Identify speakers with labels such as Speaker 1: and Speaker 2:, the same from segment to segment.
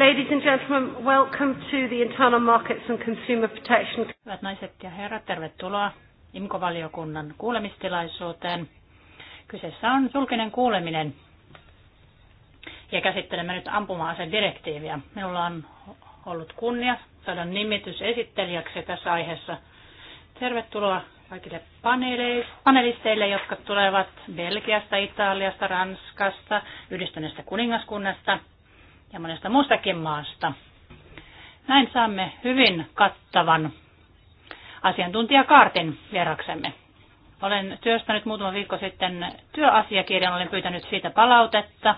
Speaker 1: Ladies and gentlemen, welcome to the Internal Markets and Consumer Protection. Hyvät naiset ja herrat, tervetuloa imco valiokunnan kuulemistilaisuuteen.
Speaker 2: Kyseessä on julkinen kuuleminen ja käsittelemme nyt ampuma-asedirektiiviä. Minulla on ollut kunnia saada nimitys esittelijäksi tässä aiheessa. Tervetuloa kaikille panelisteille, jotka tulevat Belgiasta, Italiasta, Ranskasta, Yhdistyneestä kuningaskunnasta – ja monesta muustakin maasta. Näin saamme hyvin kattavan asiantuntijakaartin vieraksemme. Olen työstänyt muutama viikko sitten työasiakirjan, olen pyytänyt siitä palautetta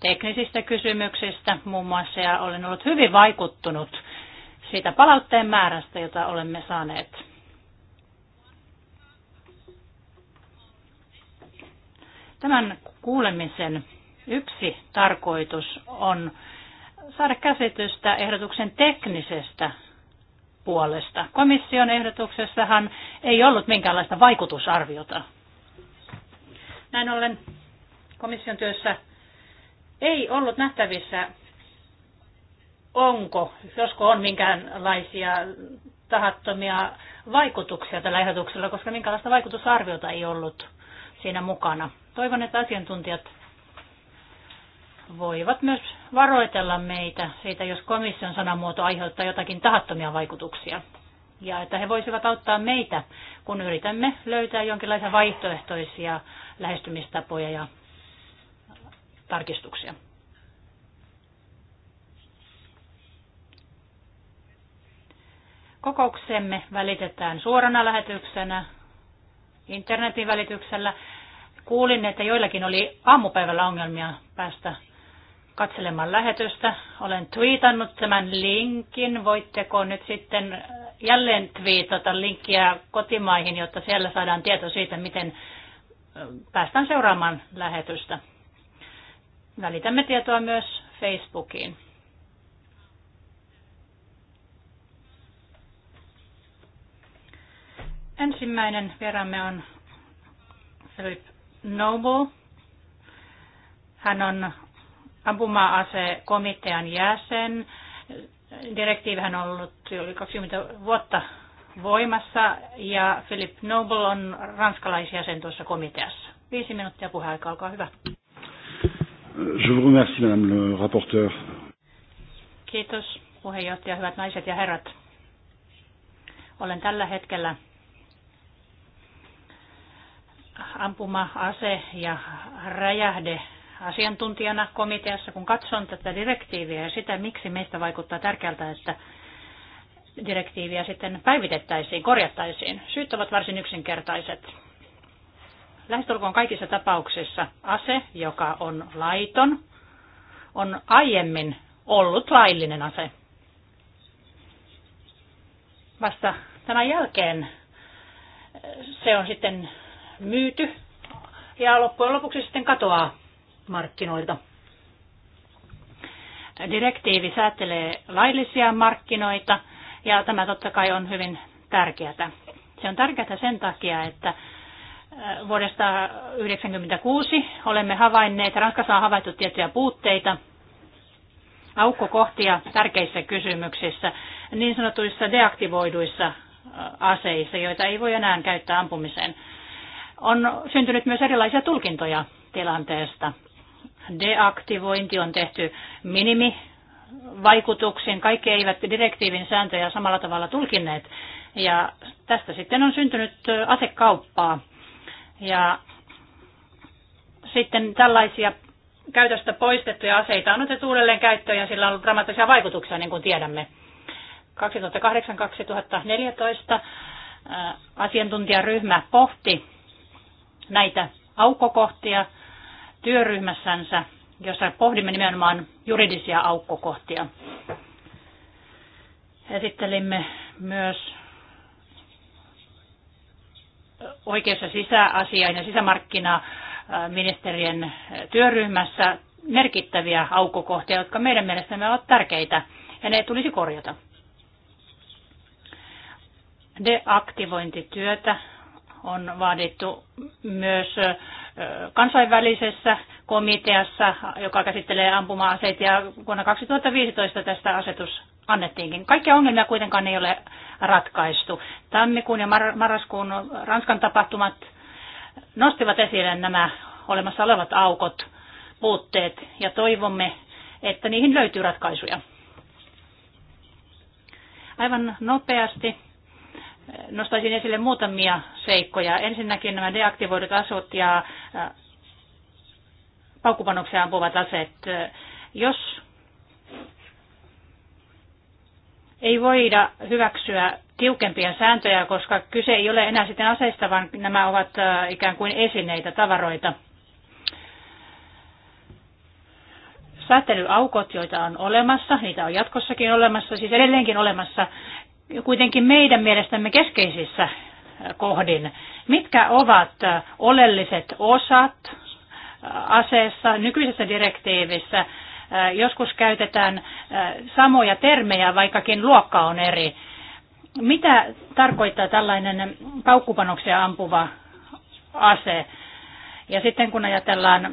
Speaker 2: teknisistä kysymyksistä muun muassa ja olen ollut hyvin vaikuttunut siitä palautteen määrästä, jota olemme saaneet. Tämän kuulemisen Yksi tarkoitus on saada käsitystä ehdotuksen teknisestä puolesta. Komission ehdotuksessahan ei ollut minkäänlaista vaikutusarviota. Näin ollen komission työssä ei ollut nähtävissä, onko, josko on minkäänlaisia tahattomia vaikutuksia tällä ehdotuksella, koska minkälaista vaikutusarviota ei ollut siinä mukana. Toivon, että asiantuntijat voivat myös varoitella meitä siitä, jos komission sanamuoto aiheuttaa jotakin tahattomia vaikutuksia. Ja että he voisivat auttaa meitä, kun yritämme löytää jonkinlaisia vaihtoehtoisia lähestymistapoja ja tarkistuksia. Kokouksemme välitetään suorana lähetyksenä internetin välityksellä. Kuulin, että joillakin oli aamupäivällä ongelmia päästä katselemaan lähetystä. Olen twiitannut tämän linkin. Voitteko nyt sitten jälleen twiitata linkkiä kotimaihin, jotta siellä saadaan tieto siitä, miten päästään seuraamaan lähetystä. Välitämme tietoa myös Facebookiin. Ensimmäinen vieraamme on Philip Noble. Hän on ampuma-asekomitean jäsen. Direktiivihän on ollut yli 20 vuotta voimassa ja Philip Noble on ranskalaisjäsen tuossa komiteassa. Viisi minuuttia puheaika, olkaa hyvä.
Speaker 1: Je vous remercie, madame le rapporteur.
Speaker 2: Kiitos puheenjohtaja, hyvät naiset ja herrat. Olen tällä hetkellä ampuma-ase- ja räjähde asiantuntijana komiteassa, kun katson tätä direktiiviä ja sitä, miksi meistä vaikuttaa tärkeältä, että direktiiviä sitten päivitettäisiin, korjattaisiin. Syyt ovat varsin yksinkertaiset. Lähestulkoon kaikissa tapauksissa ase, joka on laiton, on aiemmin ollut laillinen ase. Vasta tämän jälkeen eh, se on sitten myyty ja loppujen lopuksi sitten katoaa markkinoilta. Direktiivi säätelee laillisia markkinoita ja tämä totta kai on hyvin tärkeää. Se on tärkeää sen takia, että äh, vuodesta 1996 olemme havainneet, Ranskassa on havaittu tiettyjä puutteita, aukkokohtia tärkeissä kysymyksissä, niin sanotuissa deaktivoiduissa äh, aseissa, joita ei voi enää käyttää ampumiseen. On syntynyt myös erilaisia tulkintoja tilanteesta deaktivointi on tehty minimi vaikutuksen Kaikki eivät direktiivin sääntöjä samalla tavalla tulkineet. Ja tästä sitten on syntynyt asekauppaa. Ja sitten tällaisia käytöstä poistettuja aseita on otettu uudelleen käyttöön ja sillä on ollut dramaattisia vaikutuksia, niin kuin tiedämme. 2008-2014 asiantuntijaryhmä pohti näitä aukkokohtia työryhmässänsä, jossa pohdimme nimenomaan juridisia aukkokohtia. Esittelimme myös oikeus- ja sisäasiain ja sisämarkkinaministerien työryhmässä merkittäviä aukkokohtia, jotka meidän mielestämme ovat tärkeitä, ja ne tulisi korjata. Deaktivointityötä on vaadittu myös kansainvälisessä komiteassa, joka käsittelee ampuma-aseita ja vuonna 2015 tästä asetus annettiinkin. Kaikkia ongelmia kuitenkaan ei ole ratkaistu. Tammikuun ja mar- marraskuun Ranskan tapahtumat nostivat esille nämä olemassa olevat aukot, puutteet ja toivomme, että niihin löytyy ratkaisuja. Aivan nopeasti nostaisin esille muutamia seikkoja. Ensinnäkin nämä deaktivoidut asut ja paukkupanoksia ampuvat aseet. Jos ei voida hyväksyä tiukempia sääntöjä, koska kyse ei ole enää sitten aseista, vaan nämä ovat ikään kuin esineitä, tavaroita. Säätelyaukot, joita on olemassa, niitä on jatkossakin olemassa, siis edelleenkin olemassa, kuitenkin meidän mielestämme keskeisissä äh, kohdin. Mitkä ovat äh, oleelliset osat äh, aseessa nykyisessä direktiivissä? Joskus käytetään samoja termejä, vaikkakin luokka on eri. Mitä tarkoittaa tällainen paukkupanoksia ampuva ase? Ja sitten kun ajatellaan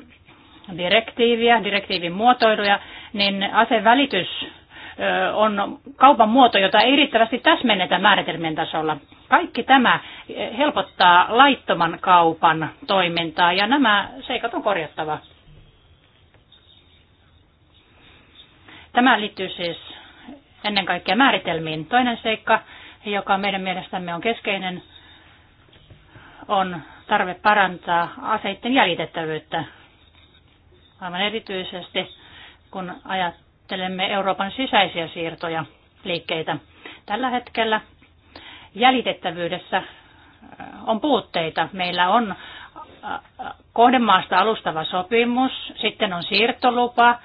Speaker 2: direktiiviä, direktiivin muotoiluja, niin asevälitys on kaupan muoto, jota ei riittävästi täsmennetä määritelmien tasolla. Kaikki tämä helpottaa laittoman kaupan toimintaa ja nämä seikat on korjattava. Tämä liittyy siis ennen kaikkea määritelmiin. Toinen seikka, joka meidän mielestämme on keskeinen, on tarve parantaa aseiden jäljitettävyyttä. Aivan erityisesti kun ajat, käsittelemme Euroopan sisäisiä siirtoja, liikkeitä. Tällä hetkellä jäljitettävyydessä äh, on puutteita. Meillä on äh, kohdemaasta alustava sopimus, sitten on siirtolupa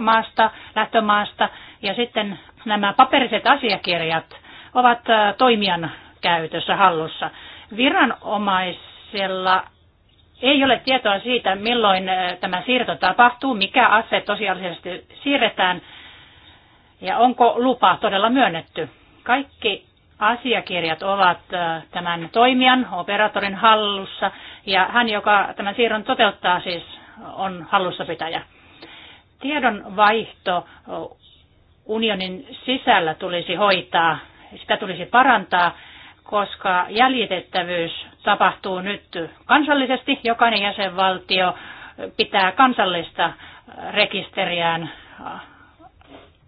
Speaker 2: maasta lähtömaasta ja sitten nämä paperiset asiakirjat ovat äh, toimijan käytössä hallussa. Viranomaisella ei ole tietoa siitä, milloin äh, tämä siirto tapahtuu, mikä ase tosiasiallisesti siirretään ja onko lupa todella myönnetty. Kaikki asiakirjat ovat äh, tämän toimijan, operaattorin hallussa ja hän, joka tämän siirron toteuttaa siis, on hallussapitäjä. Tiedonvaihto äh, unionin sisällä tulisi hoitaa, sitä tulisi parantaa koska jäljitettävyys tapahtuu nyt kansallisesti. Jokainen jäsenvaltio pitää kansallista rekisteriään äh,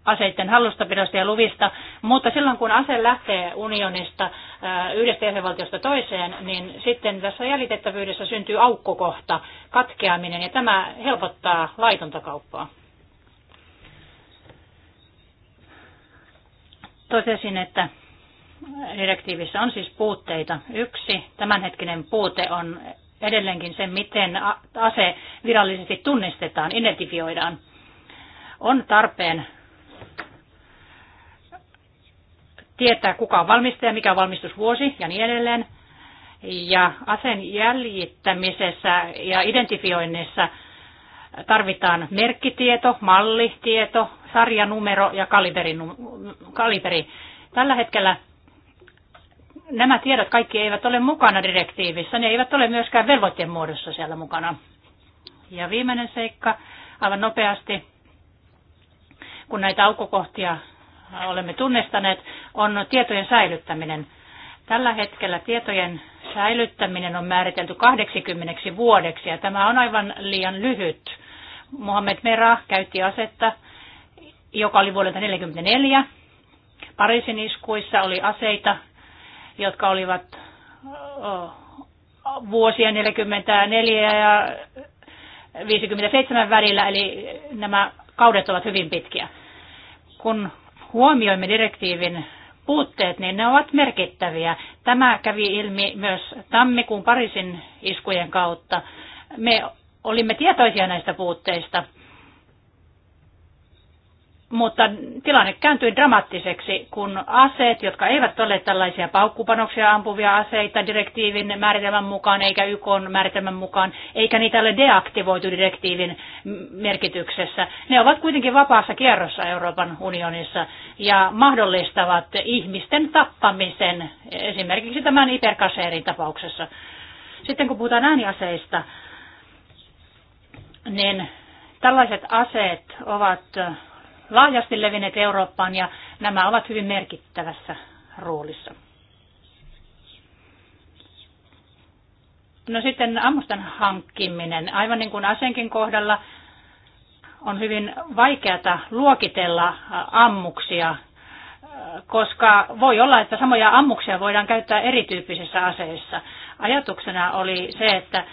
Speaker 2: aseiden hallustapidosta ja luvista, mutta silloin kun ase lähtee unionista äh, yhdestä jäsenvaltiosta toiseen, niin sitten tässä jäljitettävyydessä syntyy aukkokohta, katkeaminen, ja tämä helpottaa laitonta kauppaa. Totesin, että direktiivissä on siis puutteita. Yksi tämänhetkinen puute on edelleenkin se, miten ase virallisesti tunnistetaan, identifioidaan. On tarpeen tietää, kuka on valmistaja, mikä on valmistusvuosi ja niin edelleen. Ja aseen jäljittämisessä ja identifioinnissa tarvitaan merkkitieto, mallitieto, sarjanumero ja kaliberi. Tällä hetkellä nämä tiedot kaikki eivät ole mukana direktiivissä, ne eivät ole myöskään velvoitteen muodossa siellä mukana. Ja viimeinen seikka, aivan nopeasti, kun näitä aukokohtia olemme tunnistaneet, on tietojen säilyttäminen. Tällä hetkellä tietojen säilyttäminen on määritelty 80 vuodeksi ja tämä on aivan liian lyhyt. Mohamed Merah käytti asetta, joka oli vuodelta 1944. Pariisin iskuissa oli aseita, jotka olivat vuosia 44 ja 57 välillä, eli nämä kaudet ovat hyvin pitkiä. Kun huomioimme direktiivin puutteet, niin ne ovat merkittäviä. Tämä kävi ilmi myös tammikuun Pariisin iskujen kautta. Me olimme tietoisia näistä puutteista mutta tilanne kääntyi dramaattiseksi, kun aseet, jotka eivät ole tällaisia paukkupanoksia ampuvia aseita direktiivin määritelmän mukaan eikä YK määritelmän mukaan, eikä niitä ole deaktivoitu direktiivin merkityksessä, ne ovat kuitenkin vapaassa kierrossa Euroopan unionissa ja mahdollistavat ihmisten tappamisen, esimerkiksi tämän hiperkaseerin tapauksessa. Sitten kun puhutaan ääniaseista, niin tällaiset aseet ovat laajasti levinneet Eurooppaan ja nämä ovat hyvin merkittävässä roolissa. No sitten ammusten hankkiminen. Aivan niin kuin asenkin kohdalla on hyvin vaikeata luokitella ammuksia, koska voi olla, että samoja ammuksia voidaan käyttää erityyppisissä aseissa. Ajatuksena oli se, että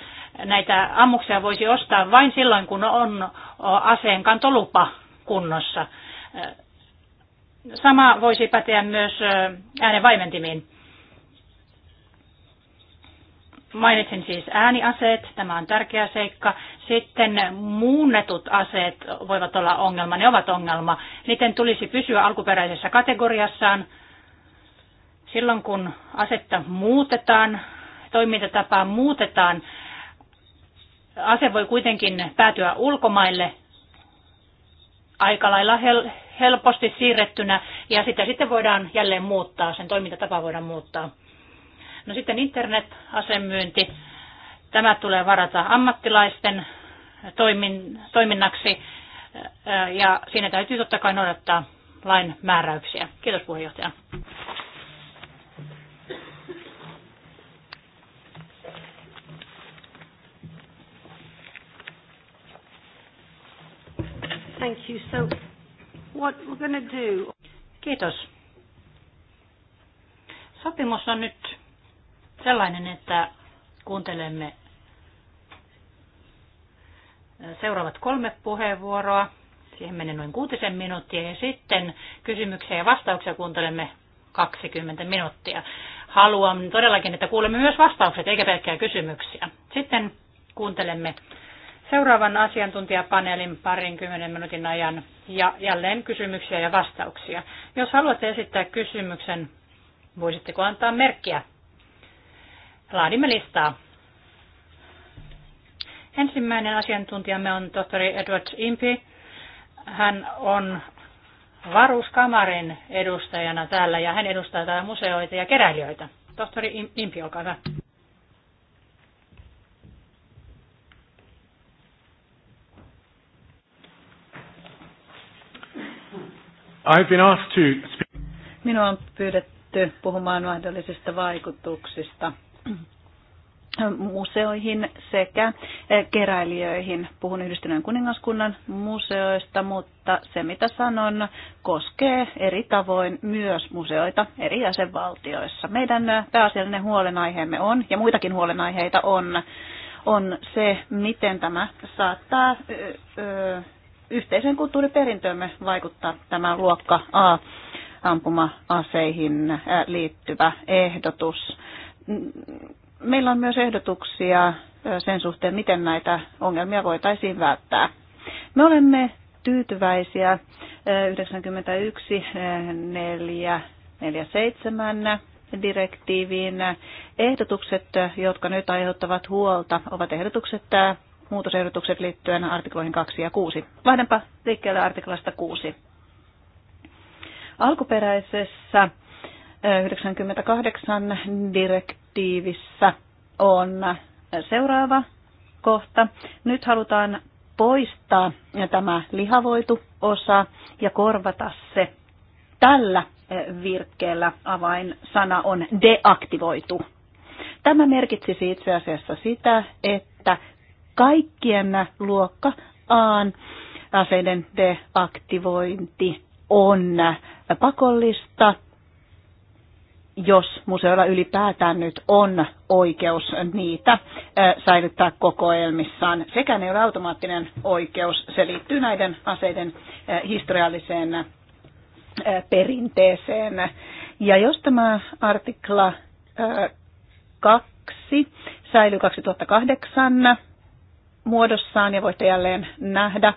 Speaker 2: näitä ammuksia voisi ostaa vain silloin, kun on aseen kantolupa kunnossa. Sama voisi päteä myös äänen vaimentimiin. Mainitsin siis ääniaseet, tämä on tärkeä seikka. Sitten muunnetut aseet voivat olla ongelma, ne ovat ongelma. Niiden tulisi pysyä alkuperäisessä kategoriassaan. Silloin kun asetta muutetaan, toimintatapaa muutetaan, ase voi kuitenkin päätyä ulkomaille aika lailla hel- helposti siirrettynä ja sitä sitten voidaan jälleen muuttaa, sen toimintatapa voidaan muuttaa. No sitten internet-asemyynti. Tämä tulee varata ammattilaisten toimin, toiminnaksi ja siinä täytyy totta kai noudattaa lain määräyksiä. Kiitos puheenjohtaja.
Speaker 1: Thank you. So what we're going to do... Kiitos.
Speaker 2: Sopimus on nyt sellainen, että kuuntelemme äh, seuraavat kolme puheenvuoroa. Siihen menee noin kuutisen minuuttia ja sitten kysymyksiä ja vastauksia kuuntelemme 20 minuuttia. Haluan todellakin, että kuulemme myös vastaukset eikä pelkkää kysymyksiä. Sitten kuuntelemme seuraavan asiantuntijapaneelin parinkymmenen minuutin ajan ja jälleen kysymyksiä ja vastauksia. Jos haluatte esittää kysymyksen, voisitteko antaa merkkiä? Laadimme listaa. Ensimmäinen asiantuntijamme on tohtori Edward Impi. Hän on varuskamarin edustajana täällä ja hän edustaa täällä museoita ja keräilijöitä. Tohtori Impi, olkaa hyvä.
Speaker 3: I've been asked to speak.
Speaker 4: Minua on pyydetty
Speaker 5: puhumaan mahdollisista vaikutuksista museoihin sekä keräilijöihin. Puhun yhdistyneen kuningaskunnan museoista, mutta se mitä sanon koskee eri tavoin myös museoita eri jäsenvaltioissa. Meidän pääasiallinen huolenaiheemme on, ja muitakin huolenaiheita on, on se, miten tämä saattaa yhteisen kulttuuriperintöömme vaikuttaa tämä luokka A ampuma-aseihin äh, liittyvä ehdotus. Meillä on myös ehdotuksia äh, sen suhteen, miten näitä ongelmia voitaisiin välttää. Me olemme tyytyväisiä 91 äh, 4, direktiiviin. Ehdotukset, jotka nyt aiheuttavat huolta, ovat ehdotukset muutosehdotukset liittyen artikloihin 2 ja 6. Lähdenpä liikkeelle artiklasta 6. Alkuperäisessä 98 direktiivissä on seuraava kohta. Nyt halutaan poistaa tämä lihavoitu osa ja korvata se tällä virkkeellä avainsana on deaktivoitu. Tämä merkitsisi itse asiassa sitä, että kaikkien luokka Aan aseiden deaktivointi on pakollista, jos museoilla ylipäätään nyt on oikeus niitä säilyttää kokoelmissaan. Sekään ei ole automaattinen oikeus, se liittyy näiden aseiden historialliseen perinteeseen. Ja jos tämä artikla 2 säilyy 2008 muodossaan ja voitte jälleen nähdä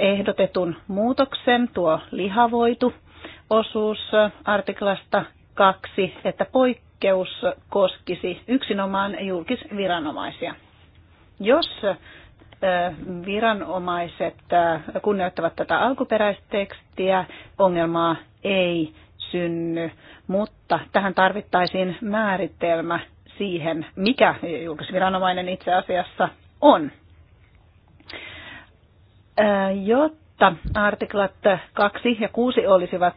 Speaker 5: ehdotetun muutoksen, tuo lihavoitu osuus artiklasta 2, että poikkeus koskisi yksinomaan julkisviranomaisia. Jos viranomaiset kunnioittavat tätä alkuperäistekstiä, ongelmaa ei synny, mutta tähän tarvittaisiin määritelmä siihen, mikä julkisviranomainen itse asiassa on. Jotta artiklat 2 ja 6 olisivat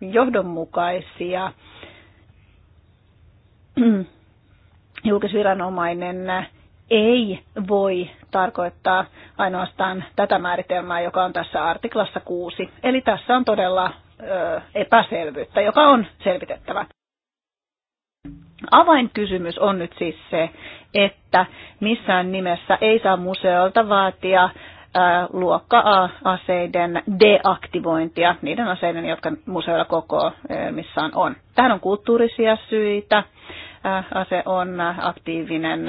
Speaker 5: johdonmukaisia, julkisviranomainen ei voi tarkoittaa ainoastaan tätä määritelmää, joka on tässä artiklassa 6. Eli tässä on todella epäselvyyttä, joka on selvitettävä. Avainkysymys on nyt siis se, että missään nimessä ei saa museolta vaatia luokka aseiden deaktivointia, niiden aseiden, jotka museoilla koko missään on. Tähän on kulttuurisia syitä. Ase on aktiivinen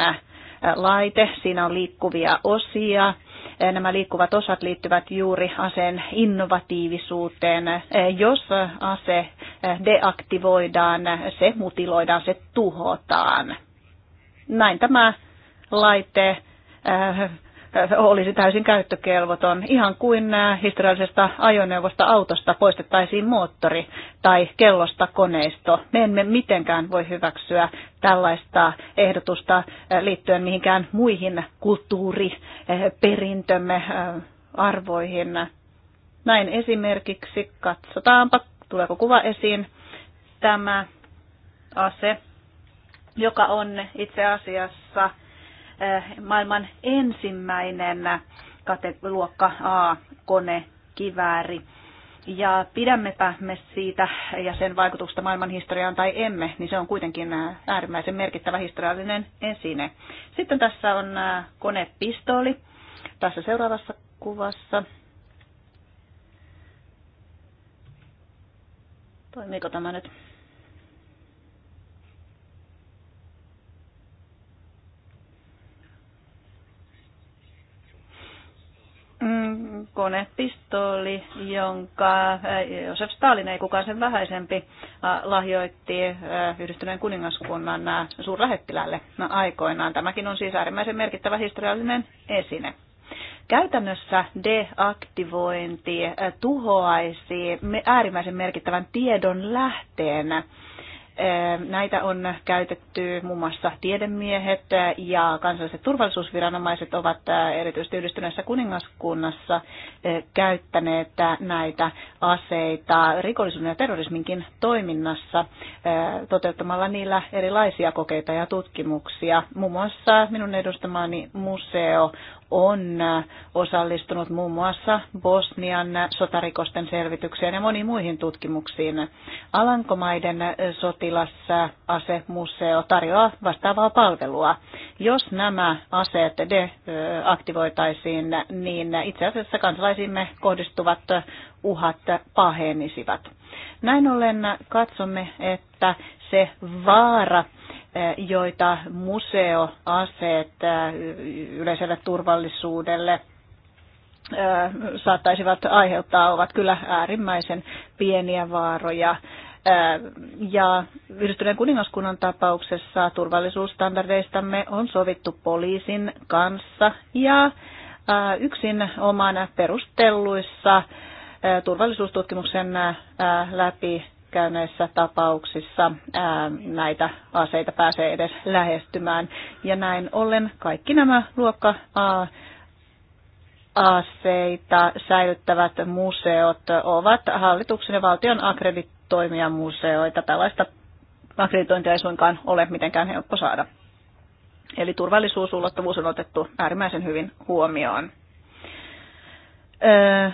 Speaker 5: laite, siinä on liikkuvia osia Eh, nämä liikkuvat osat liittyvät juuri aseen innovatiivisuuteen. Eh, jos ase eh, deaktivoidaan, se mutiloidaan, se tuhotaan. Näin tämä laite olisi täysin käyttökelvoton, ihan kuin äh, historiallisesta ajoneuvosta autosta poistettaisiin moottori tai kellosta koneisto. Me emme mitenkään voi hyväksyä tällaista ehdotusta äh, liittyen mihinkään muihin kulttuuriperintömme äh, arvoihin. Näin esimerkiksi, katsotaanpa, tuleeko kuva esiin, tämä ase, joka on itse asiassa Eh, maailman ensimmäinen luokka A-kone kivääri. Ja pidämmepä me siitä ja sen vaikutusta maailman historiaan tai emme, niin se on kuitenkin eh, äärimmäisen merkittävä historiallinen esine. Sitten tässä on eh, konepistooli tässä seuraavassa kuvassa. Toimiiko tämä nyt? konepistooli, jonka eh, Josef Stalin, ei kukaan sen vähäisempi, eh, lahjoitti eh, yhdistyneen kuningaskunnan suurlähettilälle no, aikoinaan. Tämäkin on siis äärimmäisen merkittävä historiallinen esine. Käytännössä deaktivointi tuhoaisi äärimmäisen merkittävän tiedon lähteenä. Ehm, näitä on käytetty muun muassa tiedemiehet ja kansalliset turvallisuusviranomaiset ovat äh, erityisesti yhdistyneessä kuningaskunnassa äh, käyttäneet näitä aseita rikollisuuden ja terrorisminkin toiminnassa äh, toteuttamalla niillä erilaisia kokeita ja tutkimuksia. Muun muassa minun edustamaani museo on osallistunut muun muassa Bosnian sotarikosten selvitykseen ja moniin muihin tutkimuksiin. Alankomaiden sotilasasemuseo tarjoaa vastaavaa palvelua. Jos nämä aseet deaktivoitaisiin, niin itse asiassa kansalaisimme kohdistuvat uhat pahenisivat. Näin ollen katsomme, että se vaara, joita museo aseet yleiselle turvallisuudelle saattaisivat aiheuttaa, ovat kyllä äärimmäisen pieniä vaaroja. Ja yhdistyneen kuningaskunnan tapauksessa turvallisuusstandardeistamme on sovittu poliisin kanssa ja yksin omana perustelluissa turvallisuustutkimuksen läpi käyneissä tapauksissa ää, näitä aseita pääsee edes lähestymään. Ja näin ollen kaikki nämä luokka A aseita säilyttävät museot ovat hallituksen ja valtion akkreditoimia museoita. Tällaista akkreditointia ei suinkaan ole mitenkään helppo saada. Eli turvallisuusulottuvuus on otettu äärimmäisen hyvin huomioon. Öö,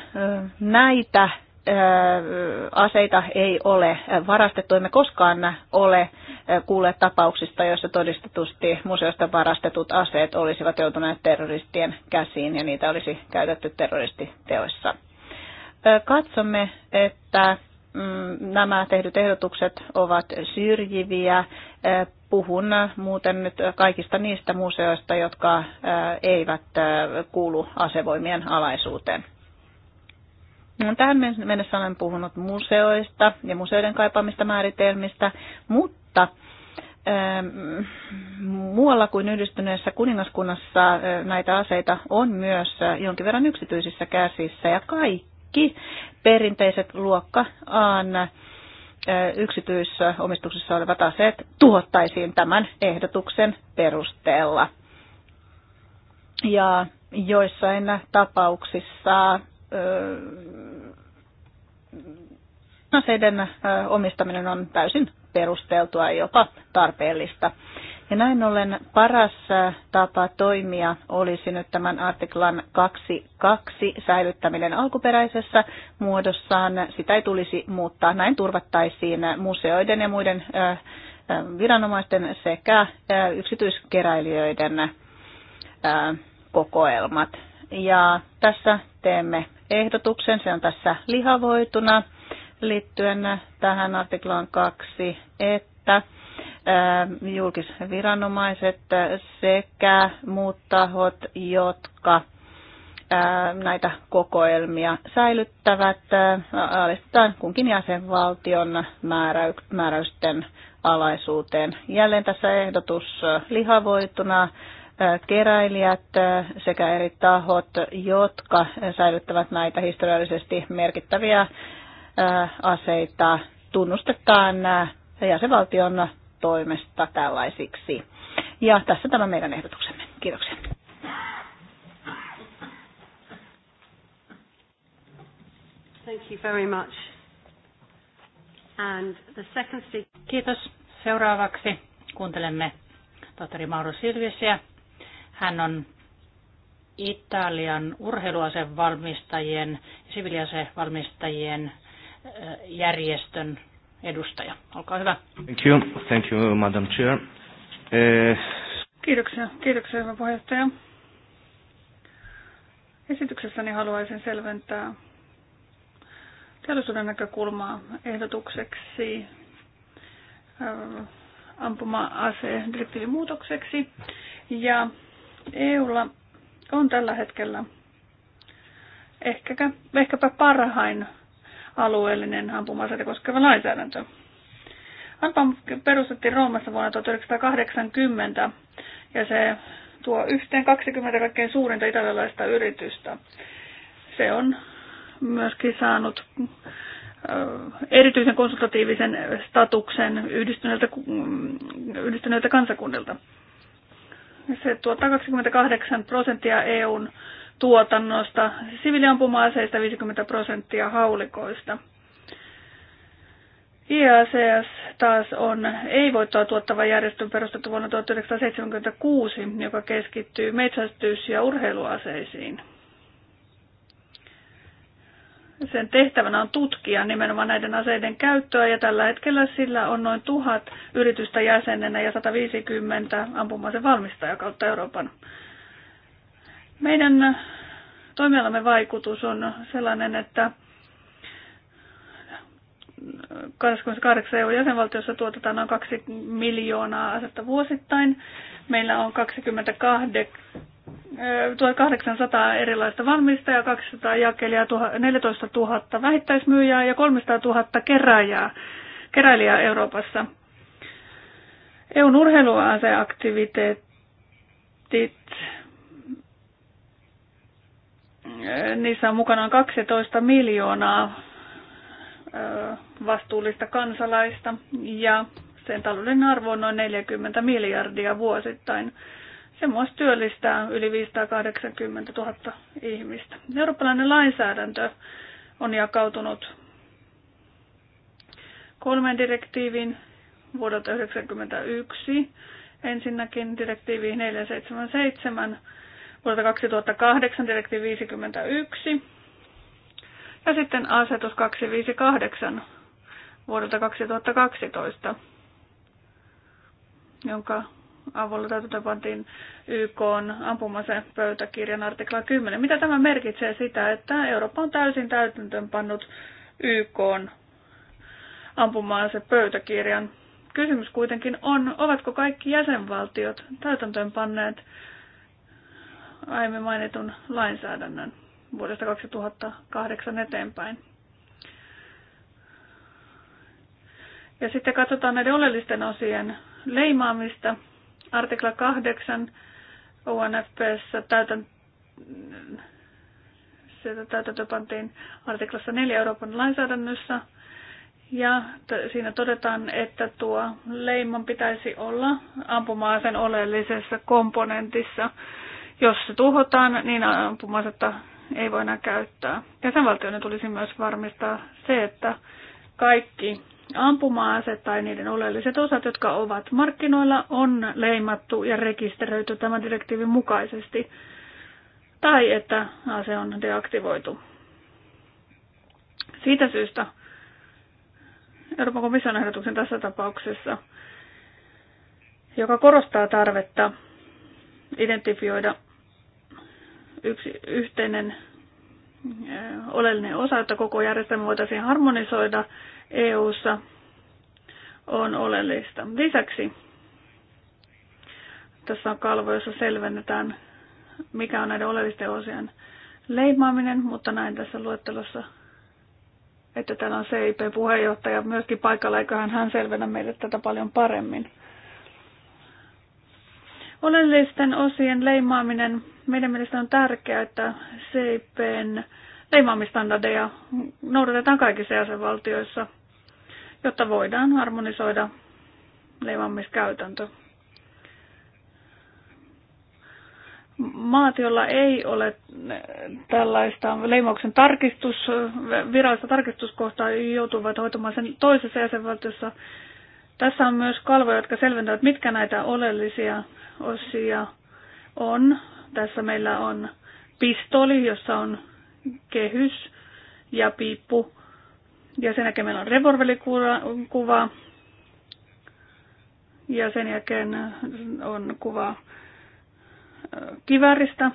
Speaker 5: näitä aseita ei ole varastettu. Emme koskaan ole kuulleet tapauksista, joissa todistetusti museosta varastetut aseet olisivat joutuneet terroristien käsiin ja niitä olisi käytetty terroristiteoissa. Katsomme, että mm, nämä tehdyt ehdotukset ovat syrjiviä. Puhun muuten nyt kaikista niistä museoista, jotka eivät kuulu asevoimien alaisuuteen. Tähän mennessä olen puhunut museoista ja museoiden kaipaamista määritelmistä, mutta ähm, muualla kuin yhdistyneessä kuningaskunnassa äh, näitä aseita on myös äh, jonkin verran yksityisissä käsissä ja kaikki perinteiset luokka Aan äh, yksityisomistuksessa olevat aseet tuottaisiin tämän ehdotuksen perusteella. Ja joissain tapauksissa aseiden no, omistaminen on täysin perusteltua ja jopa tarpeellista. Ja näin ollen paras tapa toimia olisi nyt tämän artiklan 2.2 säilyttäminen alkuperäisessä muodossaan. Sitä ei tulisi muuttaa. Näin turvattaisiin museoiden ja muiden viranomaisten sekä yksityiskeräilijöiden kokoelmat. Ja tässä teemme ehdotuksen, se on tässä lihavoituna liittyen tähän artiklaan kaksi, että ähm, julkisviranomaiset sekä muut tahot, jotka ähm, näitä kokoelmia säilyttävät, äh, alistetaan kunkin jäsenvaltion määräysten alaisuuteen. Jälleen tässä ehdotus äh, lihavoituna äh, keräilijät sekä eri tahot, jotka säilyttävät näitä historiallisesti merkittäviä aseita tunnustetaan jäsenvaltion toimesta tällaisiksi. Ja tässä tämä meidän ehdotuksemme. Kiitoksia.
Speaker 1: Thank you very much. And the second
Speaker 2: Kiitos. Seuraavaksi kuuntelemme tohtori Mauro Silvisiä. Hän on Italian urheiluasevalmistajien ja siviiliasevalmistajien järjestön edustaja. Olkaa hyvä.
Speaker 3: Thank you, Thank you Madam Chair. Eh...
Speaker 4: Kiitoksia, kiitoksia hyvä puheenjohtaja. Esityksessäni haluaisin selventää teollisuuden näkökulmaa ehdotukseksi eh, ampuma-asedirektiivin muutokseksi. Ja EUlla on tällä hetkellä ehkäkä, ehkäpä parhain alueellinen ampumaseita koskeva lainsäädäntö. ANPAM perustettiin Roomassa vuonna 1980 ja se tuo yhteen 20 kaikkein suurinta italialaista yritystä. Se on myöskin saanut erityisen konsultatiivisen statuksen yhdistyneiltä, yhdistyneiltä kansakunnilta. Se tuottaa 28 prosenttia EUn tuotannosta, siviiliampuma-aseista 50 prosenttia haulikoista. IACS taas on ei-voittoa tuottava järjestö perustettu vuonna 1976, joka keskittyy metsästys- ja urheiluaseisiin. Sen tehtävänä on tutkia nimenomaan näiden aseiden käyttöä ja tällä hetkellä sillä on noin tuhat yritystä jäsenenä ja 150 ampumaisen valmistajaa kautta Euroopan. Meidän äh, toimialamme vaikutus on sellainen, että 28 äh, EU-jäsenvaltiossa tuotetaan noin 2 miljoonaa asetta vuosittain. Meillä on 1800 äh, erilaista valmistajaa, 200 jakelijaa, 14 000 vähittäismyyjää ja 300 000 keräjää, keräilijää Euroopassa. EUn urheiluaseaktiviteetit niissä on mukanaan 12 miljoonaa vastuullista kansalaista ja sen talouden arvo on noin 40 miljardia vuosittain. Se myös työllistää yli 580 000 ihmistä. Eurooppalainen lainsäädäntö on jakautunut kolmen direktiivin vuodelta 1991. Ensinnäkin direktiivi 477 vuodelta 2008 direktiivi 51 ja sitten asetus 258 vuodelta 2012, jonka avulla täytäntöpantiin YK on ampumaseen pöytäkirjan artikla 10. Mitä tämä merkitsee sitä, että Eurooppa on täysin täytäntöönpannut YK on ampumaansa pöytäkirjan. Kysymys kuitenkin on, ovatko kaikki jäsenvaltiot täytäntöönpanneet aiemmin mainitun lainsäädännön vuodesta 2008 eteenpäin. Ja sitten katsotaan näiden oleellisten osien leimaamista. Artikla 8 UNFPssä täytän, sitä täytäntöpantiin artiklassa 4 Euroopan lainsäädännössä. Ja siinä todetaan, että tuo leiman pitäisi olla ampumaan sen oleellisessa komponentissa jos se tuhotaan, niin ampumasetta ei voi enää käyttää. Jäsenvaltioiden tulisi myös varmistaa se, että kaikki ampuma-aseet tai niiden oleelliset osat, jotka ovat markkinoilla, on leimattu ja rekisteröity tämän direktiivin mukaisesti tai että ase on deaktivoitu. Siitä syystä Euroopan komission ehdotuksen tässä tapauksessa, joka korostaa tarvetta identifioida yksi yhteinen oleellinen osa, että koko järjestelmä voitaisiin harmonisoida EU-ssa, on oleellista. Lisäksi tässä on kalvo, jossa selvennetään, mikä on näiden oleellisten osien leimaaminen, mutta näin tässä luettelossa, että täällä on CIP-puheenjohtaja myöskin paikalla, eiköhän hän selvennä meille tätä paljon paremmin. Oleellisten osien leimaaminen, meidän mielestä on tärkeää, että CIPn leimaamistandardeja noudatetaan kaikissa jäsenvaltioissa, jotta voidaan harmonisoida leimaamiskäytäntö. Maat, joilla ei ole tällaista leimauksen tarkistus, virallista tarkistuskohtaa, joutuvat hoitamaan sen toisessa jäsenvaltiossa tässä on myös kalvoja, jotka selventävät, mitkä näitä oleellisia osia on. Tässä meillä on pistoli, jossa on kehys ja piippu. Ja sen jälkeen meillä on revolverikuva. Ja sen jälkeen on kuva kiväristä.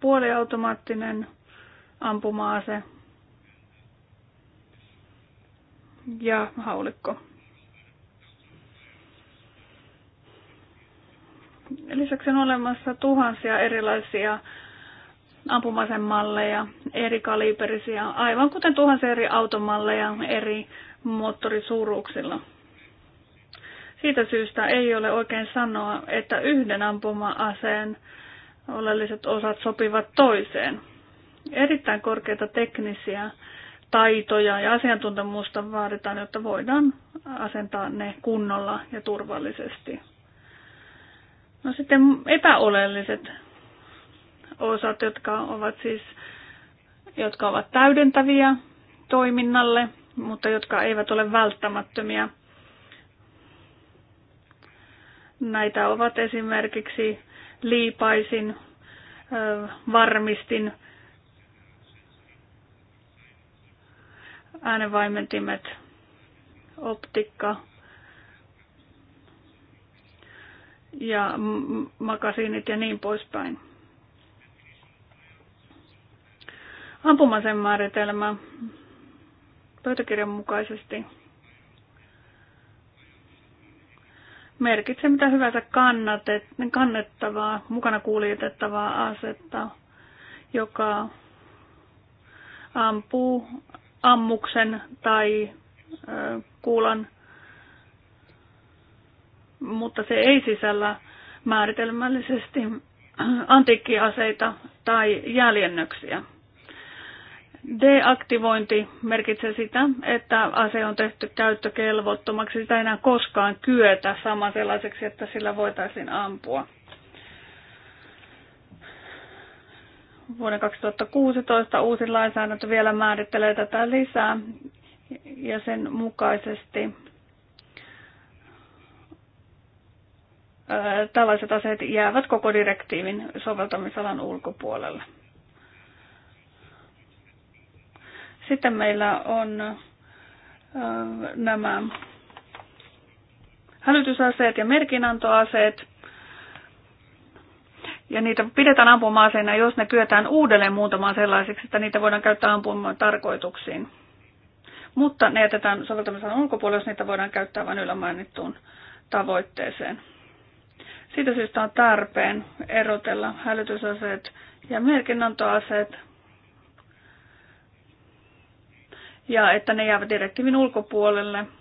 Speaker 4: Puoliautomaattinen ampuma-ase ja haulikko. Lisäksi on olemassa tuhansia erilaisia ampumaisen malleja, eri kaliberisia, aivan kuten tuhansia eri automalleja eri moottorisuuruuksilla. Siitä syystä ei ole oikein sanoa, että yhden ampuma-aseen oleelliset osat sopivat toiseen. Erittäin korkeita teknisiä taitoja ja asiantuntemusta vaaditaan, jotta voidaan asentaa ne kunnolla ja turvallisesti. No sitten epäoleelliset osat, jotka ovat siis jotka ovat täydentäviä toiminnalle, mutta jotka eivät ole välttämättömiä. Näitä ovat esimerkiksi liipaisin, varmistin, äänenvaimentimet, optikka ja makasiinit ja niin poispäin. Ampumasen määritelmä pöytäkirjan mukaisesti merkitsee mitä hyvänsä kannatet, kannettavaa, mukana kuljetettavaa asetta, joka ampuu ammuksen tai kuulan, mutta se ei sisällä määritelmällisesti antiikkiaseita tai jäljennöksiä. Deaktivointi merkitsee sitä, että ase on tehty käyttökelvottomaksi. Sitä ei enää koskaan kyetä saman sellaiseksi, että sillä voitaisiin ampua. Vuoden 2016 uusi lainsäädäntö vielä määrittelee tätä lisää ja sen mukaisesti tällaiset aseet jäävät koko direktiivin soveltamisalan ulkopuolelle. Sitten meillä on nämä hälytysaseet ja merkinantoaseet ja niitä pidetään ampuma-aseina, jos ne kyetään uudelleen muuntamaan sellaisiksi, että niitä voidaan käyttää ampumaan tarkoituksiin. Mutta ne jätetään soveltamisen ulkopuolelle, jos niitä voidaan käyttää vain yllä mainittuun tavoitteeseen. Siitä syystä on tarpeen erotella hälytysaseet ja merkinnantoaseet ja että ne jäävät direktiivin ulkopuolelle –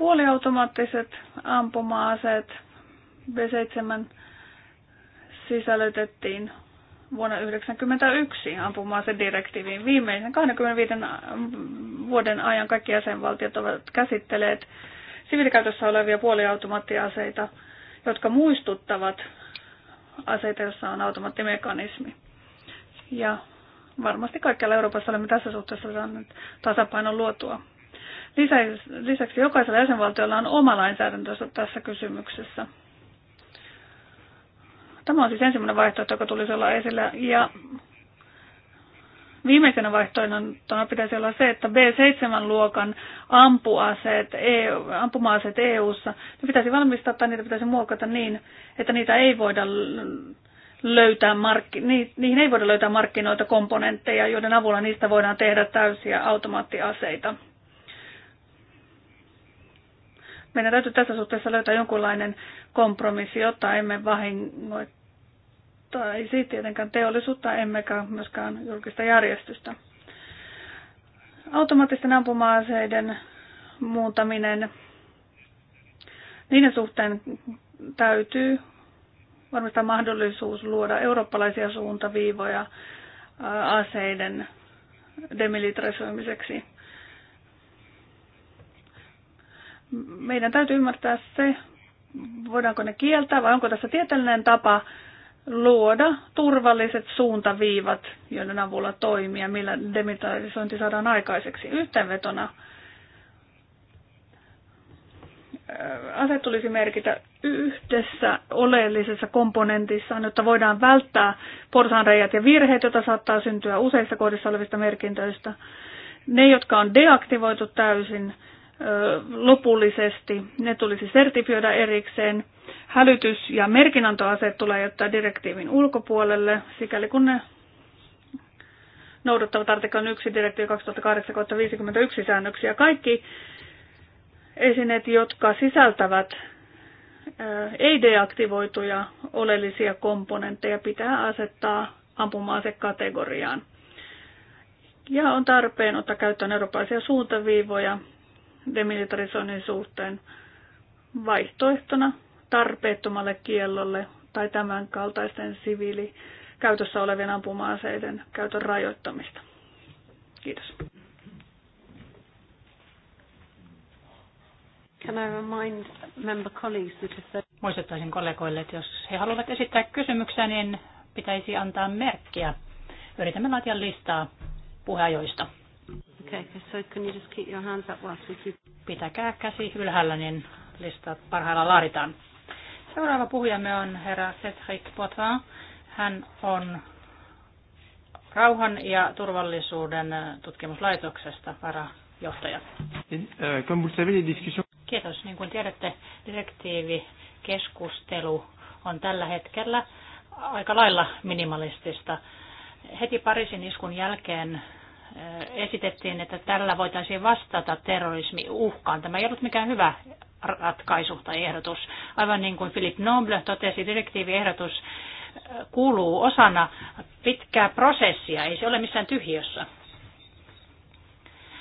Speaker 4: Puoliautomaattiset ampuma-aseet B7 sisällytettiin vuonna 1991 ampuma direktiiviin. Viimeisen 25 mm, vuoden ajan kaikki jäsenvaltiot ovat käsitteleet siviilikäytössä olevia puoliautomaattiaseita, jotka muistuttavat aseita, joissa on automaattimekanismi. Ja varmasti kaikkialla Euroopassa olemme tässä suhteessa saaneet tasapainon luotua. Lisäksi jokaisella jäsenvaltiolla on oma lainsäädäntönsä tässä kysymyksessä. Tämä on siis ensimmäinen vaihtoehto, joka tulisi olla esillä. Ja viimeisenä vaihtoehtona pitäisi olla se, että B7-luokan ampuaseet, e, ampuma-aseet EU-ssa, ne pitäisi valmistaa tai niitä pitäisi muokata niin, että niitä ei voida löytää markki- niihin ei voida löytää markkinoita komponentteja, joiden avulla niistä voidaan tehdä täysiä automaattiaseita. Meidän täytyy tässä suhteessa löytää jonkunlainen kompromissi, jotta emme vahingoittaisi tietenkään teollisuutta, emmekä myöskään julkista järjestystä. Automaattisten ampuma-aseiden muuntaminen, niiden suhteen täytyy varmistaa mahdollisuus luoda eurooppalaisia suuntaviivoja aseiden demilitarisoimiseksi. meidän täytyy ymmärtää se, voidaanko ne kieltää vai onko tässä tieteellinen tapa luoda turvalliset suuntaviivat, joiden avulla toimia, millä demilitarisointi saadaan aikaiseksi. Yhteenvetona ase tulisi merkitä yhdessä oleellisessa komponentissa, jotta voidaan välttää porsaanreijät ja virheet, joita saattaa syntyä useissa kohdissa olevista merkintöistä. Ne, jotka on deaktivoitu täysin, lopullisesti. Ne tulisi sertifioida erikseen. Hälytys- ja merkinantoaseet tulee jättää direktiivin ulkopuolelle, sikäli kun ne noudattavat artiklan 1 direktiivi 2008-51 säännöksiä. Kaikki esineet, jotka sisältävät ei-deaktivoituja oleellisia komponentteja, pitää asettaa ampuma-asekategoriaan. Ja on tarpeen ottaa käyttöön eurooppalaisia suuntaviivoja demilitarisoinnin suhteen vaihtoehtona tarpeettomalle kiellolle tai tämän kaltaisten siviili käytössä olevien ampuma-aseiden käytön rajoittamista. Kiitos.
Speaker 1: Can I remind member colleagues that if they... Muistuttaisin kollegoille, että
Speaker 2: jos he haluavat esittää kysymyksiä, niin pitäisi antaa merkkiä. Yritämme laatia listaa puheajoista. Okay,
Speaker 1: so can you just keep your hands up whilst we keep...
Speaker 2: Pitäkää käsi ylhäällä, niin listat parhailla laaditaan. Seuraava puhujamme on herra Cedric Potvin. Hän on rauhan ja turvallisuuden tutkimuslaitoksesta varajohtaja. Euh, Kiitos. Niin kuin tiedätte, direktiivikeskustelu on tällä hetkellä aika lailla minimalistista. Heti Pariisin iskun jälkeen esitettiin, että tällä voitaisiin vastata terrorismiuhkaan. Tämä ei ollut mikään hyvä ratkaisu tai ehdotus. Aivan niin kuin Philip Noble totesi, direktiiviehdotus kuuluu osana pitkää prosessia, ei se ole missään tyhjössä.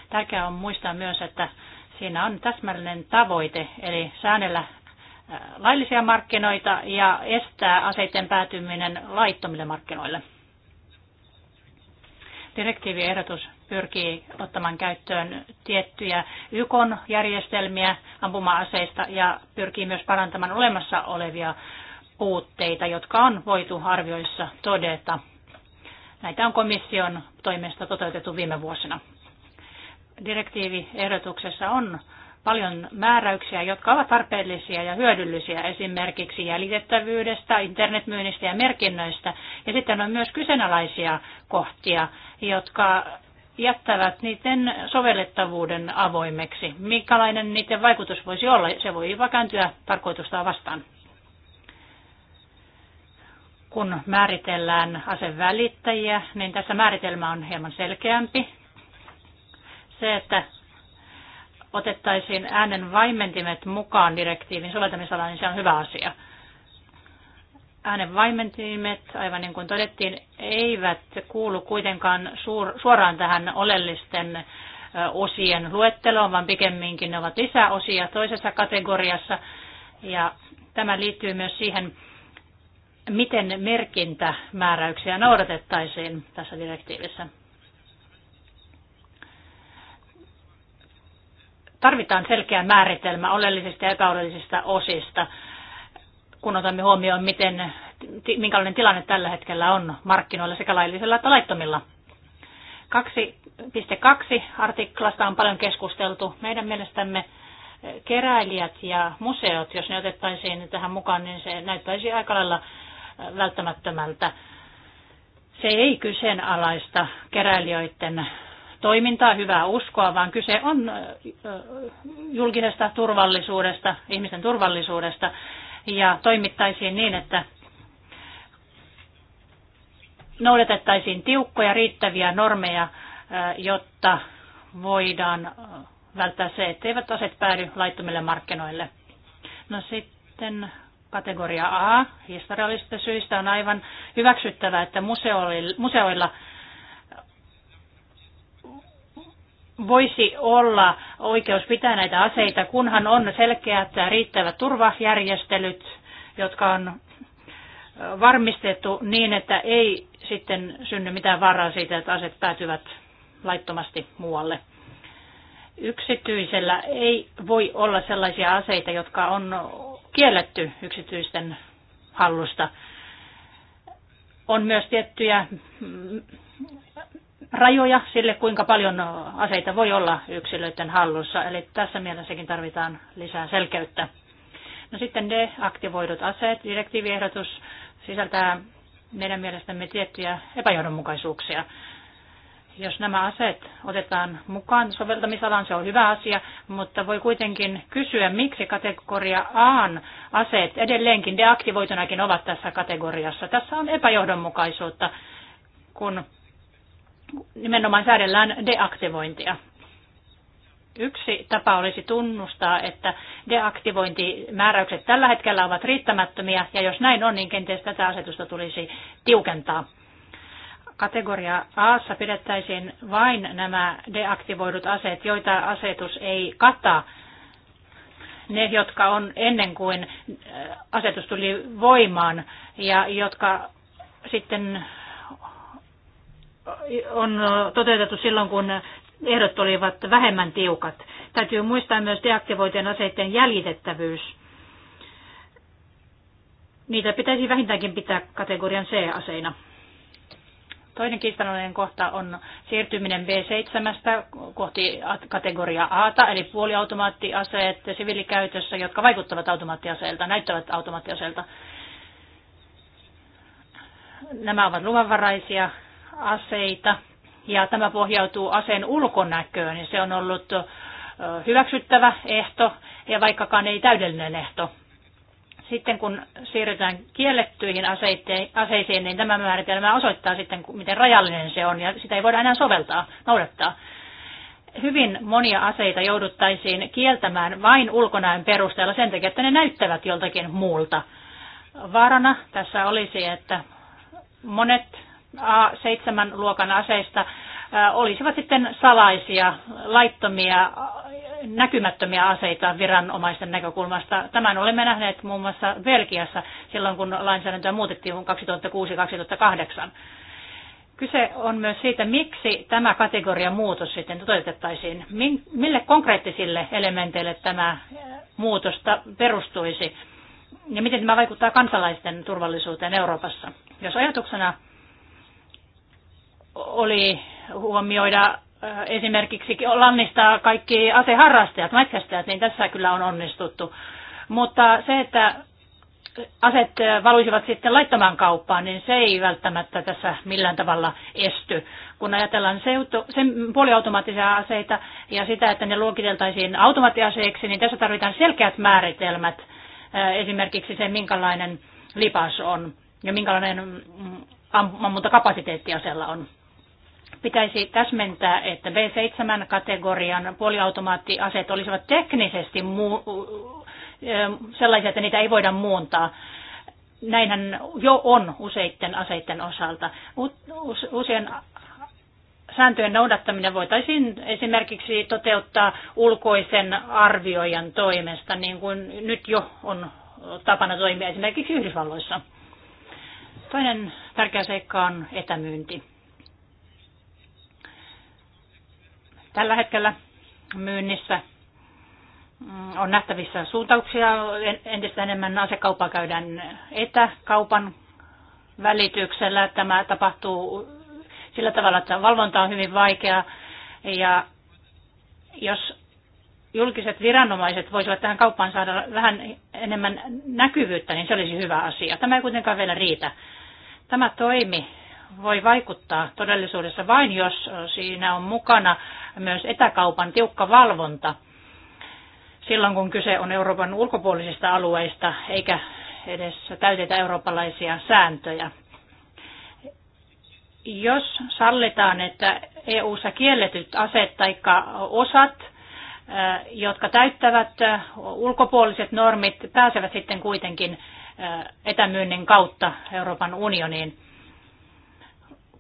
Speaker 2: Tärkeää on muistaa myös, että siinä on täsmällinen tavoite, eli säännellä laillisia markkinoita ja estää aseiden päätyminen laittomille markkinoille. Direktiiviehdotus pyrkii ottamaan käyttöön tiettyjä YK-järjestelmiä ampuma-aseista ja pyrkii myös parantamaan olemassa olevia puutteita, jotka on voitu arvioissa todeta. Näitä on komission toimesta toteutettu viime vuosina. Direktiiviehdotuksessa on paljon määräyksiä, jotka ovat tarpeellisia ja hyödyllisiä esimerkiksi jäljitettävyydestä, internetmyynnistä ja merkinnöistä. Ja sitten on myös kyseenalaisia kohtia, jotka jättävät niiden sovellettavuuden avoimeksi. Minkälainen niiden vaikutus voisi olla? Se voi jopa kääntyä tarkoitusta vastaan. Kun määritellään asevälittäjiä, niin tässä määritelmä on hieman selkeämpi. Se, että otettaisiin äänen vaimentimet mukaan direktiivin soveltamisalaan, niin se on hyvä asia. Äänen vaimentimet, aivan niin kuin todettiin, eivät kuulu kuitenkaan suoraan tähän oleellisten osien luetteloon, vaan pikemminkin ne ovat lisäosia toisessa kategoriassa. Ja tämä liittyy myös siihen, miten merkintämääräyksiä noudatettaisiin tässä direktiivissä. tarvitaan selkeä määritelmä oleellisista ja epäoleellisista osista, kun otamme huomioon, miten, minkälainen tilanne tällä hetkellä on markkinoilla sekä laillisella että laittomilla. 2.2 artiklasta on paljon keskusteltu. Meidän mielestämme eh, keräilijät ja museot, jos ne otettaisiin tähän mukaan, niin se näyttäisi aika lailla eh, välttämättömältä. Se ei kyseenalaista keräilijöiden toimintaa, hyvää uskoa, vaan kyse on julkisesta turvallisuudesta, ihmisten turvallisuudesta ja toimittaisiin niin, että noudatettaisiin tiukkoja riittäviä normeja, jotta voidaan välttää se, etteivät aset päädy laittomille markkinoille. No sitten kategoria A, historiallisista syistä on aivan hyväksyttävä, että museoilla voisi olla oikeus pitää näitä aseita, kunhan on selkeät ja riittävät turvajärjestelyt, jotka on varmistettu niin, että ei sitten synny mitään vaaraa siitä, että aset päätyvät laittomasti muualle. Yksityisellä ei voi olla sellaisia aseita, jotka on kielletty yksityisten hallusta. On myös tiettyjä rajoja sille, kuinka paljon aseita voi olla yksilöiden hallussa. Eli tässä mielessäkin tarvitaan lisää selkeyttä. No sitten deaktivoidut aseet. Direktiiviehdotus sisältää meidän mielestämme tiettyjä epäjohdonmukaisuuksia. Jos nämä aseet otetaan mukaan soveltamisalaan, se on hyvä asia, mutta voi kuitenkin kysyä, miksi kategoria A aseet edelleenkin deaktivoitunakin ovat tässä kategoriassa. Tässä on epäjohdonmukaisuutta, kun nimenomaan säädellään deaktivointia. Yksi tapa olisi tunnustaa, että deaktivointimääräykset tällä hetkellä ovat riittämättömiä, ja jos näin on, niin kenties tätä asetusta tulisi tiukentaa. Kategoria A pidettäisiin vain nämä deaktivoidut aseet, joita asetus ei kata, ne, jotka on ennen kuin asetus tuli voimaan ja jotka sitten on toteutettu silloin, kun ehdot olivat vähemmän tiukat. Täytyy muistaa myös deaktivoitujen aseiden jäljitettävyys. Niitä pitäisi vähintäänkin pitää kategorian C-aseina. Toinen kiistanalainen kohta on siirtyminen B7 kohti kategoria A, eli puoliautomaattiaseet siviilikäytössä, jotka vaikuttavat automaattiaseelta, näyttävät automaattiaseelta. Nämä ovat luvanvaraisia aseita ja tämä pohjautuu aseen ulkonäköön ja se on ollut hyväksyttävä ehto ja vaikkakaan ei täydellinen ehto. Sitten kun siirrytään kiellettyihin aseisiin, niin tämä määritelmä osoittaa sitten, miten rajallinen se on ja sitä ei voida enää soveltaa, noudattaa. Hyvin monia aseita jouduttaisiin kieltämään vain ulkonäön perusteella sen takia, että ne näyttävät joltakin muulta. Vaarana tässä olisi, että monet A7-luokan aseista olisivat sitten salaisia, laittomia, näkymättömiä aseita viranomaisten näkökulmasta. Tämän olemme nähneet muun muassa Belgiassa silloin, kun lainsäädäntöä muutettiin 2006-2008. Kyse on myös siitä, miksi tämä kategoria muutos sitten toteutettaisiin. Mille konkreettisille elementeille tämä muutosta perustuisi? Ja miten tämä vaikuttaa kansalaisten turvallisuuteen Euroopassa? Jos ajatuksena oli huomioida äh, esimerkiksi lannistaa kaikki aseharrastajat, metsästäjät, niin tässä kyllä on onnistuttu. Mutta se, että aset valuisivat sitten laittamaan kauppaan, niin se ei välttämättä tässä millään tavalla esty. Kun ajatellaan seutu, sen puoliautomaattisia aseita ja sitä, että ne luokiteltaisiin automaattiaseiksi, niin tässä tarvitaan selkeät määritelmät. Äh, esimerkiksi se, minkälainen lipas on ja minkälainen mm, ammuntakapasiteetti asella on. Pitäisi täsmentää, että B7-kategorian puoliautomaattiaseet olisivat teknisesti muu- sellaisia, että niitä ei voida muuntaa näinhän jo on useiden aseiden osalta. Usein sääntöjen noudattaminen voitaisiin esimerkiksi toteuttaa ulkoisen arvioijan toimesta, niin kuin nyt jo on tapana toimia esimerkiksi Yhdysvalloissa. Toinen tärkeä seikka on etämyynti. tällä hetkellä myynnissä. Mm, on nähtävissä suuntauksia. Entistä enemmän asekauppa käydään etäkaupan välityksellä. Tämä tapahtuu sillä tavalla, että valvonta on hyvin vaikeaa. Ja jos julkiset viranomaiset voisivat tähän kauppaan saada vähän enemmän näkyvyyttä, niin se olisi hyvä asia. Tämä ei kuitenkaan vielä riitä. Tämä toimi voi vaikuttaa todellisuudessa vain, jos siinä on mukana myös etäkaupan tiukka valvonta silloin, kun kyse on Euroopan ulkopuolisista alueista, eikä edes täytetä eurooppalaisia sääntöjä. Jos sallitaan, että EU-ssa kielletyt aseet tai osat eh, jotka täyttävät eh, ulkopuoliset normit, pääsevät sitten kuitenkin eh, etämyynnin kautta Euroopan unioniin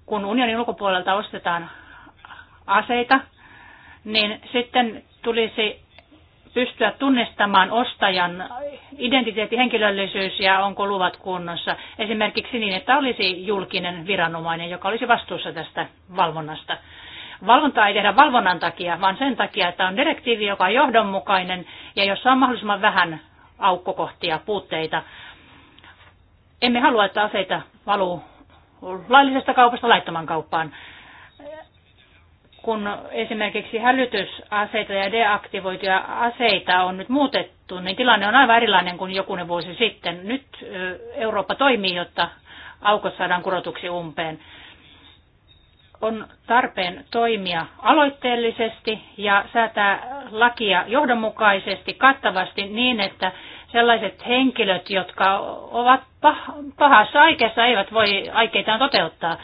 Speaker 2: kun unionin ulkopuolelta ostetaan aseita, niin sitten tulisi pystyä tunnistamaan ostajan identiteetti, henkilöllisyys ja onko luvat kunnossa. Esimerkiksi niin, että olisi julkinen viranomainen, joka olisi vastuussa tästä valvonnasta. Valvontaa ei tehdä valvonnan takia, vaan sen takia, että on direktiivi, joka on johdonmukainen ja jossa on mahdollisimman vähän aukkokohtia, puutteita. Emme halua, että aseita valuu laillisesta kaupasta laittoman kauppaan. Kun esimerkiksi hälytysaseita ja deaktivoituja aseita on nyt muutettu, niin tilanne on aivan erilainen kuin jokunen vuosi sitten. Nyt Eurooppa toimii, jotta aukot saadaan kurotuksi umpeen on tarpeen toimia aloitteellisesti ja säätää lakia johdonmukaisesti, kattavasti niin, että sellaiset henkilöt, jotka ovat pahassa aikeessa, eivät voi aikeitaan toteuttaa.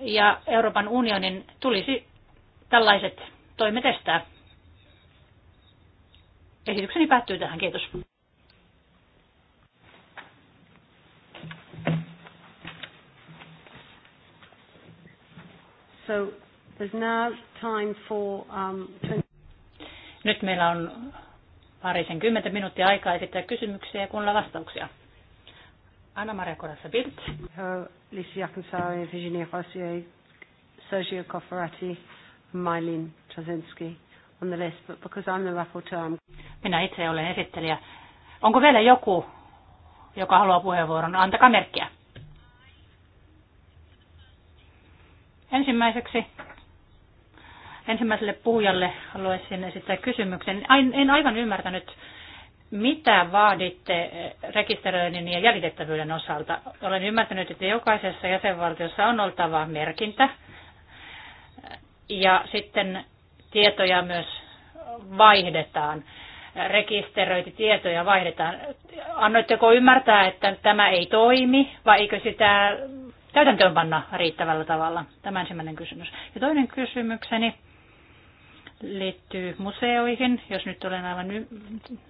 Speaker 2: Ja Euroopan unionin tulisi tällaiset toimet estää. Esitykseni päättyy tähän. Kiitos.
Speaker 1: So there's now time for, um, Nyt meillä on
Speaker 2: parisen kymmentä minuuttia aikaa esittää kysymyksiä ja kuunnella vastauksia. Anna-Maria
Speaker 1: Korassa Bilt. Lissi Jakansaari, Virginia Rossier, Sergio Cofferati, Mailin Trzynski on the list, but because I'm the rapporteur, I'm...
Speaker 2: Minä itse olen esittelijä.
Speaker 1: Onko vielä joku, joka haluaa puheenvuoron? Antakaa
Speaker 2: merkkiä. Ensimmäiseksi Ensimmäiselle puhujalle haluaisin esittää kysymyksen. En aivan ymmärtänyt, mitä vaaditte rekisteröinnin ja jäljitettävyyden osalta. Olen ymmärtänyt, että jokaisessa jäsenvaltiossa on oltava merkintä ja sitten tietoja myös vaihdetaan rekisteröintitietoja vaihdetaan. Annoitteko ymmärtää, että tämä ei toimi vai eikö sitä täytäntöönpanna riittävällä tavalla? Tämä ensimmäinen kysymys. Ja toinen kysymykseni liittyy museoihin. Jos nyt olen aivan y-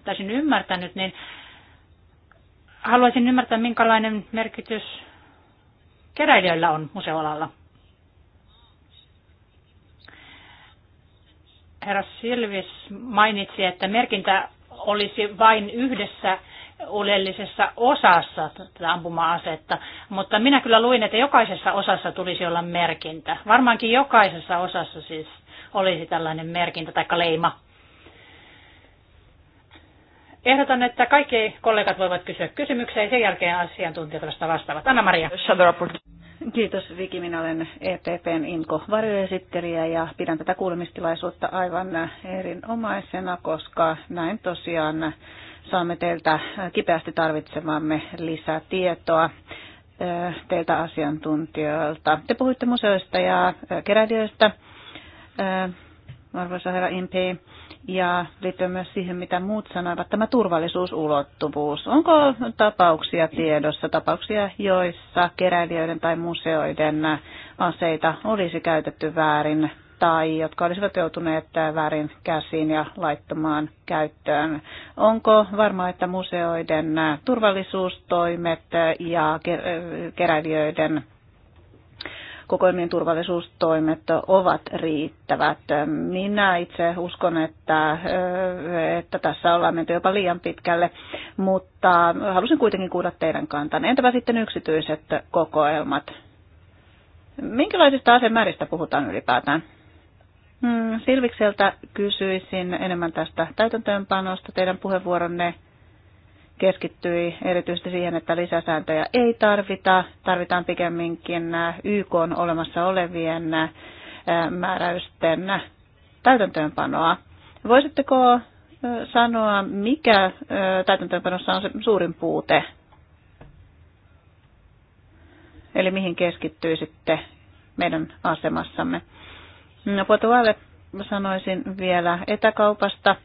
Speaker 2: täysin ymmärtänyt, niin haluaisin ymmärtää, minkälainen merkitys keräilijöillä on museoalalla. Herra Silvis mainitsi, että merkintä olisi vain yhdessä oleellisessa osassa tätä ampuma-asetta, mutta minä kyllä luin, että jokaisessa osassa tulisi olla merkintä. Varmaankin jokaisessa osassa siis olisi tällainen merkintä tai leima. Ehdotan, että kaikki kollegat voivat kysyä kysymyksiä ja sen jälkeen asiantuntijat vasta vastaavat. Anna-Maria.
Speaker 5: Kiitos Viki, minä olen EPPn Inko varjoesittelijä ja pidän tätä kuulemistilaisuutta aivan erinomaisena, koska näin tosiaan saamme teiltä kipeästi tarvitsemamme lisätietoa teiltä asiantuntijoilta. Te puhuitte museoista ja keräilijöistä arvoisa herra MP, ja liittyen myös siihen, mitä muut sanoivat, tämä turvallisuusulottuvuus. Onko tapauksia tiedossa, tapauksia, joissa keräilijöiden tai museoiden aseita olisi käytetty väärin tai jotka olisivat joutuneet väärin käsiin ja laittamaan käyttöön. Onko varmaa, että museoiden turvallisuustoimet ja keräilijöiden kokoelmien turvallisuustoimet ovat riittävät. Minä itse uskon, että, että tässä ollaan menty jopa liian pitkälle, mutta halusin kuitenkin kuulla teidän kantanne. Entäpä sitten yksityiset kokoelmat? Minkälaisista asemääristä puhutaan ylipäätään? Hmm, Silvikseltä kysyisin enemmän tästä täytäntöönpanosta. Teidän puheenvuoronne keskittyi erityisesti siihen, että lisäsääntöjä ei tarvita. Tarvitaan pikemminkin äh, YK on olemassa olevien äh, määräysten täytäntöönpanoa. Voisitteko äh, sanoa, mikä täytäntöönpanossa on se suurin puute? Eli mihin keskittyy sitten meidän asemassamme? No, sanoisin vielä etäkaupasta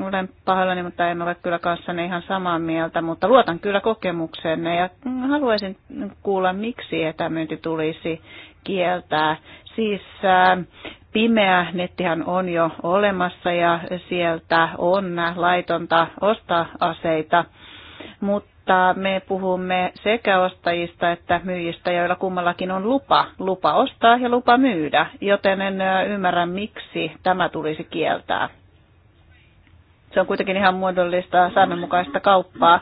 Speaker 5: olen pahoillani, mutta en ole kyllä kanssanne ihan samaa mieltä, mutta luotan kyllä kokemukseenne ja haluaisin kuulla, miksi etämyynti tulisi kieltää. Siis äh, pimeä nettihan on jo olemassa ja sieltä on laitonta ostaa aseita, mutta me puhumme sekä ostajista että myyjistä, joilla kummallakin on lupa, lupa ostaa ja lupa myydä, joten en äh, ymmärrä, miksi tämä tulisi kieltää. Se on kuitenkin ihan muodollista säännönmukaista kauppaa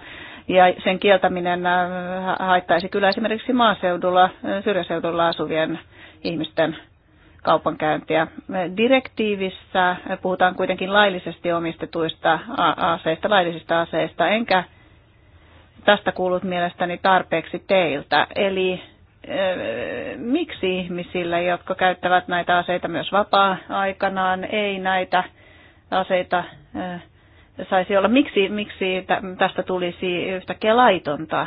Speaker 5: ja sen kieltäminen äh, haittaisi kyllä esimerkiksi maaseudulla, äh, syrjäseudulla asuvien ihmisten kaupankäyntiä. Direktiivissä puhutaan kuitenkin laillisesti omistetuista aseista, laillisista aseista, enkä tästä kuullut mielestäni tarpeeksi teiltä. Eli äh, miksi ihmisille, jotka käyttävät näitä aseita myös vapaa-aikanaan, ei näitä aseita saisi olla. Miksi, miksi tästä tulisi yhtäkkiä laitonta?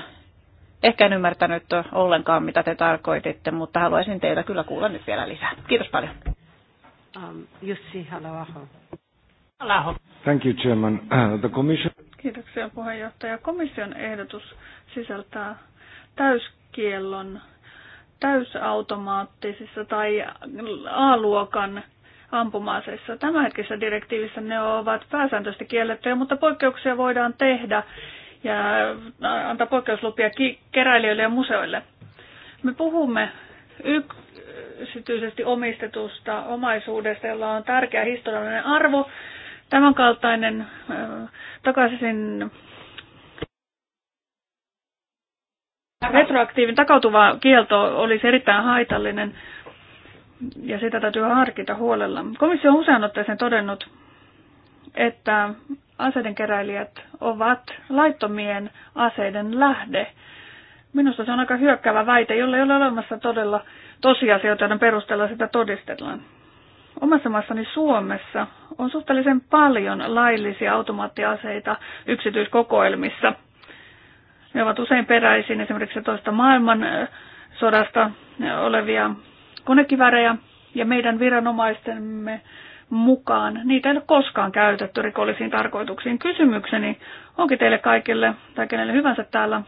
Speaker 5: Ehkä en ymmärtänyt ollenkaan, mitä te tarkoititte, mutta haluaisin teitä kyllä kuulla nyt vielä lisää. Kiitos
Speaker 4: paljon. Um, Jussi Halaho. Halaho.
Speaker 1: Thank you, Chairman.
Speaker 3: Uh, the commission...
Speaker 4: Kiitoksia puheenjohtaja. Komission ehdotus sisältää täyskiellon täysautomaattisissa tai A-luokan ampumaaseissa. Tämänhetkisessä direktiivissä ne ovat pääsääntöisesti kiellettyjä, mutta poikkeuksia voidaan tehdä ja antaa poikkeuslupia keräilijöille ja museoille. Me puhumme yksityisesti omistetusta omaisuudesta, jolla on tärkeä historiallinen arvo. Tämänkaltainen takaisin retroaktiivin takautuva kielto olisi erittäin haitallinen ja sitä täytyy harkita huolella. Komissio on usein otteeseen todennut, että aseiden keräilijät ovat laittomien aseiden lähde. Minusta se on aika hyökkäävä väite, jolla ei ole olemassa todella tosiasioita, joiden perusteella sitä todistellaan. Omassa maassani Suomessa on suhteellisen paljon laillisia automaattiaseita yksityiskokoelmissa. Ne ovat usein peräisin esimerkiksi toista maailmansodasta olevia konekivärejä ja meidän viranomaistemme mukaan niitä ei ole koskaan käytetty rikollisiin tarkoituksiin. Kysymykseni onkin teille kaikille tai kenelle hyvänsä täällä,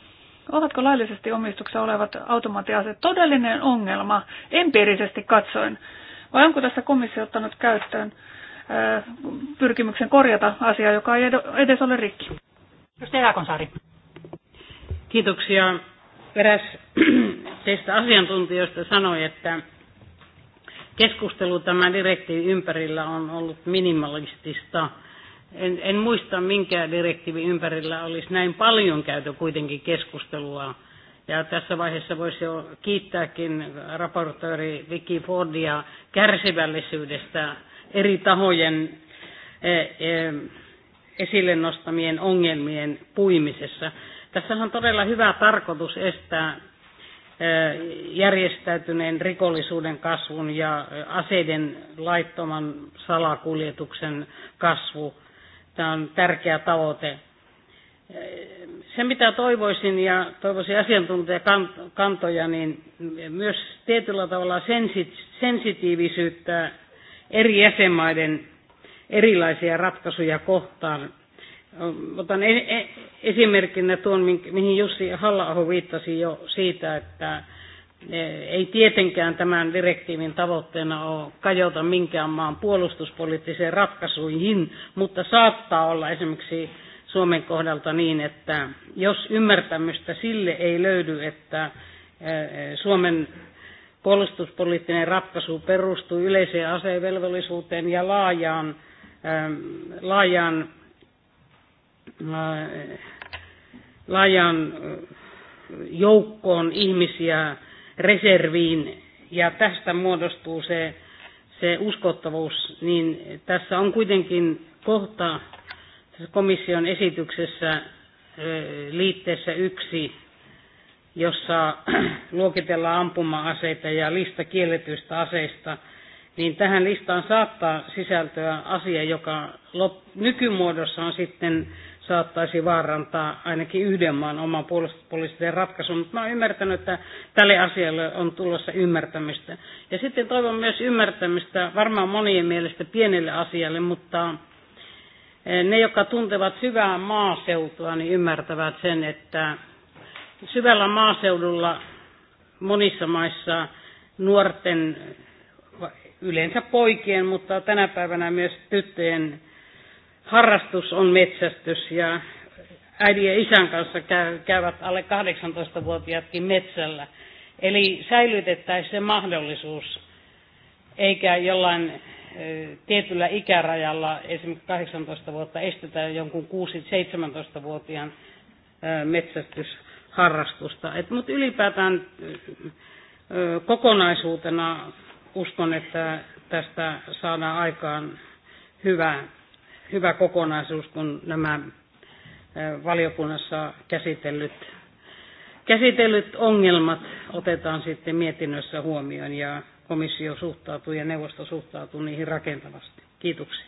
Speaker 4: ovatko laillisesti omistuksessa olevat automaattiaseet todellinen ongelma empiirisesti katsoen? Vai onko tässä komissio ottanut käyttöön äh, pyrkimyksen korjata asiaa, joka ei edes ole rikki?
Speaker 6: Jos Raakonsaari. Kiitoksia. Eräs teistä asiantuntijoista sanoi, että keskustelu tämän direktiivin ympärillä on ollut minimalistista. En, en muista, minkä direktiivin ympärillä olisi näin paljon käyty kuitenkin keskustelua. Ja tässä vaiheessa voisi jo kiittääkin raportööri Vicky Fordia kärsivällisyydestä eri tahojen e, e, esille nostamien ongelmien puimisessa. Tässä on todella hyvä tarkoitus estää järjestäytyneen rikollisuuden kasvun ja aseiden laittoman salakuljetuksen kasvu. Tämä on tärkeä tavoite. Se, mitä toivoisin ja toivoisin asiantuntijakantoja, niin myös tietyllä tavalla sensitiivisyyttä eri jäsenmaiden erilaisia ratkaisuja kohtaan – Otan e, e, esimerkkinä tuon, mihin Jussi halla viittasi jo siitä, että e, ei tietenkään tämän direktiivin tavoitteena ole kajota minkään maan puolustuspoliittisiin ratkaisuihin, mutta saattaa olla esimerkiksi Suomen kohdalta niin, että jos ymmärtämystä sille ei löydy, että Suomen puolustuspoliittinen ratkaisu perustuu yleiseen asevelvollisuuteen ja laajaan, laajaan laajan joukkoon ihmisiä reserviin ja tästä muodostuu se, se uskottavuus, niin tässä on kuitenkin kohta tässä komission esityksessä liitteessä yksi, jossa luokitellaan ampuma-aseita ja lista kielletyistä aseista, niin tähän listaan saattaa sisältyä asia, joka nykymuodossa on sitten saattaisi vaarantaa ainakin yhden maan oman puolustuspoliittisen ratkaisun, mutta mä oon ymmärtänyt, että tälle asialle on tulossa ymmärtämistä. Ja sitten toivon myös ymmärtämistä varmaan monien mielestä pienelle asialle, mutta eh, ne, jotka tuntevat syvää maaseutua, niin ymmärtävät sen, että syvällä maaseudulla monissa maissa nuorten, yleensä poikien, mutta tänä päivänä myös tyttöjen harrastus on metsästys ja äidin ja isän kanssa käyvät alle 18-vuotiaatkin metsällä. Eli säilytettäisiin se mahdollisuus, eikä jollain tietyllä ikärajalla, esimerkiksi 18 vuotta, estetä jonkun 6-17-vuotiaan metsästysharrastusta. Mutta ylipäätään kokonaisuutena uskon, että tästä saadaan aikaan hyvää hyvä kokonaisuus, kun nämä valiokunnassa käsitellyt, käsitellyt ongelmat otetaan sitten mietinnössä huomioon ja komissio suhtautuu ja neuvosto suhtautuu niihin rakentavasti. Kiitoksia.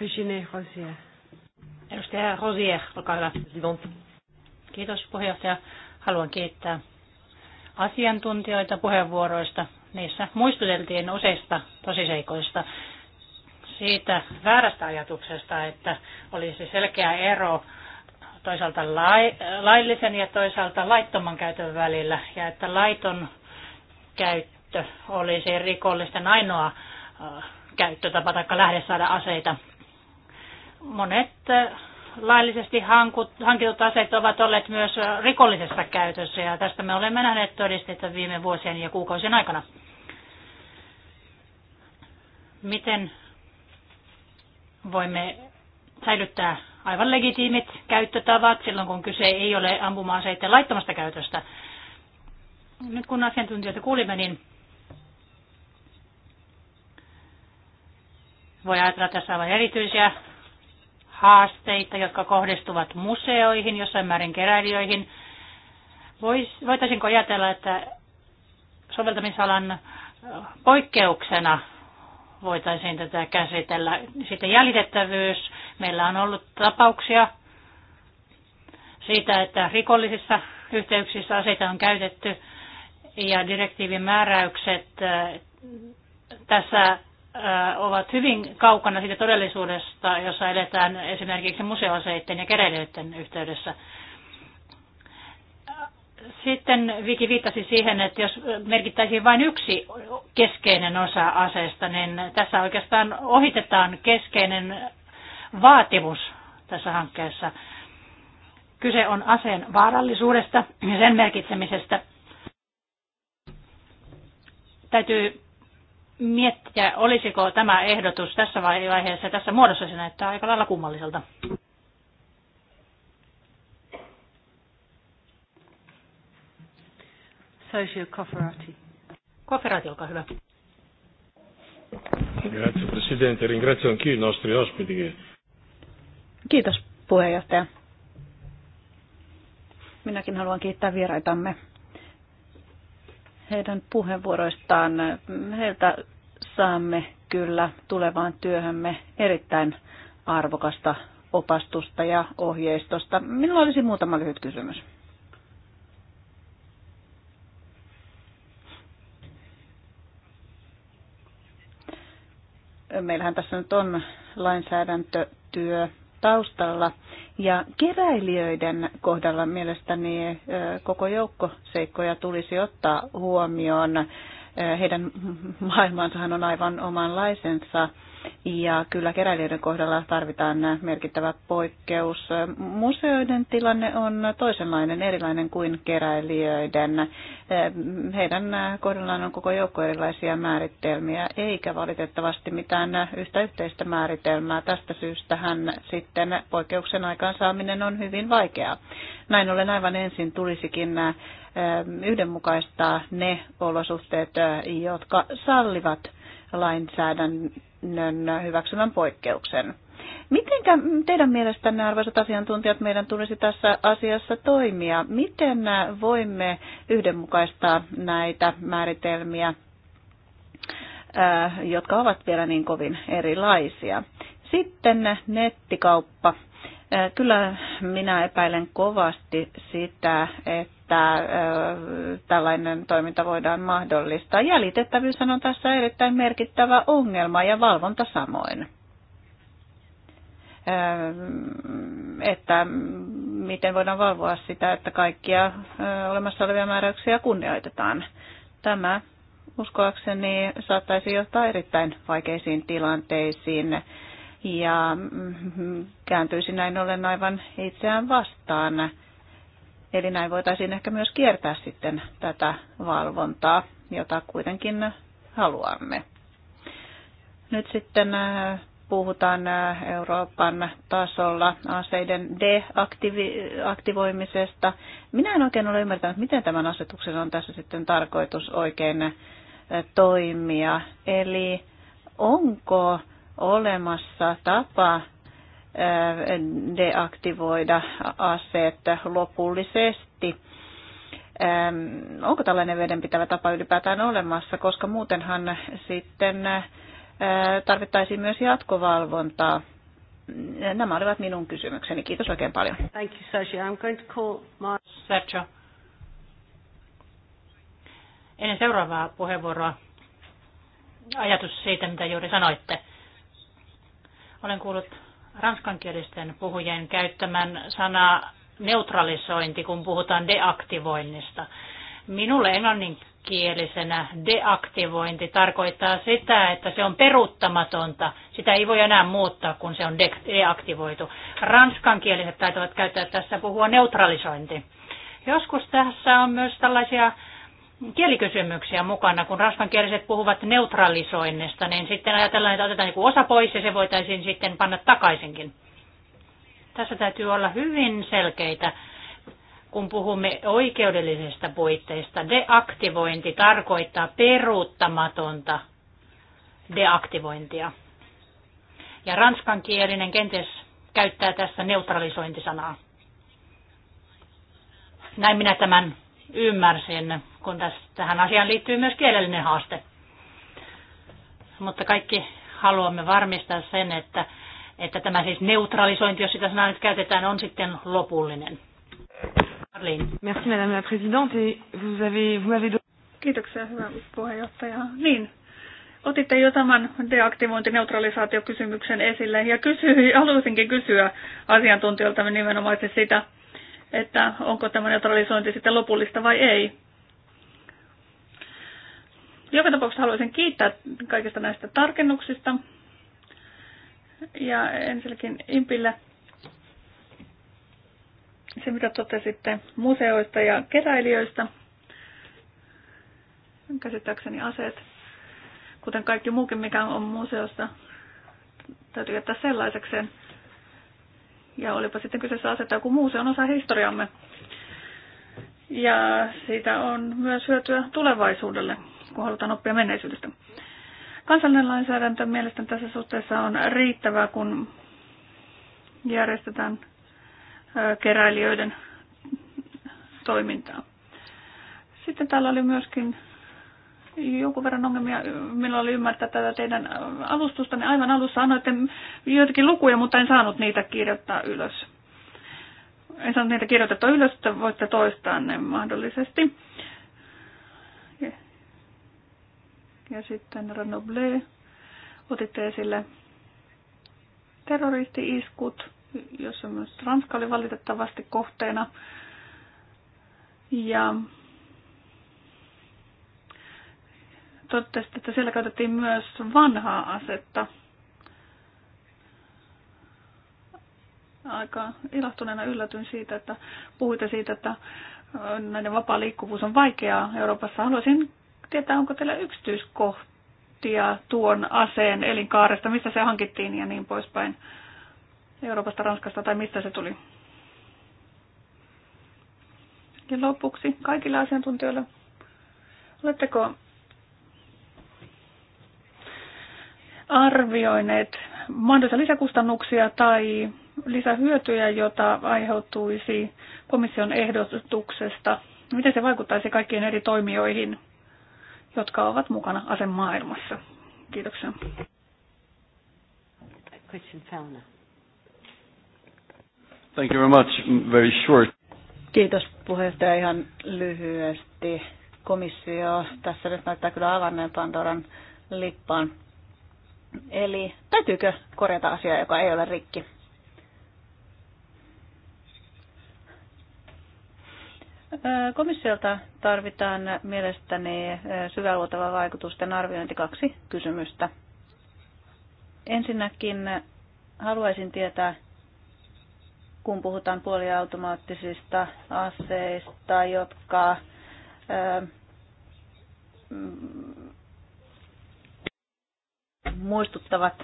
Speaker 1: Virginie Rosier.
Speaker 2: Edustaja Rosier, olkaa hyvä. Kiitos puheenjohtaja. Haluan kiittää asiantuntijoita puheenvuoroista. Niissä muistuteltiin useista tosiseikoista siitä väärästä ajatuksesta, että olisi selkeä ero toisaalta lai, laillisen ja toisaalta laittoman käytön välillä, ja että laiton käyttö olisi rikollisten ainoa äh, käyttötapa tai lähde saada aseita. Monet äh, laillisesti hankut, hankitut aseet ovat olleet myös rikollisessa käytössä ja tästä me olemme nähneet todisteita viime vuosien ja kuukausien aikana. Miten voimme säilyttää aivan legitiimit käyttötavat silloin, kun kyse ei ole ampuma-aseiden laittomasta käytöstä? Nyt kun asiantuntijoita kuulimme, niin voi ajatella tässä on erityisiä haasteita, jotka kohdistuvat museoihin, jossain määrin keräilijöihin. Vois, voitaisinko ajatella, että soveltamisalan poikkeuksena voitaisiin tätä käsitellä. Sitten jäljitettävyys. Meillä on ollut tapauksia siitä, että rikollisissa yhteyksissä aseita on käytetty ja direktiivin määräykset tässä ovat hyvin kaukana siitä todellisuudesta, jossa eletään esimerkiksi museoaseiden ja keräilijöiden yhteydessä. Sitten Viki viittasi siihen, että jos merkittäisiin vain yksi keskeinen osa aseesta, niin tässä oikeastaan ohitetaan keskeinen vaatimus tässä hankkeessa. Kyse on aseen vaarallisuudesta ja sen merkitsemisestä. Täytyy miettiä, olisiko tämä ehdotus tässä vaiheessa tässä muodossa, se näyttää aika lailla kummalliselta. Sergio Cofferati. Cofferati, olkaa hyvä.
Speaker 1: Grazie Presidente, ringrazio anch'io i nostri ospiti
Speaker 5: Kiitos puheenjohtaja. Minäkin haluan kiittää vieraitamme heidän puheenvuoroistaan. Heiltä saamme kyllä tulevaan työhömme erittäin arvokasta opastusta ja ohjeistosta. Minulla olisi muutama lyhyt kysymys. Meillähän tässä nyt on lainsäädäntötyö taustalla. Ja keräilijöiden kohdalla mielestäni koko joukko seikkoja tulisi ottaa huomioon heidän maailmansahan on aivan omanlaisensa ja kyllä keräilijöiden kohdalla tarvitaan merkittävä poikkeus. Museoiden tilanne on toisenlainen, erilainen kuin keräilijöiden. Heidän kohdallaan on koko joukko erilaisia määritelmiä, eikä valitettavasti mitään yhtä yhteistä määritelmää. Tästä syystähän sitten poikkeuksen aikaansaaminen on hyvin vaikeaa. Näin ollen aivan ensin tulisikin eh, yhdenmukaistaa ne olosuhteet, eh, jotka sallivat lainsäädännön mietinnön hyväksymän poikkeuksen. Miten teidän mielestänne, arvoisat asiantuntijat, meidän tulisi tässä asiassa toimia? Miten voimme yhdenmukaistaa näitä määritelmiä, äh, jotka ovat vielä niin kovin erilaisia? Sitten nettikauppa. Äh, kyllä minä epäilen kovasti sitä, että että tällainen toiminta voidaan mahdollistaa. Jäljitettävyys on tässä erittäin merkittävä ongelma ja valvonta samoin. Että miten voidaan valvoa sitä, että kaikkia olemassa olevia määräyksiä kunnioitetaan. Tämä uskoakseni saattaisi johtaa erittäin vaikeisiin tilanteisiin ja mm, kääntyisi näin ollen aivan itseään vastaan Eli näin voitaisiin ehkä myös kiertää sitten tätä valvontaa, jota kuitenkin haluamme. Nyt sitten äh, puhutaan äh, Euroopan tasolla aseiden deaktivoimisesta. Minä en oikein ole ymmärtänyt, miten tämän asetuksen on tässä sitten tarkoitus oikein äh, toimia. Eli onko olemassa tapa deaktivoida aseet lopullisesti. Onko tällainen vedenpitävä tapa ylipäätään olemassa, koska muutenhan sitten tarvittaisiin myös jatkovalvontaa. Nämä olivat minun kysymykseni. Kiitos oikein paljon.
Speaker 1: Thank you, Sergio. I'm going to call my...
Speaker 5: Sergio.
Speaker 2: Ennen seuraavaa puheenvuoroa
Speaker 1: ajatus siitä, mitä
Speaker 2: juuri sanoitte. Olen kuullut ranskankielisten puhujien käyttämän sana neutralisointi, kun puhutaan deaktivoinnista. Minulle englanninkielisenä deaktivointi tarkoittaa sitä, että se on peruuttamatonta. Sitä ei voi enää muuttaa, kun se on deaktivoitu. Ranskankieliset taitavat käyttää tässä puhua neutralisointi. Joskus tässä on myös tällaisia kielikysymyksiä mukana. Kun ranskankieliset puhuvat neutralisoinnista, niin sitten ajatellaan, että otetaan niin osa pois ja se voitaisiin sitten panna takaisinkin. Tässä täytyy olla hyvin selkeitä, kun puhumme oikeudellisesta puitteista. Deaktivointi tarkoittaa peruuttamatonta deaktivointia. Ja ranskankielinen kenties käyttää tässä neutralisointisanaa. Näin minä tämän ymmärsin kun tähän asiaan liittyy myös kielellinen haaste. Mutta kaikki haluamme varmistaa sen, että, että tämä siis neutralisointi, jos sitä sanaa nyt käytetään, on sitten lopullinen. Arlene.
Speaker 1: Merci
Speaker 4: madame la présidente. Vous avez, vous avez... Kiitoksia, hyvä puheenjohtaja. Niin, otitte jo tämän deaktivointineutralisaatiokysymyksen esille ja kysyi, haluaisinkin kysyä asiantuntijoilta nimenomaisesti sitä, että onko tämä neutralisointi sitten lopullista vai ei. Joka tapauksessa haluaisin kiittää kaikista näistä tarkennuksista. Ja ensinnäkin Impille se, mitä totesitte museoista ja keräilijöistä. Käsittääkseni aseet, kuten kaikki muukin, mikä on museossa täytyy jättää sellaisekseen. Ja olipa sitten kyseessä ase tai joku muu, se on osa historiamme. Ja siitä on myös hyötyä tulevaisuudelle kun halutaan oppia menneisyydestä. Kansallinen lainsäädäntö mielestäni tässä suhteessa on riittävää, kun järjestetään keräilijöiden toimintaa. Sitten täällä oli myöskin jonkun verran ongelmia, millä oli ymmärtää tätä teidän Ne niin Aivan alussa annoitte joitakin lukuja, mutta en saanut niitä kirjoittaa ylös. En saanut niitä kirjoitettua ylös, että voitte toistaa ne mahdollisesti. ja sitten Renoble otitte esille terroristi-iskut, jossa myös Ranska oli valitettavasti kohteena. Ja totesitte, että siellä käytettiin myös vanhaa asetta. Aika ilahtuneena yllätyn siitä, että puhuitte siitä, että näiden vapaa liikkuvuus on vaikeaa Euroopassa. Haluaisin tietää, onko teillä yksityiskohtia tuon aseen elinkaaresta, mistä se hankittiin ja niin poispäin. Euroopasta, Ranskasta tai mistä se tuli. Ja lopuksi kaikille asiantuntijoille. Oletteko arvioineet mahdollisia lisäkustannuksia tai lisähyötyjä, jota aiheutuisi komission ehdotuksesta? Miten se vaikuttaisi kaikkien eri toimijoihin? jotka ovat mukana asemaailmassa. Kiitoksia.
Speaker 1: Thank you very much. Very short. Kiitos puheenjohtaja ihan lyhyesti.
Speaker 5: Komissio tässä nyt näyttää kyllä avanneen Pandoran lippaan. Eli täytyykö korjata asia, joka ei ole rikki? Komissiolta tarvitaan mielestäni syväluotava vaikutusten arviointi kaksi kysymystä. Ensinnäkin haluaisin tietää, kun puhutaan puoliautomaattisista aseista, jotka mm, muistuttavat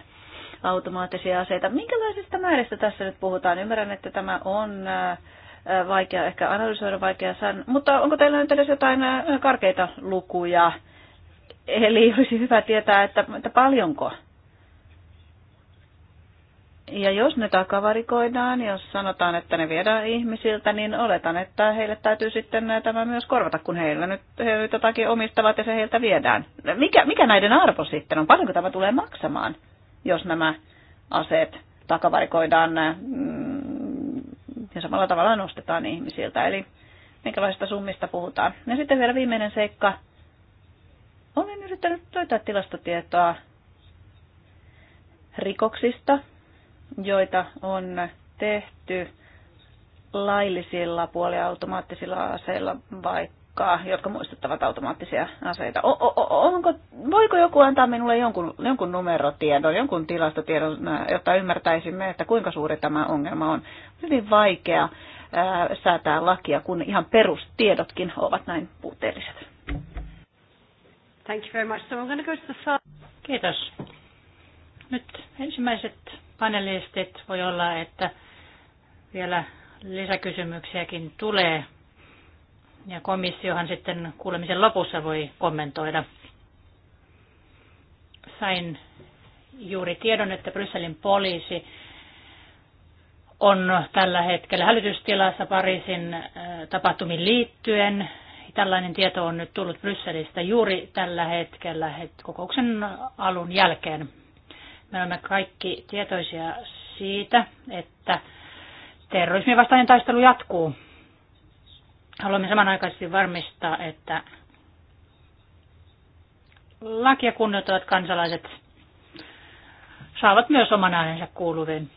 Speaker 5: automaattisia aseita. Minkälaisista määristä tässä nyt puhutaan? Ymmärrän, että tämä on vaikea ehkä analysoida, vaikea sanoa. Mutta onko teillä nyt edes jotain karkeita lukuja? Eli olisi hyvä tietää, että, että paljonko. Ja jos ne takavarikoidaan, jos sanotaan, että ne viedään ihmisiltä, niin oletan, että heille täytyy sitten tämä myös korvata, kun heillä nyt, he jotakin omistavat ja se heiltä viedään. Mikä, mikä näiden arvo sitten on? Paljonko tämä tulee maksamaan, jos nämä aseet takavarikoidaan mm, sitten niin samalla tavalla nostetaan ihmisiltä. Eli minkälaisista summista puhutaan. Ja sitten vielä viimeinen seikka. Olen yrittänyt löytää tilastotietoa rikoksista, joita on tehty laillisilla puoliautomaattisilla aseilla vai taakkaa, jotka muistuttavat automaattisia aseita. O, o, o, onko, voiko joku antaa minulle jonkun, jonkun numerotiedon, jonkun tilastotiedon, jotta ymmärtäisimme, että kuinka suuri tämä ongelma on? Hyvin vaikea ää, säätää lakia, kun ihan perustiedotkin ovat näin puutteelliset.
Speaker 1: Thank you very much. So going to go to the first... Kiitos.
Speaker 2: Nyt ensimmäiset panelistit voi olla, että vielä lisäkysymyksiäkin tulee ja komissiohan sitten kuulemisen lopussa voi kommentoida. Sain juuri tiedon, että Brysselin poliisi on tällä hetkellä hälytystilassa Pariisin äh, tapahtumiin liittyen. Tällainen tieto on nyt tullut Brysselistä juuri tällä hetkellä kokouksen alun jälkeen. Me olemme kaikki tietoisia siitä, että terrorismin vastainen taistelu jatkuu Haluamme samanaikaisesti varmistaa, että lakia kunnioittavat kansalaiset saavat myös oman äänensä kuuluviin.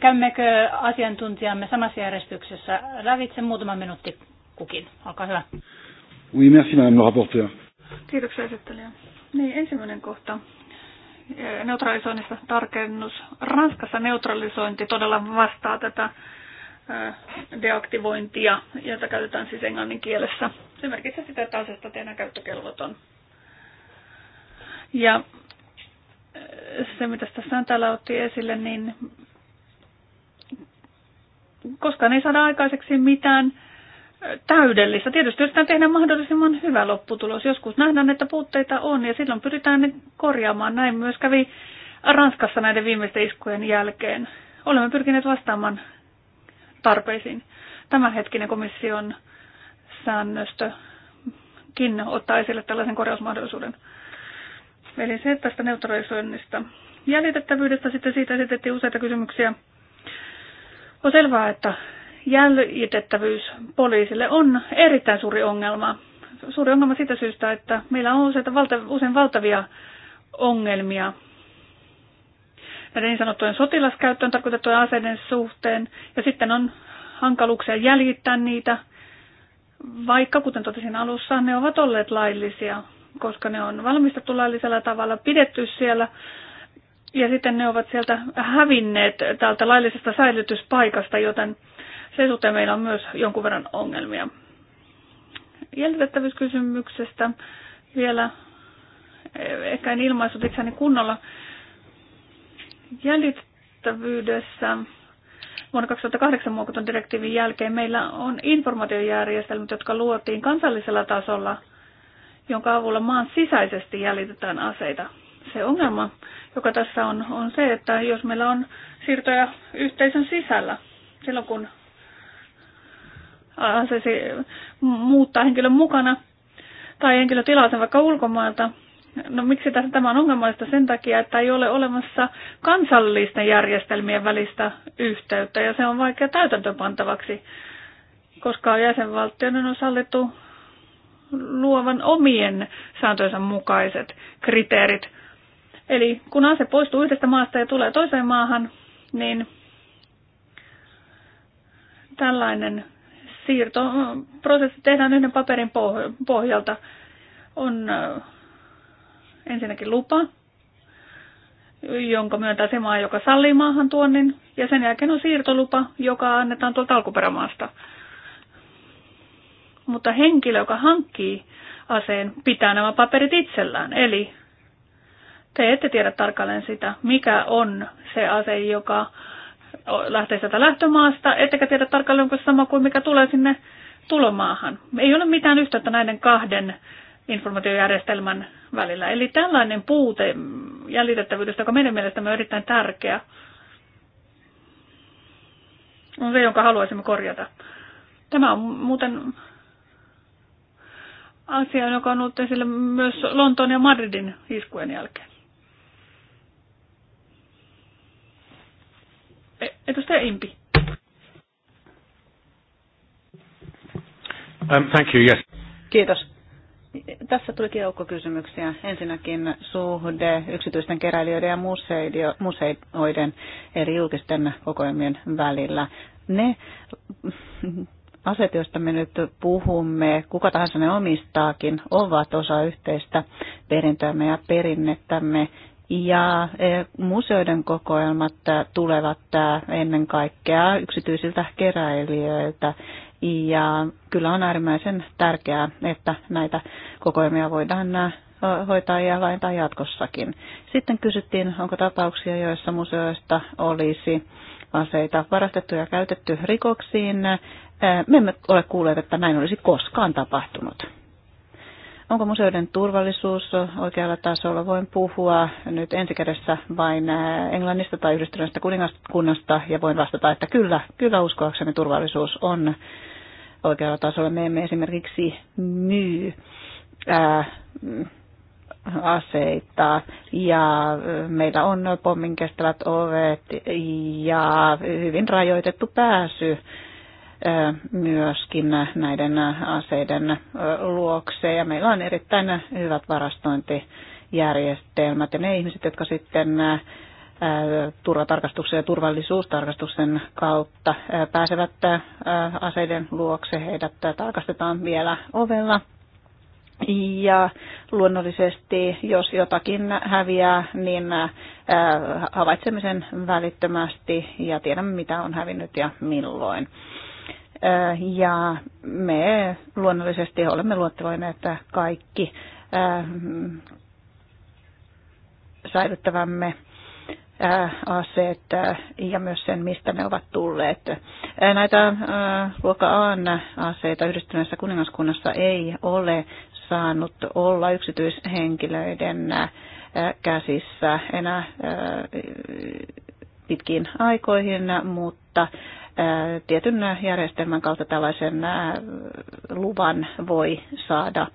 Speaker 2: Käymmekö asiantuntijamme samassa järjestyksessä lävitse muutama minuutti kukin? Olkaa hyvä.
Speaker 5: Oui, merci
Speaker 4: Kiitoksia esittelijä. Niin, ensimmäinen kohta neutralisoinnista tarkennus. Ranskassa neutralisointi todella vastaa tätä deaktivointia, jota käytetään siis englannin kielessä. Se merkitsee sitä, että aseesta tehdään käyttökelvoton. Ja se, mitä tässä täällä otti esille, niin koskaan ei saada aikaiseksi mitään täydellistä. Tietysti yritetään tehdä mahdollisimman hyvä lopputulos. Joskus nähdään, että puutteita on ja silloin pyritään ne korjaamaan. Näin myös kävi Ranskassa näiden viimeisten iskujen jälkeen. Olemme pyrkineet vastaamaan tarpeisiin. Tämänhetkinen komission säännöstökin ottaa esille tällaisen korjausmahdollisuuden. Eli se tästä neutralisoinnista. Jäljitettävyydestä sitten siitä esitettiin useita kysymyksiä. On selvää, että jäljitettävyys poliisille on erittäin suuri ongelma. Suuri ongelma sitä syystä, että meillä on useita valta, usein valtavia ongelmia näiden niin sanottujen sotilaskäyttöön tarkoitettujen aseiden suhteen, ja sitten on hankaluuksia jäljittää niitä, vaikka kuten totesin alussa, ne ovat olleet laillisia, koska ne on valmistettu laillisella tavalla, pidetty siellä, ja sitten ne ovat sieltä hävinneet täältä laillisesta säilytyspaikasta, joten sen suhteen meillä on myös jonkun verran ongelmia. Jäljitettävyyskysymyksestä vielä, ehkä en ilmaissut itseäni kunnolla, jäljitettävyydessä vuonna 2008 muokatun direktiivin jälkeen meillä on informaatiojärjestelmät, jotka luotiin kansallisella tasolla, jonka avulla maan sisäisesti jäljitetään aseita. Se ongelma, joka tässä on, on se, että jos meillä on siirtoja yhteisön sisällä, silloin kun aseesi muuttaa henkilön mukana tai henkilö tilaa sen vaikka ulkomailta. No miksi tässä tämä on ongelmallista? Sen takia, että ei ole olemassa kansallisten järjestelmien välistä yhteyttä ja se on vaikea täytäntöpantavaksi, koska jäsenvaltioiden on sallittu luovan omien sääntöjensä mukaiset kriteerit. Eli kun ase poistuu yhdestä maasta ja tulee toiseen maahan, niin tällainen siirtoprosessi tehdään yhden paperin pohjalta. On ensinnäkin lupa, jonka myöntää se maa, joka sallii maahan tuonnin, ja sen jälkeen on siirtolupa, joka annetaan tuolta alkuperämaasta. Mutta henkilö, joka hankkii aseen, pitää nämä paperit itsellään. Eli te ette tiedä tarkalleen sitä, mikä on se ase, joka lähtee sieltä lähtömaasta, ettekä tiedä tarkalleen, onko sama kuin mikä tulee sinne tulomaahan. Ei ole mitään yhteyttä näiden kahden informaatiojärjestelmän välillä. Eli tällainen puute jäljitettävyydestä, joka meidän mielestämme on erittäin tärkeä, on se, jonka haluaisimme korjata. Tämä on muuten asia, joka on ollut esillä myös Lontoon ja Madridin iskujen jälkeen. E, edustaja Impi.
Speaker 3: Um, thank you, yes.
Speaker 4: Kiitos.
Speaker 5: Tässä tuli joukko kysymyksiä. Ensinnäkin suhde yksityisten keräilijöiden ja museoiden eri julkisten kokoelmien välillä. Ne aset, joista me nyt puhumme, kuka tahansa ne omistaakin, ovat osa yhteistä perintöämme ja perinnettämme ja e, museoiden kokoelmat tulevat e, ennen kaikkea yksityisiltä keräilijöiltä. Ja kyllä on äärimmäisen tärkeää, että näitä kokoelmia voidaan e, hoitaa ja laajentaa jatkossakin. Sitten kysyttiin, onko tapauksia, joissa museoista olisi aseita varastettu ja käytetty rikoksiin. Me emme ole kuulleet, että näin olisi koskaan tapahtunut. Onko museoiden turvallisuus oikealla tasolla? Voin puhua nyt ensikädessä vain äh, Englannista tai yhdistyneestä kuningaskunnasta ja voin vastata, että kyllä, kyllä uskoakseni turvallisuus on oikealla tasolla. Me emme esimerkiksi myy ää, äh, aseita ja äh, meillä on pommin kestävät ovet ja hyvin rajoitettu pääsy myöskin näiden aseiden luokse. Ja meillä on erittäin hyvät varastointijärjestelmät ja ne ihmiset, jotka sitten turvatarkastuksen ja turvallisuustarkastuksen kautta pääsevät aseiden luokse. Heidät tarkastetaan vielä ovella. Ja luonnollisesti, jos jotakin häviää, niin havaitsemisen välittömästi ja tiedämme, mitä on hävinnyt ja milloin. Äh, ja me luonnollisesti olemme luottavainen, että kaikki äh, säilyttävämme äh, aseet ja myös sen, mistä ne ovat tulleet. Näitä luokka A aseita yhdistyneessä kuningaskunnassa ei ole saanut olla yksityishenkilöiden käsissä enää pitkiin aikoihin, mutta tietyn järjestelmän kautta tällaisen luvan voi saada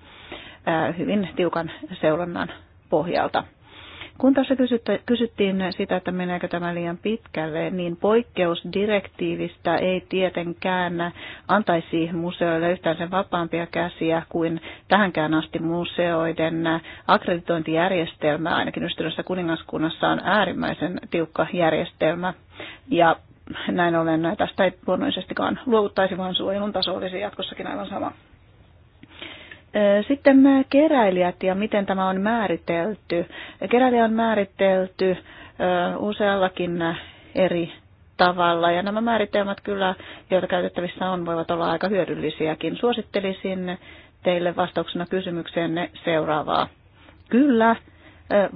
Speaker 5: hyvin tiukan seulonnan pohjalta. Kun tässä kysyttiin sitä, että meneekö tämä liian pitkälle, niin poikkeusdirektiivistä ei tietenkään antaisi museoille yhtään sen vapaampia käsiä kuin tähänkään asti museoiden akkreditointijärjestelmä, ainakin ystävässä kuningaskunnassa on äärimmäisen tiukka järjestelmä. Ja näin ollen tästä ei luonnollisestikaan luovuttaisi, vaan suojelun taso olisi jatkossakin aivan sama. Sitten keräilijät ja miten tämä on määritelty. Keräilijä on määritelty useallakin eri tavalla. Ja nämä määritelmät kyllä, joita käytettävissä on, voivat olla aika hyödyllisiäkin. Suosittelisin teille vastauksena kysymykseenne seuraavaa. Kyllä,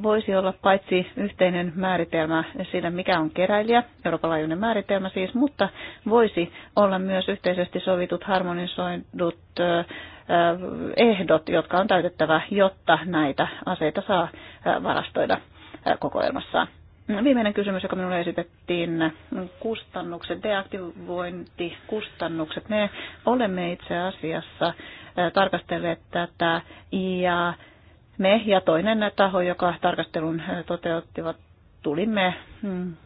Speaker 5: voisi olla paitsi yhteinen määritelmä sille, mikä on keräilijä, eurooppalainen määritelmä siis, mutta voisi olla myös yhteisesti sovitut harmonisoidut ehdot, jotka on täytettävä, jotta näitä aseita saa varastoida kokoelmassaan. Viimeinen kysymys, joka minulle esitettiin, kustannukset, deaktivointikustannukset. Me olemme itse asiassa tarkastelleet tätä ja me ja toinen taho, joka tarkastelun toteuttivat, tulimme mm,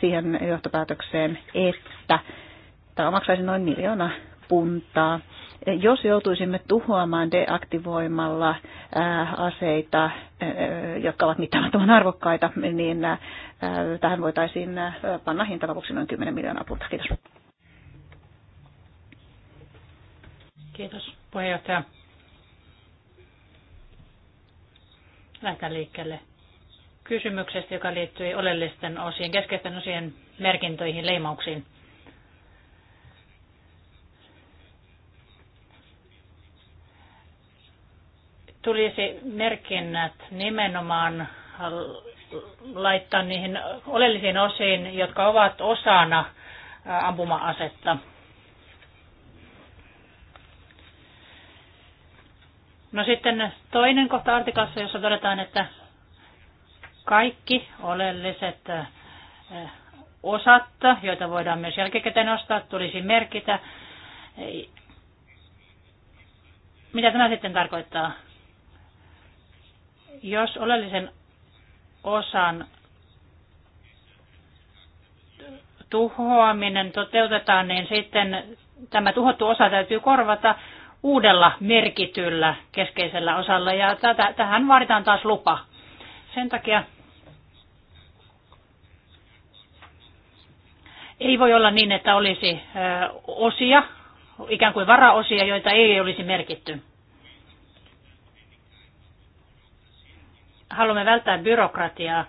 Speaker 5: siihen johtopäätökseen, että tämä maksaisi noin miljoona puntaa. Jos joutuisimme tuhoamaan deaktivoimalla aseita, jotka ovat mittaamattoman arvokkaita, niin tähän voitaisiin panna hintalapuksi noin 10 miljoonaa puntaa. Kiitos. Kiitos puheenjohtaja.
Speaker 2: lähteä liikkeelle kysymyksestä, joka liittyy oleellisten osien, keskeisten osien merkintöihin, leimauksiin. Tulisi merkinnät nimenomaan laittaa niihin oleellisiin osiin, jotka ovat osana ampuma-asetta. No sitten toinen kohta artikassa, jossa todetaan, että kaikki oleelliset eh, osat, joita voidaan myös jälkikäteen ostaa, tulisi merkitä. Mitä tämä sitten tarkoittaa? Jos oleellisen osan tuhoaminen toteutetaan, niin sitten tämä tuhottu osa täytyy korvata uudella merkityllä keskeisellä osalla ja tätä, tähän vaaditaan taas lupa. Sen takia ei voi olla niin, että olisi osia, ikään kuin varaosia, joita ei olisi merkitty. Haluamme välttää byrokratiaa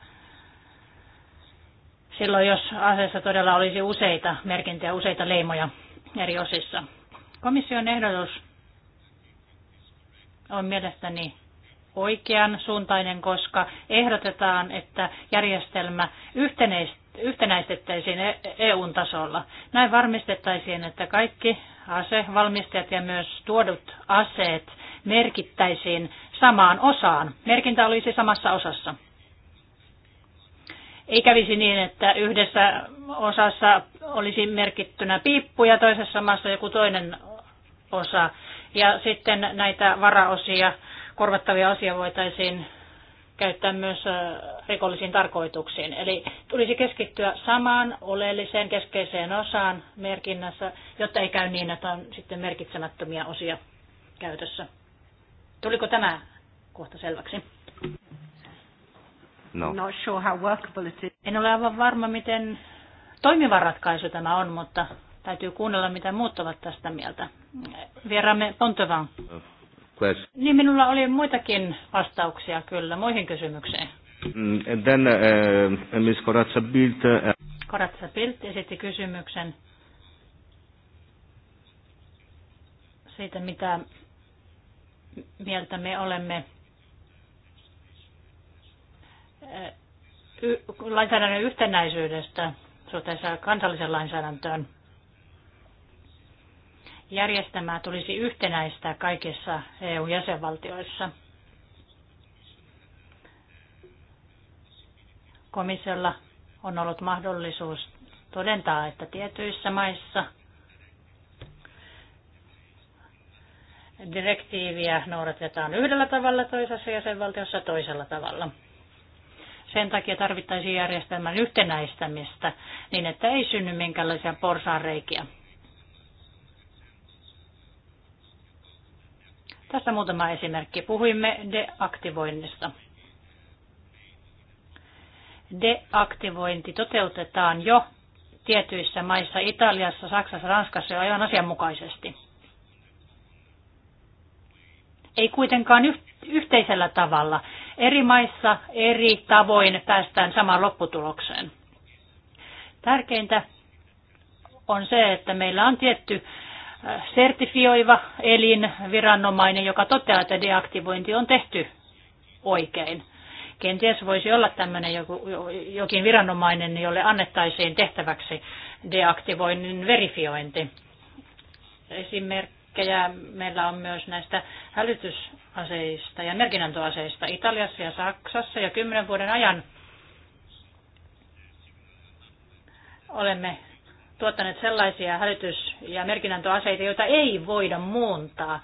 Speaker 2: silloin, jos aseessa todella olisi useita merkintöjä, useita leimoja eri osissa. Komission ehdotus on mielestäni oikean suuntainen, koska ehdotetaan, että järjestelmä yhtenäistettäisiin EUn e tasolla. Näin varmistettaisiin, että kaikki asevalmistajat ja myös tuodut aseet merkittäisiin samaan osaan. Merkintä olisi samassa osassa. Ei kävisi niin, että yhdessä osassa olisi merkittynä piippu ja toisessa maassa joku toinen osa. Ja sitten näitä varaosia, korvattavia osia voitaisiin käyttää myös rikollisiin tarkoituksiin. Eli tulisi keskittyä samaan oleelliseen keskeiseen osaan merkinnässä, jotta ei käy niin, että on sitten merkitsemättömiä osia käytössä. Tuliko tämä kohta selväksi? No. Not sure how workable it is. En ole aivan varma, miten toimiva ratkaisu tämä on, mutta Täytyy kuunnella, mitä muut ovat tästä mieltä. Vieraamme Pontevaan. Niin, minulla oli muitakin vastauksia kyllä muihin kysymykseen.
Speaker 3: Mm, and then uh, Ms. Bildt...
Speaker 2: Uh... Bildt uh, esitti kysymyksen siitä, mitä mieltä me olemme uh, lainsäädännön yhtenäisyydestä suhteessa kansalliseen lainsäädäntöön järjestelmää tulisi yhtenäistää kaikissa EU-jäsenvaltioissa. Komissiolla on ollut mahdollisuus todentaa, että tietyissä maissa direktiiviä noudatetaan yhdellä tavalla toisessa jäsenvaltiossa toisella tavalla. Sen takia tarvittaisiin järjestelmän yhtenäistämistä niin, että ei synny minkäänlaisia porsaanreikiä. Tässä muutama esimerkki. Puhuimme deaktivoinnista. Deaktivointi toteutetaan jo tietyissä maissa, Italiassa, Saksassa, Ranskassa jo aivan asianmukaisesti. Ei kuitenkaan yh- yhteisellä tavalla. Eri maissa eri tavoin päästään samaan lopputulokseen. Tärkeintä on se, että meillä on tietty sertifioiva elin, viranomainen, joka toteaa, että deaktivointi on tehty oikein. Kenties voisi olla tämmöinen joku, jokin viranomainen, jolle annettaisiin tehtäväksi deaktivoinnin verifiointi. Esimerkkejä meillä on myös näistä hälytysaseista ja merkinnäntöaseista Italiassa ja Saksassa ja kymmenen vuoden ajan olemme tuottaneet sellaisia hälytys- ja merkinnäntöaseita, joita ei voida muuntaa.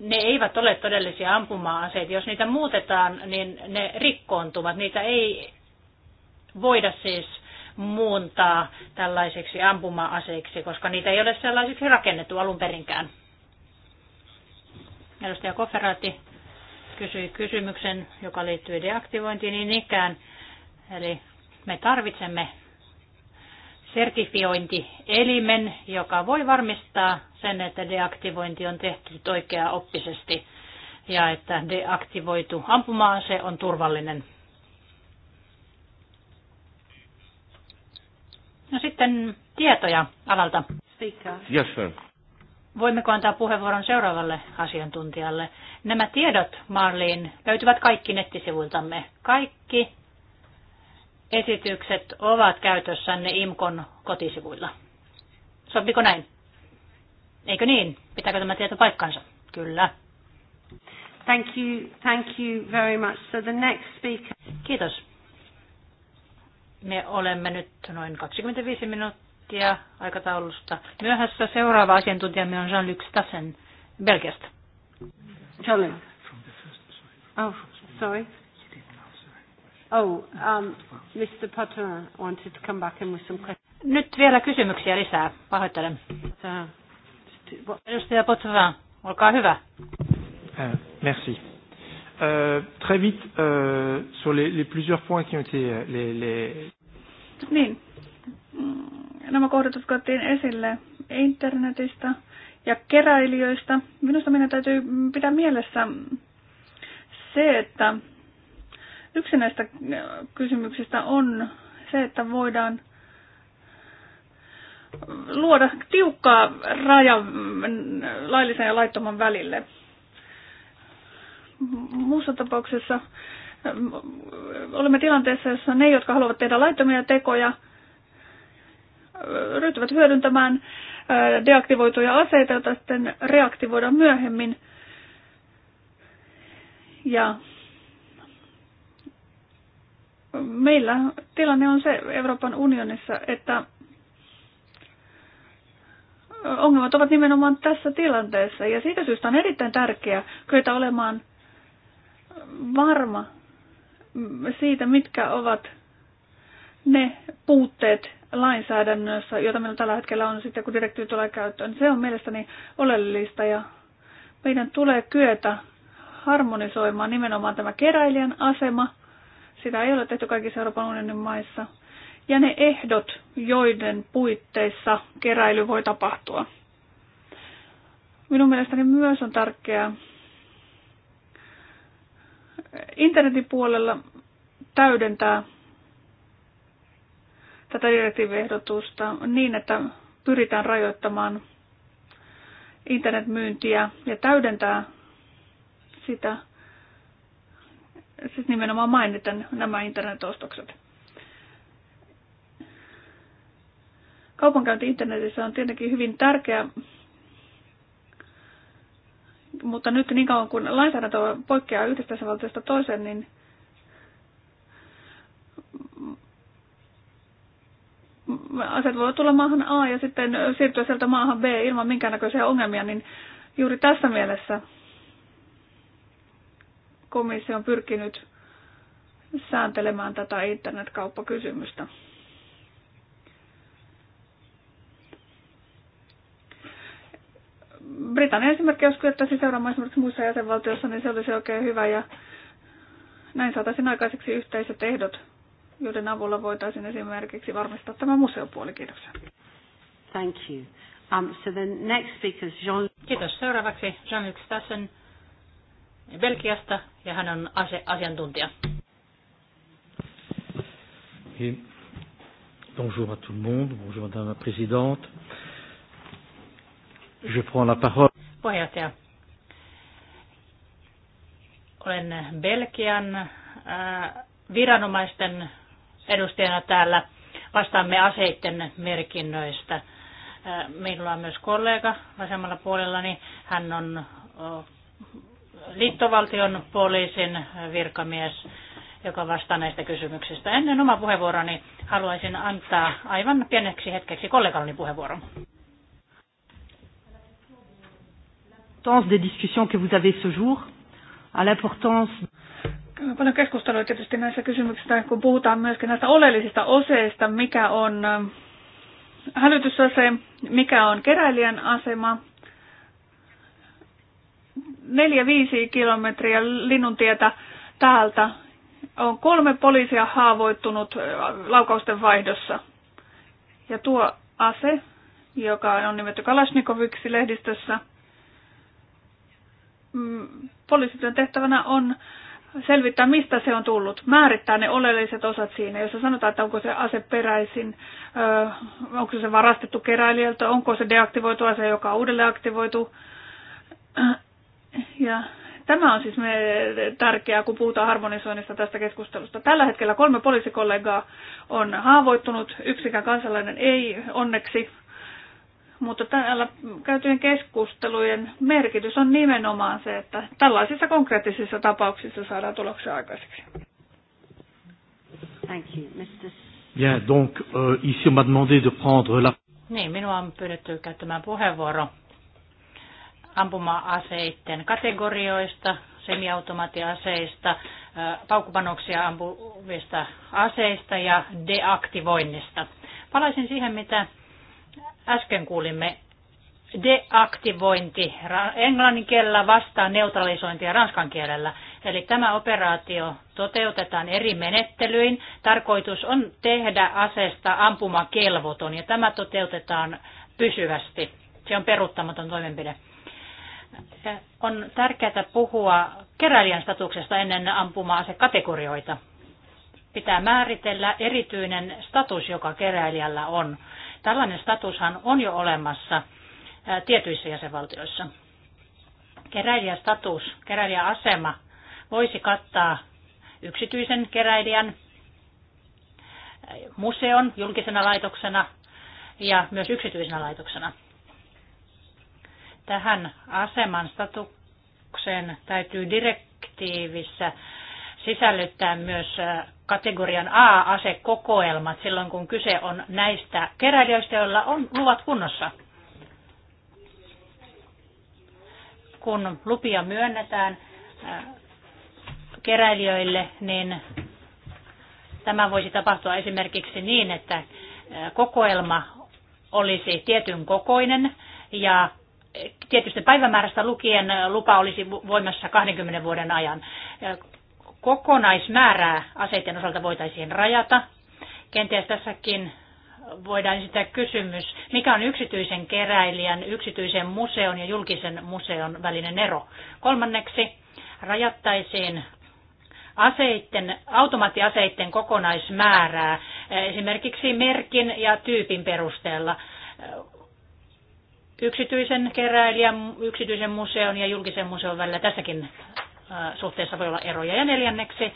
Speaker 2: Ne eivät ole todellisia ampuma-aseita. Jos niitä muutetaan, niin ne rikkoontuvat. Niitä ei voida siis muuntaa tällaisiksi ampuma-aseiksi, koska niitä ei ole sellaisiksi rakennettu alun perinkään. Edustaja Koferaati kysyi kysymyksen, joka liittyy deaktivointiin niin ikään. Eli me tarvitsemme sertifiointielimen, joka voi varmistaa sen, että deaktivointi on tehty oikea-oppisesti ja että deaktivoitu ampuma-ase on turvallinen. No sitten tietoja alalta. Yes, sir. Voimmeko antaa puheenvuoron seuraavalle asiantuntijalle? Nämä tiedot, Marliin, löytyvät kaikki nettisivuiltamme. Kaikki esitykset ovat käytössänne IMKON kotisivuilla. Sopiko näin? Eikö niin? Pitääkö tämä tieto paikkansa? Kyllä.
Speaker 1: Thank you, thank you very much. So the next speaker. Kiitos.
Speaker 2: Me olemme nyt noin 25 minuuttia aikataulusta myöhässä. Seuraava asiantuntijamme on Jean-Luc Stassen
Speaker 1: Belgiasta. Jean-Luc. Oh, sorry. Oh, um, Mr. Patton wanted to come back in with some questions.
Speaker 2: Nyt vielä kysymyksiä lisää. Pahoittelen.
Speaker 1: Edustaja Potvin,
Speaker 4: olkaa hyvä.
Speaker 3: Uh, merci. Euh, très vite, euh, sur les, les plusieurs points qui ont été euh, les, les...
Speaker 4: Niin. Mm, nämä kohdat, jotka otettiin esille internetistä ja keräilijöistä. Minusta meidän täytyy pitää mielessä se, että Yksi näistä äh, kysymyksistä on se, että voidaan luoda tiukkaa raja mm, laillisen ja laittoman välille. Muussa tapauksessa äh, olemme tilanteessa, jossa ne, jotka haluavat tehdä laittomia tekoja, äh, ryhtyvät hyödyntämään deaktivoituja aseita, joita sitten reaktivoidaan myöhemmin. Ja meillä tilanne on se Euroopan unionissa, että ongelmat ovat nimenomaan tässä tilanteessa. Ja siitä syystä on erittäin tärkeää kyetä olemaan varma siitä, mitkä ovat ne puutteet lainsäädännössä, joita meillä tällä hetkellä on sitten, kun direktiivi tulee käyttöön. Se on mielestäni oleellista ja meidän tulee kyetä harmonisoimaan nimenomaan tämä keräilijän asema – sitä ei ole tehty kaikissa Euroopan unionin maissa. Ja ne ehdot, joiden puitteissa keräily voi tapahtua. Minun mielestäni myös on tärkeää internetin puolella täydentää tätä direktiiviehdotusta niin, että pyritään rajoittamaan internetmyyntiä ja täydentää sitä siis nimenomaan mainitan nämä internetostokset. Kaupankäynti internetissä on tietenkin hyvin tärkeä, mutta nyt niin kauan kuin lainsäädäntö poikkeaa yhdestä valtiosta toiseen, niin aset voi tulla maahan A ja sitten siirtyä sieltä maahan B ilman minkäännäköisiä ongelmia, niin juuri tässä mielessä komissio on pyrkinyt sääntelemään tätä internetkauppakysymystä. Britannian esimerkki, jos kyettäisiin seuraamaan esimerkiksi muissa jäsenvaltioissa, niin se olisi oikein hyvä ja näin saataisiin aikaiseksi yhteiset ehdot, joiden avulla voitaisiin esimerkiksi varmistaa tämä museopuoli. Kiitoksia.
Speaker 1: Thank you. Um, so the next speaker is Jean... Kiitos. Seuraavaksi Jean-Luc Stassen
Speaker 2: Belgiasta ja hän on ase-
Speaker 1: asiantuntija.
Speaker 6: Et bonjour à tout le monde, bonjour Madame la Présidente. Je prends la parole.
Speaker 2: Puheenjohtaja. Olen Belgian äh, viranomaisten edustajana täällä. Vastaamme aseiden merkinnöistä. Äh, Minulla on myös kollega vasemmalla puolellani. Hän on liittovaltion poliisin virkamies, joka vastaa näistä kysymyksistä. Ennen oma puheenvuoroni haluaisin antaa aivan pieneksi hetkeksi kollegalleni puheenvuoron.
Speaker 1: des discussions que vous avez ce jour, à l'importance
Speaker 4: paljon keskustelua tietysti näissä kysymyksissä, kun puhutaan myöskin näistä oleellisista oseista, mikä on äh, hälytysase, mikä on keräilijän asema 4-5 kilometriä linnuntietä täältä on kolme poliisia haavoittunut laukausten vaihdossa. Ja tuo ase, joka on nimetty Kalashnikoviksi lehdistössä, mm, poliisityön tehtävänä on selvittää, mistä se on tullut, määrittää ne oleelliset osat siinä, jossa sanotaan, että onko se ase peräisin, onko se varastettu keräilijältä, onko se deaktivoitu ase, joka on uudelleen aktivoitu, ja tämä on siis me tärkeää, kun puhutaan harmonisoinnista tästä keskustelusta. Tällä hetkellä kolme poliisikollegaa on haavoittunut, yksikään kansalainen ei onneksi. Mutta täällä käytyjen keskustelujen merkitys on nimenomaan se, että tällaisissa konkreettisissa tapauksissa saadaan tuloksia aikaiseksi. Thank you. Mr.
Speaker 3: Yeah, donc, uh, ici on m'a demandé de prendre la...
Speaker 2: Niin, minua on pyydetty käyttämään puheenvuoro ampuma-aseiden kategorioista, semiautomaattiaseista, paukkupanoksia ampuvista aseista ja deaktivoinnista. Palaisin siihen, mitä äsken kuulimme. Deaktivointi englannin kielellä vastaa neutralisointia ranskan kielellä. Eli tämä operaatio toteutetaan eri menettelyin. Tarkoitus on tehdä aseesta ampumakelvoton ja tämä toteutetaan pysyvästi. Se on peruuttamaton toimenpide on tärkeää puhua keräilijän statuksesta ennen se kategorioita Pitää määritellä erityinen status, joka keräilijällä on. Tällainen statushan on jo olemassa tietyissä jäsenvaltioissa. Keräilijän keräilijän keräilijäasema voisi kattaa yksityisen keräilijän, museon julkisena laitoksena ja myös yksityisenä laitoksena – Tähän aseman statukseen täytyy direktiivissä sisällyttää myös kategorian A-asekokoelmat silloin, kun kyse on näistä keräilijöistä, joilla on luvat kunnossa. Kun lupia myönnetään keräilijöille, niin tämä voisi tapahtua esimerkiksi niin, että kokoelma olisi tietyn kokoinen ja tietystä päivämäärästä lukien lupa olisi voimassa 20 vuoden ajan. Kokonaismäärää aseiden osalta voitaisiin rajata. Kenties tässäkin voidaan esittää kysymys, mikä on yksityisen keräilijän, yksityisen museon ja julkisen museon välinen ero. Kolmanneksi rajattaisiin aseitten, automaattiaseiden kokonaismäärää eh, esimerkiksi merkin ja tyypin perusteella yksityisen keräilijän, yksityisen museon ja julkisen museon välillä tässäkin äh, suhteessa voi olla eroja. Ja neljänneksi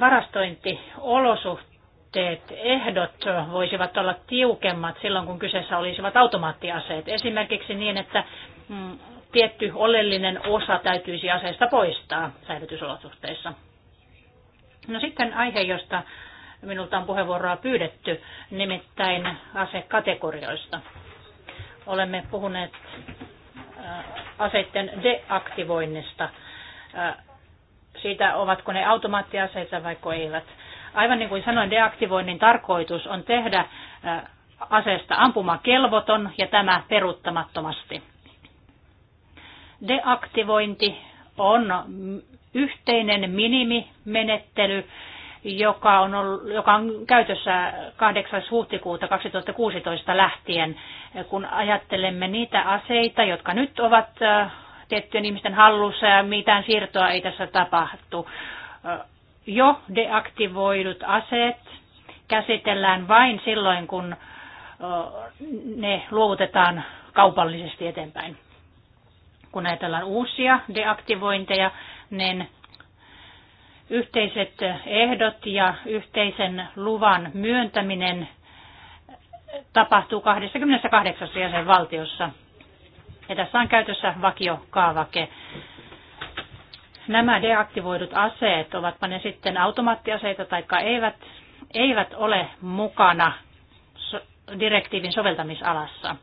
Speaker 2: varastointiolosuhteet, ehdot voisivat olla tiukemmat silloin, kun kyseessä olisivat automaattiaseet. Esimerkiksi niin, että mm, tietty oleellinen osa täytyisi aseesta poistaa säilytysolosuhteissa. No sitten aihe, josta minulta on puheenvuoroa pyydetty, nimittäin asekategorioista. Olemme puhuneet äh, aseiden deaktivoinnista, äh, siitä ovatko ne automaattiaseita vai eivät. Aivan niin kuin sanoin, deaktivoinnin tarkoitus on tehdä äh, aseesta ampumakelvoton ja tämä peruuttamattomasti. Deaktivointi on yhteinen minimimenettely, joka on, ollut, joka on käytössä 8. huhtikuuta 2016 lähtien, kun ajattelemme niitä aseita, jotka nyt ovat äh, tiettyjen ihmisten hallussa ja mitään siirtoa ei tässä tapahtu. Äh, jo deaktivoidut aseet käsitellään vain silloin, kun äh, ne luovutetaan kaupallisesti eteenpäin. Kun ajatellaan uusia deaktivointeja, niin yhteiset ehdot ja yhteisen luvan myöntäminen tapahtuu 28 jäsenvaltiossa. Ja tässä on käytössä vakiokaavake. Nämä deaktivoidut aseet, ovatpa ne sitten automaattiaseita tai eivät, eivät ole mukana direktiivin soveltamisalassa.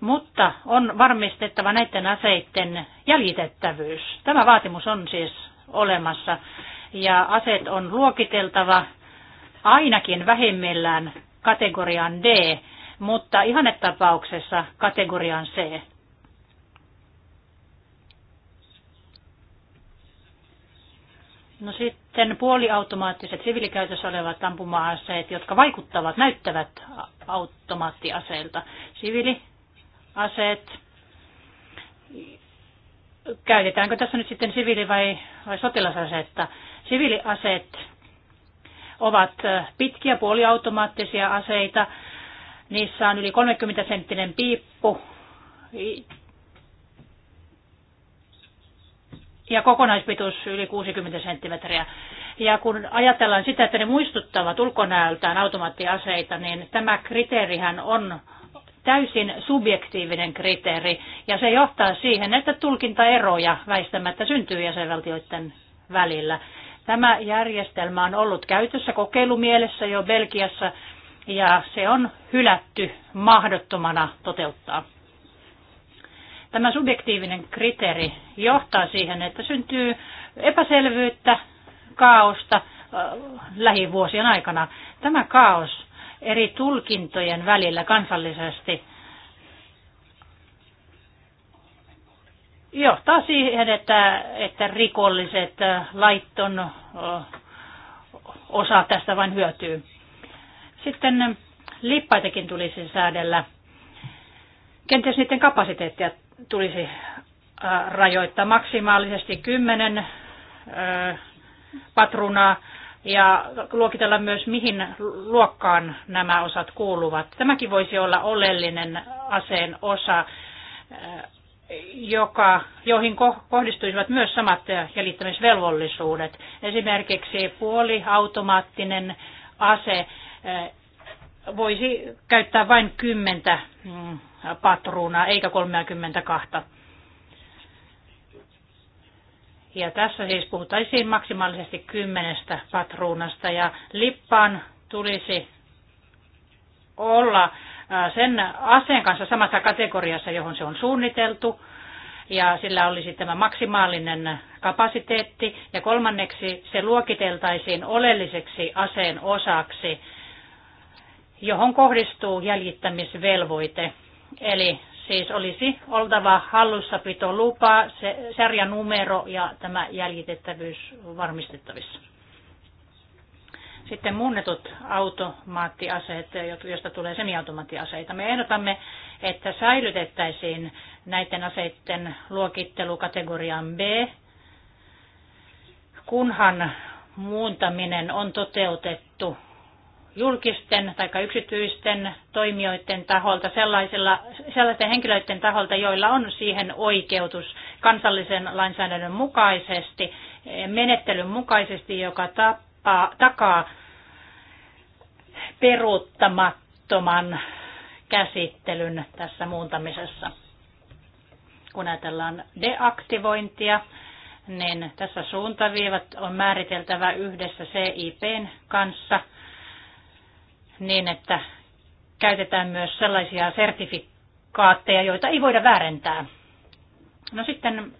Speaker 2: Mutta on varmistettava näiden aseiden jäljitettävyys. Tämä vaatimus on siis olemassa ja aseet on luokiteltava ainakin vähimmillään kategorian D, mutta ihannetapauksessa kategorian C. No sitten puoliautomaattiset siviilikäytössä olevat ampuma-aseet, jotka vaikuttavat, näyttävät automaattiaseilta. Siviili aseet.
Speaker 1: Käytetäänkö tässä
Speaker 2: nyt sitten siviili- vai, vai sotilasasetta? Siviiliaseet ovat pitkiä puoliautomaattisia aseita. Niissä on yli 30 senttinen piippu ja kokonaispituus yli 60 senttimetriä. Ja kun ajatellaan sitä, että ne muistuttavat ulkonäöltään automaattiaseita, niin tämä kriteerihän on täysin subjektiivinen kriteeri, ja se johtaa siihen, että tulkintaeroja väistämättä syntyy jäsenvaltioiden välillä. Tämä järjestelmä on ollut käytössä kokeilumielessä jo Belgiassa, ja se on hylätty mahdottomana toteuttaa. Tämä subjektiivinen kriteeri johtaa siihen, että syntyy epäselvyyttä, kaaosta äh, lähivuosien aikana. Tämä kaos eri tulkintojen välillä kansallisesti johtaa siihen, että, että rikolliset laitton osa tästä vain hyötyy. Sitten lippaitakin tulisi säädellä. Kenties niiden kapasiteettia tulisi rajoittaa maksimaalisesti 10 patrunaa ja luokitella myös, mihin luokkaan nämä osat kuuluvat. Tämäkin voisi olla oleellinen aseen osa, joka, joihin kohdistuisivat myös samat jäljittämisvelvollisuudet. Esimerkiksi puoliautomaattinen ase eh, voisi käyttää vain kymmentä mm, patruunaa eikä 32. Ja tässä siis puhuttaisiin maksimaalisesti kymmenestä patruunasta ja lippaan tulisi olla äh, sen aseen kanssa samassa kategoriassa, johon se on suunniteltu ja sillä olisi tämä maksimaalinen kapasiteetti. Ja kolmanneksi se luokiteltaisiin oleelliseksi aseen osaksi, johon kohdistuu jäljittämisvelvoite. Eli Siis olisi oltava hallussapito lupa, sarjanumero ja tämä jäljitettävyys varmistettavissa. Sitten muunnetut automaattiaseet, joista tulee semiautomaattiaseita. Me ehdotamme, että säilytettäisiin näiden aseiden luokittelu kategoriaan B, kunhan muuntaminen on toteutettu julkisten tai yksityisten toimijoiden taholta, sellaisilla, sellaisten henkilöiden taholta, joilla on siihen oikeutus kansallisen lainsäädännön mukaisesti, menettelyn mukaisesti, joka tapaa, takaa peruuttamattoman käsittelyn tässä muuntamisessa. Kun ajatellaan deaktivointia, niin tässä suuntaviivat on määriteltävä yhdessä CIPn kanssa – niin, että käytetään myös sellaisia sertifikaatteja, joita ei voida väärentää. No sitten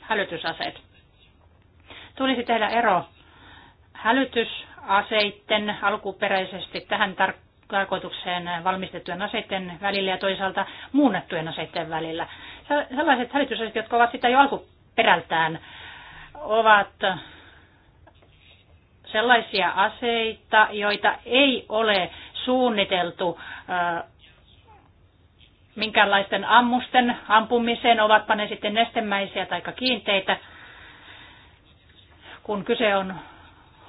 Speaker 2: hälytysaseet. Tulisi tehdä ero hälytysaseiden alkuperäisesti tähän tarkoitukseen valmistettujen aseiden välillä ja toisaalta muunnettujen aseiden välillä. Sellaiset hälytysaseet, jotka ovat sitä jo alkuperältään, ovat sellaisia aseita, joita ei ole suunniteltu minkäänlaisten ammusten ampumiseen, ovatpa ne sitten nestemäisiä tai kiinteitä. Kun kyse on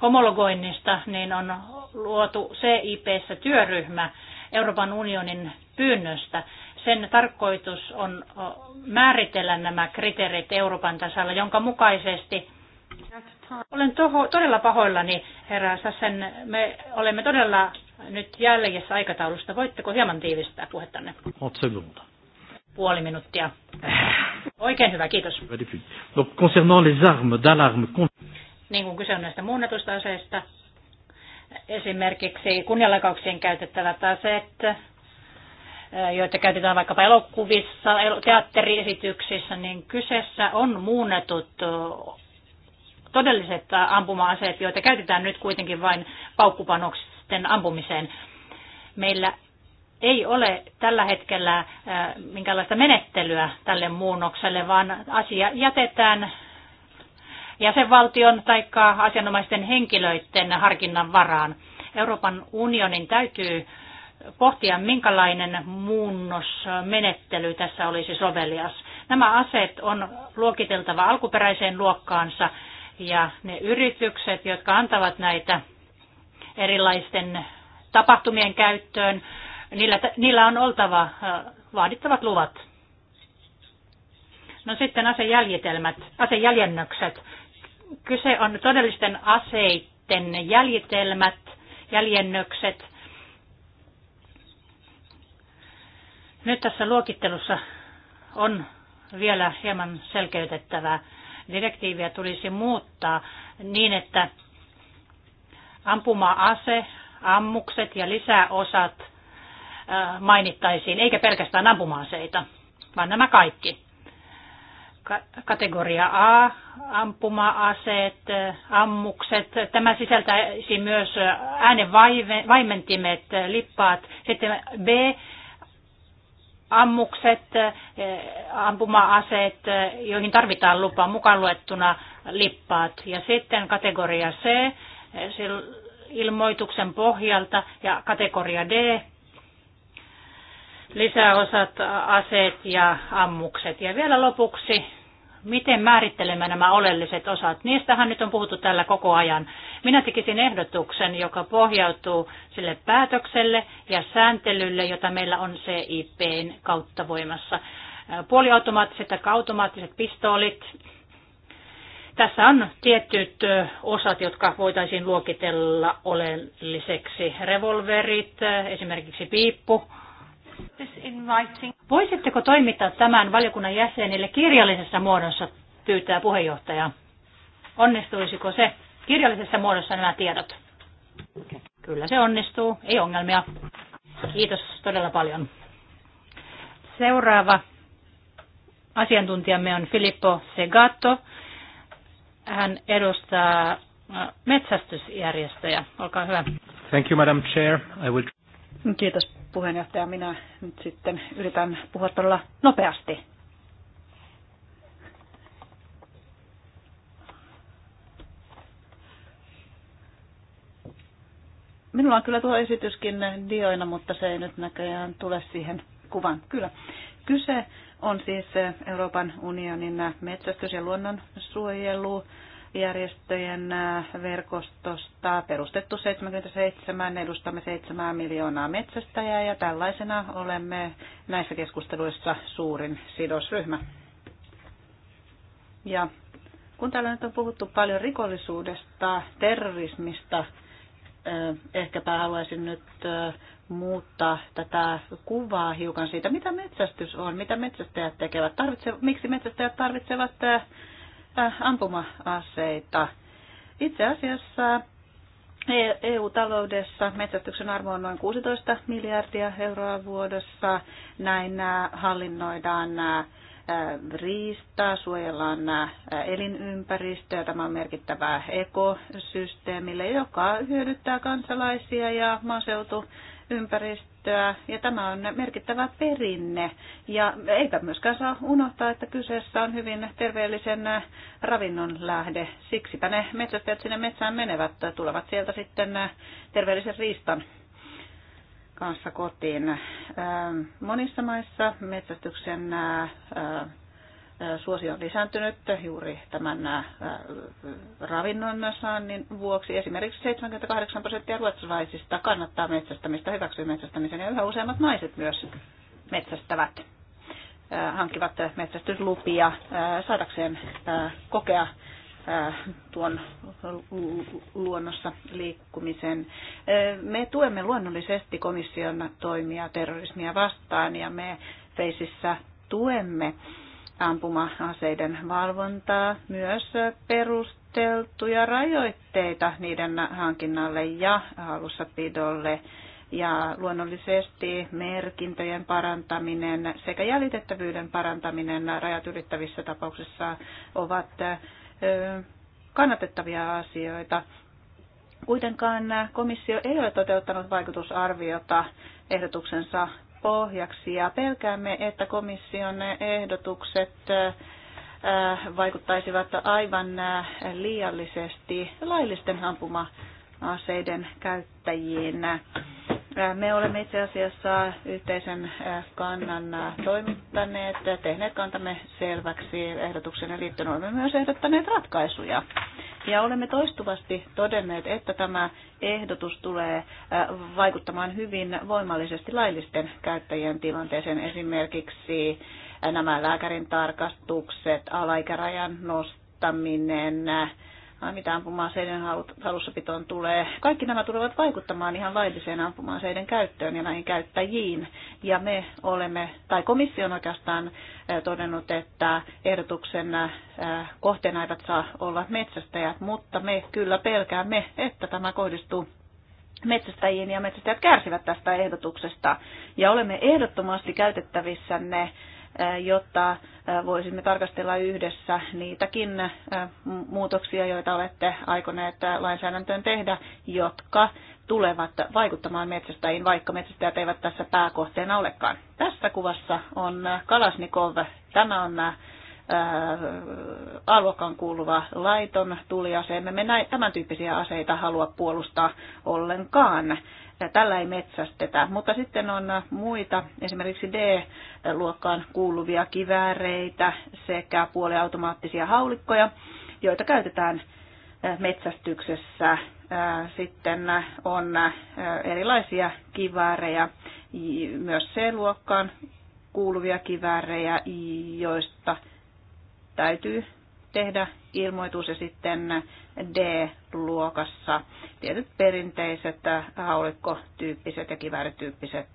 Speaker 2: homologoinnista, niin on luotu CIPssä työryhmä Euroopan unionin pyynnöstä. Sen tarkoitus on määritellä nämä kriteerit Euroopan tasalla, jonka mukaisesti olen toho, todella pahoillani, herra Sassen. Me olemme todella nyt jäljessä aikataulusta. Voitteko hieman tiivistää puhettanne?
Speaker 6: Absolument.
Speaker 2: Puoli minuuttia. Oikein hyvä, kiitos.
Speaker 6: No, concernant les armes d'alarme...
Speaker 2: Niin kuin kyse on näistä muunnetuista aseista, esimerkiksi kunnianlaikauksien käytettävät aseet, joita käytetään vaikkapa elokuvissa, teatteriesityksissä, niin kyseessä on muunnetut todelliset ampuma-aseet, joita käytetään nyt kuitenkin vain paukkupanoksissa sitten ampumiseen. Meillä ei ole tällä hetkellä äh, minkälaista menettelyä tälle muunnokselle, vaan asia jätetään jäsenvaltion tai asianomaisten henkilöiden harkinnan varaan. Euroopan unionin täytyy pohtia, minkälainen muunnosmenettely tässä olisi sovelias. Nämä aseet on luokiteltava alkuperäiseen luokkaansa ja ne yritykset, jotka antavat näitä erilaisten tapahtumien käyttöön. Niillä, niillä on oltava vaadittavat luvat. No sitten asejäljitelmät, asejäljennökset. Kyse on todellisten aseiden jäljitelmät, jäljennökset. Nyt tässä luokittelussa on vielä hieman selkeytettävää. Direktiiviä tulisi muuttaa niin, että ampuma-ase, ammukset ja lisäosat äh, mainittaisiin, eikä pelkästään ampuma-aseita, vaan nämä kaikki. Kategoria A, ampuma-aseet, ammukset. Tämä sisältäisi myös äänenvaimentimet, lippaat. Sitten B, ammukset, äh, ampuma-aseet, joihin tarvitaan lupa mukaan luettuna lippaat. Ja sitten kategoria C, ilmoituksen pohjalta ja kategoria D, lisäosat, aseet ja ammukset. Ja vielä lopuksi, miten määrittelemme nämä oleelliset osat? Niistähän nyt on puhuttu täällä koko ajan. Minä tekisin ehdotuksen, joka pohjautuu sille päätökselle ja sääntelylle, jota meillä on CIPn kautta voimassa. Puoliautomaattiset ja automaattiset pistoolit, tässä on tietyt osat, jotka voitaisiin luokitella oleelliseksi. Revolverit, esimerkiksi piippu. Voisitteko toimittaa tämän valiokunnan jäsenille kirjallisessa muodossa, pyytää puheenjohtaja. Onnistuisiko se kirjallisessa muodossa nämä tiedot? Kyllä se onnistuu, ei ongelmia. Kiitos todella paljon. Seuraava asiantuntijamme on Filippo Segato, hän edustaa äh, metsästysjärjestöjä. Olkaa hyvä.
Speaker 3: Thank you, Madam Chair. I will...
Speaker 5: Kiitos puheenjohtaja. Minä nyt sitten yritän puhua todella nopeasti. Minulla on kyllä tuo esityskin dioina, mutta se ei nyt näköjään tule siihen kuvan. Kyllä. Kyse on siis eh, Euroopan unionin eh, metsästys- ja luonnonsuojelujärjestöjen eh, verkostosta perustettu 77, edustamme 7 miljoonaa metsästäjää ja tällaisena olemme näissä keskusteluissa suurin sidosryhmä. Ja kun täällä nyt on puhuttu paljon rikollisuudesta, terrorismista, ehkäpä haluaisin nyt muuttaa tätä kuvaa hiukan siitä, mitä metsästys on, mitä metsästäjät tekevät, tarvitse, miksi metsästäjät tarvitsevat äh, äh, ampuma-aseita. Itse asiassa e- EU-taloudessa metsästyksen arvo on noin 16 miljardia euroa vuodessa. Näin äh, hallinnoidaan riistaa, suojellaan elinympäristöä. Tämä on merkittävää ekosysteemille, joka hyödyttää kansalaisia ja maaseutu ympäristöä ja tämä on merkittävä perinne. Ja eikä myöskään saa unohtaa, että kyseessä on hyvin terveellisen ravinnon lähde. Siksipä ne metsästäjät sinne metsään menevät, tulevat sieltä sitten terveellisen riistan kanssa kotiin. Monissa maissa metsästyksen suosio on lisääntynyt juuri tämän ravinnon saannin vuoksi. Esimerkiksi 78 prosenttia ruotsalaisista kannattaa metsästämistä, hyväksyy metsästämisen ja yhä useammat naiset myös metsästävät, hankivat metsästyslupia saadakseen kokea tuon luonnossa liikkumisen. Me tuemme luonnollisesti komission toimia terrorismia vastaan ja me Feisissä tuemme ampuma-aseiden valvontaa, myös perusteltuja rajoitteita niiden hankinnalle ja hallussapidolle ja luonnollisesti merkintöjen parantaminen sekä jäljitettävyyden parantaminen rajat ylittävissä tapauksissa ovat kannatettavia asioita. Kuitenkaan komissio ei ole toteuttanut vaikutusarviota ehdotuksensa pohjaksi ja pelkäämme, että komission ehdotukset äh, vaikuttaisivat aivan äh, liiallisesti laillisten ampuma-aseiden käyttäjiin. Me olemme itse asiassa yhteisen kannan toimittaneet, tehneet kantamme selväksi ehdotuksen liittyen. Olemme myös ehdottaneet ratkaisuja. Ja olemme toistuvasti todenneet, että tämä ehdotus tulee vaikuttamaan hyvin voimallisesti laillisten käyttäjien tilanteeseen. Esimerkiksi nämä lääkärin tarkastukset, alaikärajan nostaminen, mitä ampumaaseiden aseiden tulee. Kaikki nämä tulevat vaikuttamaan ihan lailliseen ampumaaseiden käyttöön ja näihin käyttäjiin. Ja me olemme, tai komissio on oikeastaan todennut, että ehdotuksen kohteena eivät saa olla metsästäjät, mutta me kyllä pelkäämme, että tämä kohdistuu metsästäjiin ja metsästäjät kärsivät tästä ehdotuksesta. Ja olemme ehdottomasti ne Eh, jotta eh, voisimme tarkastella yhdessä niitäkin eh, muutoksia, joita olette aikoneet lainsäädäntöön tehdä, jotka tulevat vaikuttamaan metsästäjiin, vaikka metsästäjät eivät tässä pääkohteena olekaan. Tässä kuvassa on Kalasnikov. Tämä on alokan kuuluva laiton tuliase. me tämän tyyppisiä aseita halua puolustaa ollenkaan että tällä ei metsästetä. Mutta sitten on muita, esimerkiksi D-luokkaan kuuluvia kivääreitä sekä puoliautomaattisia haulikkoja, joita käytetään eh, metsästyksessä. Eh, sitten on eh, erilaisia kivääreja, myös C-luokkaan kuuluvia kivääreja, joista täytyy tehdä ilmoitus ja sitten D-luokassa tietyt perinteiset haulikkotyyppiset ja kivärityyppiset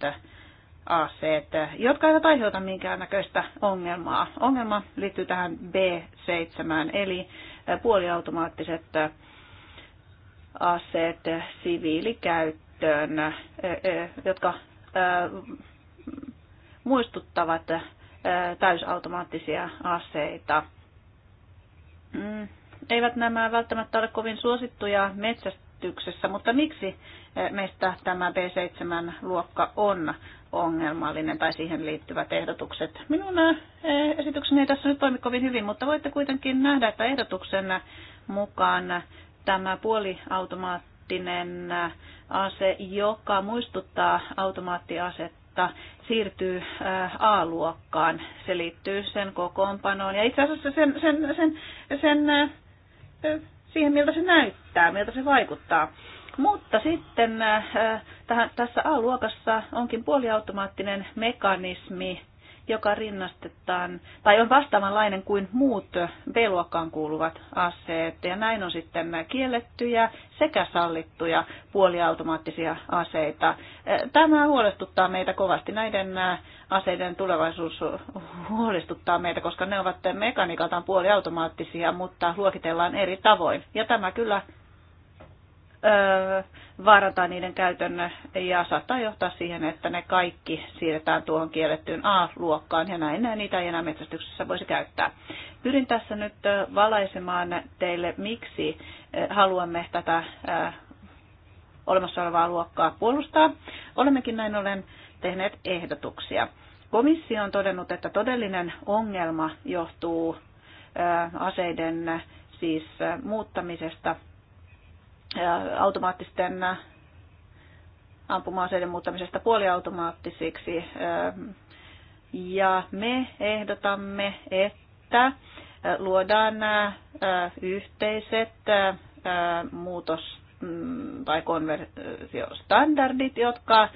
Speaker 5: aseet, jotka eivät aiheuta minkäännäköistä ongelmaa. Ongelma liittyy tähän B7, eli puoliautomaattiset aseet siviilikäyttöön, jotka muistuttavat täysautomaattisia aseita. Mm, eivät nämä välttämättä ole kovin suosittuja metsästyksessä, mutta miksi eh, meistä tämä B7-luokka on ongelmallinen tai siihen liittyvät ehdotukset? Minun eh, esitykseni ei tässä nyt toimi kovin hyvin, mutta voitte kuitenkin nähdä, että ehdotuksen mukaan tämä puoliautomaattinen eh, ase, joka muistuttaa automaattiasetta, siirtyy A-luokkaan. Se liittyy sen kokoonpanoon ja itse asiassa sen, sen, sen, sen, siihen, miltä se näyttää, miltä se vaikuttaa. Mutta sitten tähän, tässä A-luokassa onkin puoliautomaattinen mekanismi, joka rinnastetaan tai on vastaavanlainen kuin muut B-luokkaan kuuluvat aseet. Ja näin on sitten kiellettyjä sekä sallittuja puoliautomaattisia aseita. Tämä huolestuttaa meitä kovasti. Näiden aseiden tulevaisuus huolestuttaa meitä, koska ne ovat mekanikaltaan puoliautomaattisia, mutta luokitellaan eri tavoin. Ja tämä kyllä vaarantaa niiden käytön ja saattaa johtaa siihen, että ne kaikki siirretään tuohon kiellettyyn A-luokkaan ja näin niitä ei enää metsästyksessä voisi käyttää. Pyrin tässä nyt valaisemaan teille, miksi haluamme tätä olemassa olevaa luokkaa puolustaa. Olemmekin näin ollen tehneet ehdotuksia. Komissio on todennut, että todellinen ongelma johtuu aseiden siis muuttamisesta automaattisten äh, ampuma-aseiden muuttamisesta puoliautomaattisiksi. Ähm, ja me ehdotamme, että äh, luodaan nämä äh, yhteiset muutos- mm, tai konversiostandardit, jotka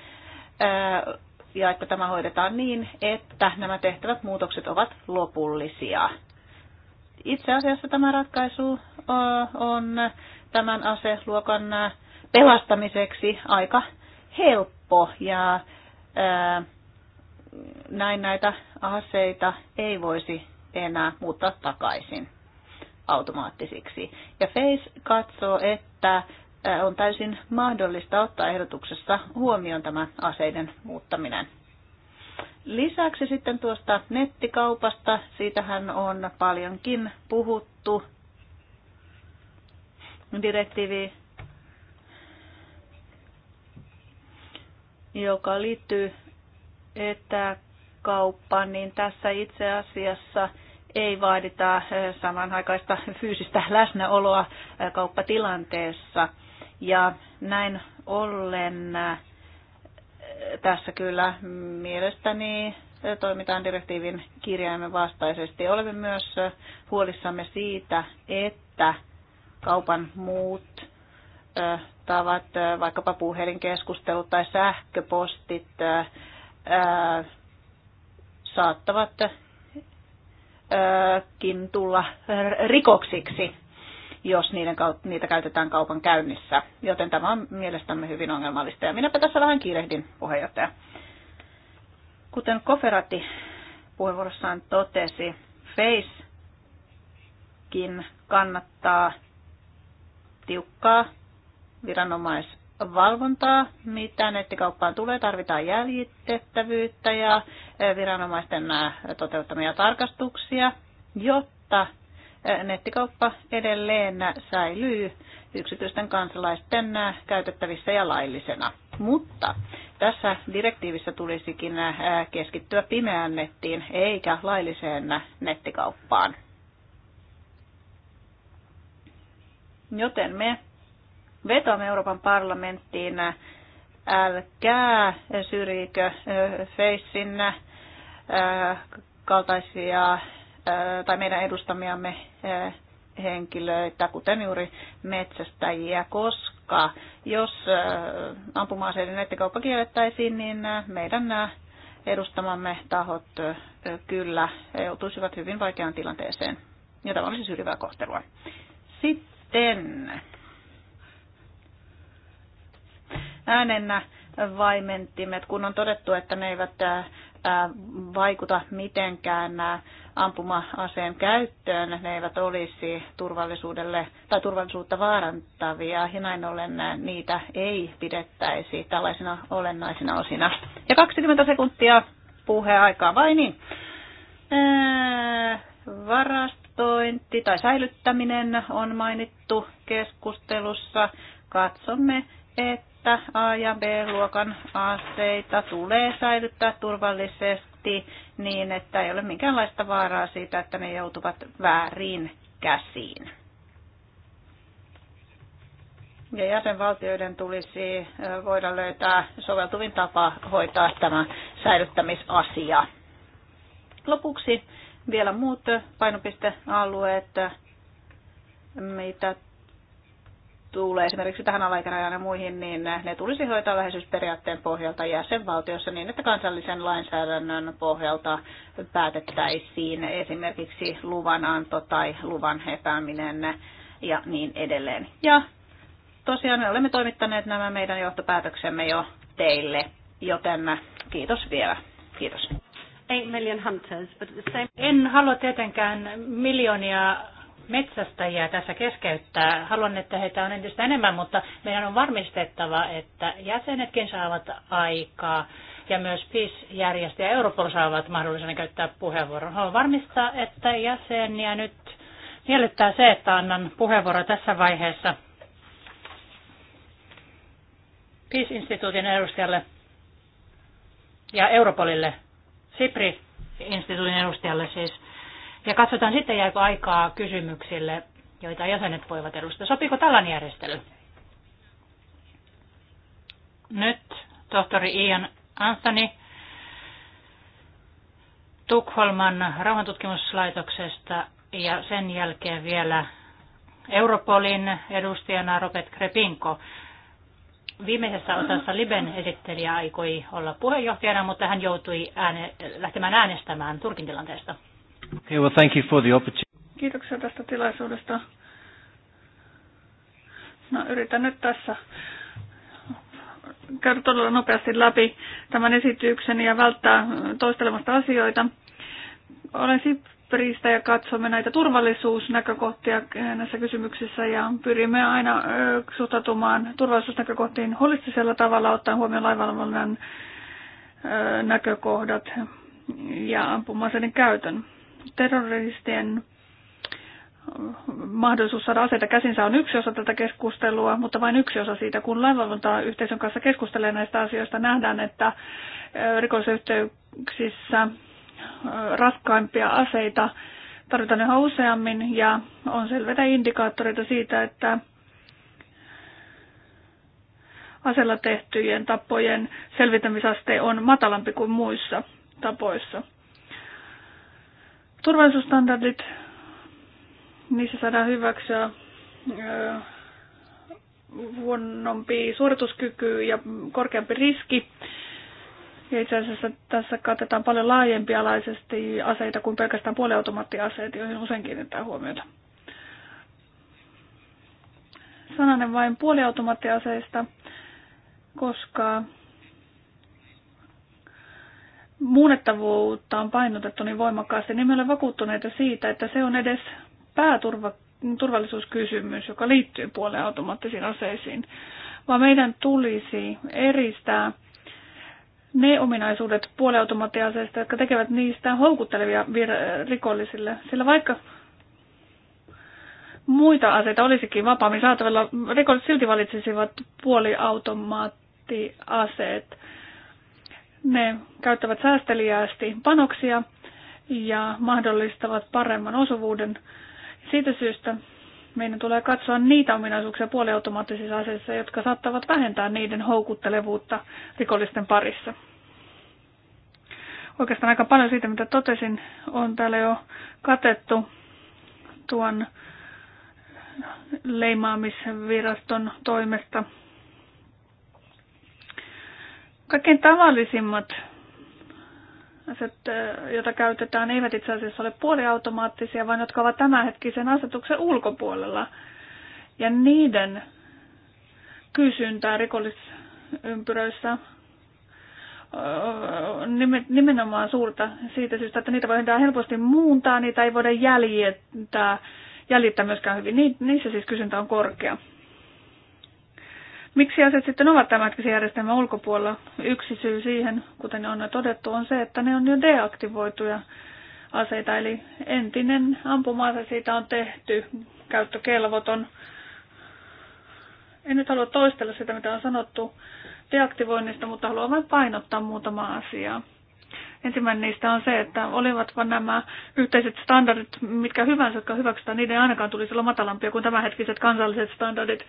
Speaker 5: ja että tämä hoidetaan niin, että nämä tehtävät muutokset ovat lopullisia. Itse asiassa tämä ratkaisu on tämän aseluokan pelastamiseksi aika helppo ja ää, näin näitä aseita ei voisi enää muuttaa takaisin automaattisiksi. Ja Face katsoo, että on täysin mahdollista ottaa ehdotuksessa huomioon tämä aseiden muuttaminen. Lisäksi sitten tuosta nettikaupasta, siitähän on paljonkin puhuttu direktiivi, joka liittyy etäkauppaan, niin tässä itse asiassa ei vaadita eh, samanaikaista fyysistä läsnäoloa eh, kauppatilanteessa. Ja näin ollen eh, tässä kyllä mielestäni toimitaan direktiivin kirjaimen vastaisesti. Olemme myös huolissamme siitä, että kaupan muut tavat, vaikkapa puhelinkeskustelut tai sähköpostit saattavat kin tulla rikoksiksi, jos niiden kautta, niitä käytetään kaupan käynnissä. Joten tämä on mielestämme hyvin ongelmallista. Ja minäpä tässä vähän kiirehdin puheenjohtaja. Kuten Koferati puheenvuorossaan totesi, Facekin kannattaa tiukkaa viranomaisvalvontaa, mitä nettikauppaan tulee. Tarvitaan jäljitettävyyttä ja e, viranomaisten toteuttamia tarkastuksia, jotta e, nettikauppa edelleen säilyy yksityisten kansalaisten käytettävissä ja laillisena. Mutta tässä direktiivissä tulisikin keskittyä pimeään nettiin eikä lailliseen nettikauppaan. Joten me vetoamme Euroopan parlamenttiin, älkää syrjikö Feissin kaltaisia tai meidän edustamiamme henkilöitä, kuten juuri metsästäjiä, koska jos ampuma-aseiden nettikauppa kiellettäisiin, niin meidän nämä edustamamme tahot kyllä joutuisivat hyvin vaikeaan tilanteeseen. Ja tämä olisi syrjivää kohtelua. Sitten sitten äänennä vaimentimet kun on todettu, että ne eivät vaikuta mitenkään ampuma-aseen käyttöön, ne eivät olisi turvallisuudelle tai turvallisuutta vaarantavia ja näin ollen niitä ei pidettäisi tällaisina olennaisina osina. Ja 20 sekuntia puheaikaa, vain niin? Ää, varas investointi tai säilyttäminen on mainittu keskustelussa. Katsomme, että A- ja B-luokan aseita tulee säilyttää turvallisesti niin, että ei ole minkäänlaista vaaraa siitä, että ne joutuvat väärin käsiin. Ja jäsenvaltioiden tulisi voida löytää soveltuvin tapa hoitaa tämä säilyttämisasia. Lopuksi vielä muut painopistealueet, mitä tulee esimerkiksi tähän alaikärajaan ja muihin, niin ne tulisi hoitaa läheisyysperiaatteen pohjalta jäsenvaltiossa niin, että kansallisen lainsäädännön pohjalta päätettäisiin esimerkiksi luvananto tai luvan epääminen ja niin edelleen. Ja tosiaan me olemme toimittaneet nämä meidän johtopäätöksemme jo teille, joten kiitos vielä. Kiitos.
Speaker 2: En halua tietenkään miljoonia metsästäjiä tässä keskeyttää. Haluan, että heitä on entistä enemmän, mutta meidän on varmistettava, että jäsenetkin saavat aikaa ja myös PIS-järjestö ja Europol saavat mahdollisuuden käyttää puheenvuoron. Haluan varmistaa, että jäseniä nyt miellyttää se, että annan puheenvuoro tässä vaiheessa PIS-instituutin edustajalle ja Europolille SIPRI-instituutin edustajalle siis. Ja katsotaan sitten, jääkö aikaa kysymyksille, joita jäsenet voivat edustaa. Sopiiko tällainen järjestely? Nyt tohtori Ian Anthony Tukholman rauhantutkimuslaitoksesta ja sen jälkeen vielä Europolin edustajana Robert Krepinko viimeisessä osassa Liben esittelijä aikoi olla puheenjohtajana, mutta hän joutui ääne, lähtemään äänestämään Turkin
Speaker 4: tilanteesta.
Speaker 6: Okay, well, thank you for the opportunity.
Speaker 4: Kiitoksia tästä tilaisuudesta. No, yritän nyt tässä käydä todella nopeasti läpi tämän esityksen ja välttää toistelemasta asioita. Olen pristä ja katsomme näitä turvallisuusnäkökohtia näissä kysymyksissä ja pyrimme aina suhtautumaan turvallisuusnäkökohtiin holistisella tavalla ottaen huomioon laivalvonnan näkökohdat ja ampumaseiden käytön. Terroristien mahdollisuus saada aseita käsinsä on yksi osa tätä keskustelua, mutta vain yksi osa siitä. Kun yhteisön kanssa keskustelee näistä asioista, nähdään, että rikollisyhteyksissä raskaimpia aseita tarvitaan yhä useammin ja on selvitä indikaattoreita siitä, että asella tehtyjen tapojen selvitämisaste on matalampi kuin muissa tapoissa. Turvallisuusstandardit, niissä saadaan hyväksyä huonompi suorituskyky ja korkeampi riski ja itse asiassa tässä katsotaan paljon laajempialaisesti aseita kuin pelkästään puoliautomaattiaseet, joihin usein kiinnittää huomiota. Sananen vain puoliautomaattiaseista, koska muunnettavuutta on painotettu niin voimakkaasti, niin me olemme vakuuttuneita siitä, että se on edes pääturvallisuuskysymys, joka liittyy puoliautomaattisiin aseisiin, vaan meidän tulisi eristää ne ominaisuudet puoliautomaattiaseista, jotka tekevät niistä houkuttelevia vir- rikollisille. Sillä vaikka muita aseita olisikin vapaammin saatavilla, rikolliset silti valitsisivat puoliautomaattiaseet. Ne käyttävät säästeliäästi panoksia ja mahdollistavat paremman osuvuuden. Siitä syystä meidän tulee katsoa niitä ominaisuuksia puoliautomaattisissa aseissa, jotka saattavat vähentää niiden houkuttelevuutta rikollisten parissa. Oikeastaan aika paljon siitä, mitä totesin, on täällä jo katettu tuon leimaamisviraston toimesta. Kaikkein tavallisimmat aset, joita käytetään, eivät itse asiassa ole puoliautomaattisia, vaan jotka ovat tämänhetkisen asetuksen ulkopuolella. Ja niiden kysyntää rikollisympyröissä nimenomaan suurta siitä syystä, että niitä voidaan helposti muuntaa, niitä ei voida jäljittää, jäljittää myöskään hyvin. Niissä siis kysyntä on korkea. Miksi asiat sitten ovat tämänhetkisen järjestelmän ulkopuolella? Yksi syy siihen, kuten on jo todettu, on se, että ne on jo deaktivoituja aseita, eli entinen ampuma siitä on tehty käyttökelvoton. En nyt halua toistella sitä, mitä on sanottu deaktivoinnista, mutta haluan vain painottaa muutama asiaa. Ensimmäinen niistä on se, että olivatpa nämä yhteiset standardit, mitkä hyvänsä, jotka hyväksytään, niiden ainakaan tulisi olla matalampia kuin tämänhetkiset kansalliset standardit.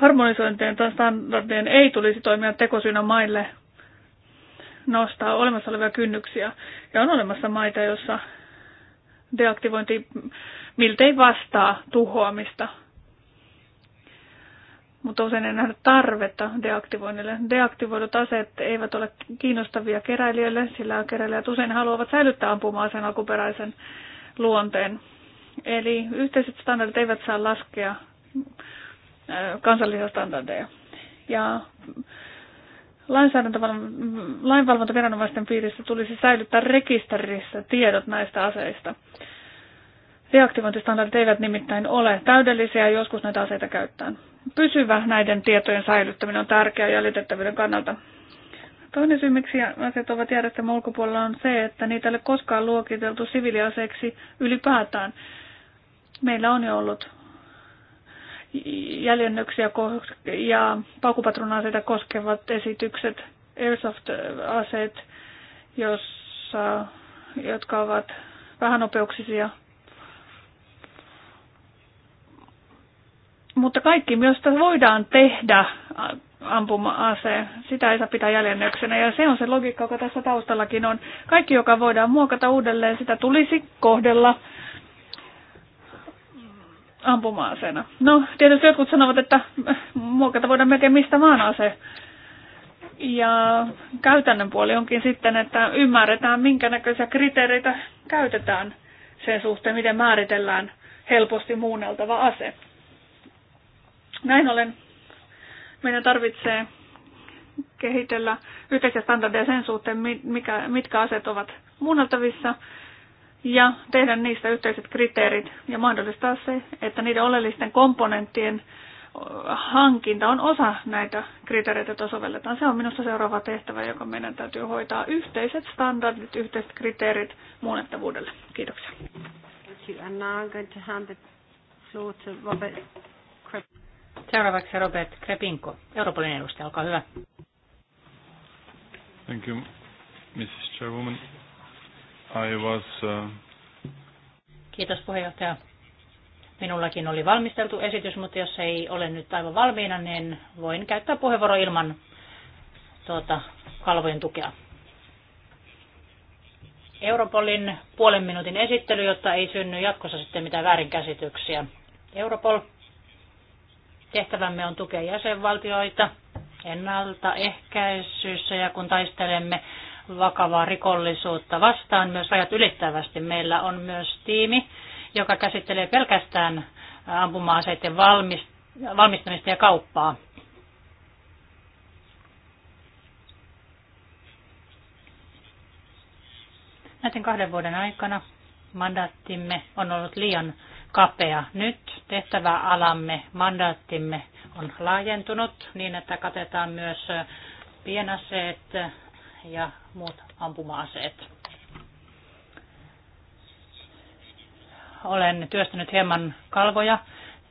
Speaker 4: Harmonisointien tai standardien ei tulisi toimia tekosyynä maille nostaa olemassa olevia kynnyksiä. Ja on olemassa maita, joissa deaktivointi miltei vastaa tuhoamista. Mutta usein ei nähdä tarvetta deaktivoinnille. Deaktivoidut aseet eivät ole kiinnostavia keräilijöille, sillä keräilijät usein haluavat säilyttää ampuma-aseen alkuperäisen luonteen. Eli yhteiset standardit eivät saa laskea kansallisia standardeja. Ja lainvalvontaviranomaisten piirissä tulisi säilyttää rekisterissä tiedot näistä aseista. Reaktivointistandardit eivät nimittäin ole täydellisiä joskus näitä aseita käytetään. Pysyvä näiden tietojen säilyttäminen on tärkeää jäljitettävyyden kannalta. Toinen syy, miksi aseet ovat järjestelmän ulkopuolella, on se, että niitä ei ole koskaan luokiteltu siviiliaseeksi ylipäätään. Meillä on jo ollut jäljennöksiä ja paukupatruna-aseita koskevat esitykset, airsoft-aseet, jossa, jotka ovat nopeuksisia. Mutta kaikki, josta voidaan tehdä ampuma-ase, sitä ei saa pitää jäljennöksenä. Ja se on se logiikka, joka tässä taustallakin on. Kaikki, joka voidaan muokata uudelleen, sitä tulisi kohdella ampuma-aseena. No, tietysti jotkut sanovat, että muokata voidaan melkein mistä vaan ase. Ja käytännön puoli onkin sitten, että ymmärretään, minkä näköisiä kriteereitä käytetään sen suhteen, miten määritellään helposti muunneltava ase. Näin ollen meidän tarvitsee kehitellä yhteisiä standardeja sen suhteen, mikä, mitkä aseet ovat muunneltavissa ja tehdä niistä yhteiset kriteerit ja mahdollistaa se, että niiden oleellisten komponenttien hankinta on osa näitä kriteereitä, joita sovelletaan. Se on minusta seuraava tehtävä, joka meidän täytyy hoitaa. Yhteiset standardit, yhteiset kriteerit muunnettavuudelle. Kiitoksia.
Speaker 2: Seuraavaksi Robert Krepinko, Euroopan edustaja, olkaa hyvä.
Speaker 3: Thank you, Mrs. Chairwoman. I was, uh...
Speaker 2: Kiitos puheenjohtaja. Minullakin oli valmisteltu esitys, mutta jos ei ole nyt aivan valmiina, niin voin käyttää puheenvuoro ilman tuota, kalvojen tukea. Europolin puolen minuutin esittely, jotta ei synny jatkossa sitten mitään väärinkäsityksiä. Europol, tehtävämme on tukea jäsenvaltioita ennaltaehkäisyssä ja kun taistelemme vakavaa rikollisuutta vastaan myös rajat ylittävästi. Meillä on myös tiimi, joka käsittelee pelkästään ampuma-aseiden valmistamista ja kauppaa. Näiden kahden vuoden aikana mandaattimme on ollut liian kapea. Nyt tehtävä alamme, mandaattimme on laajentunut niin, että katetaan myös pienaseet, ja muut ampuma-aseet. Olen työstänyt hieman kalvoja,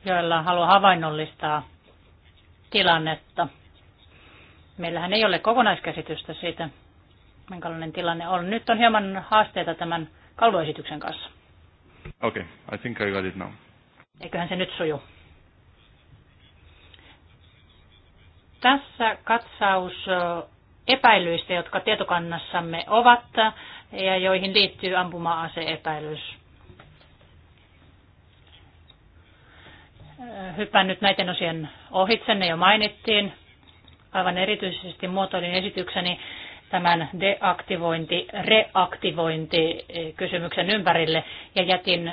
Speaker 2: joilla haluan havainnollistaa tilannetta. Meillähän ei ole kokonaiskäsitystä siitä, minkälainen tilanne on. Nyt on hieman haasteita tämän kalvoesityksen kanssa.
Speaker 3: Okei, okay, I think I got it now.
Speaker 2: Eiköhän se nyt suju. Tässä katsaus epäilyistä, jotka tietokannassamme ovat ja joihin liittyy ampuma-aseepäilys. Hyppään nyt näiden osien ohitse, ne jo mainittiin. Aivan erityisesti muotoilin esitykseni tämän deaktivointi, reaktivointi eh, kysymyksen ympärille ja jätin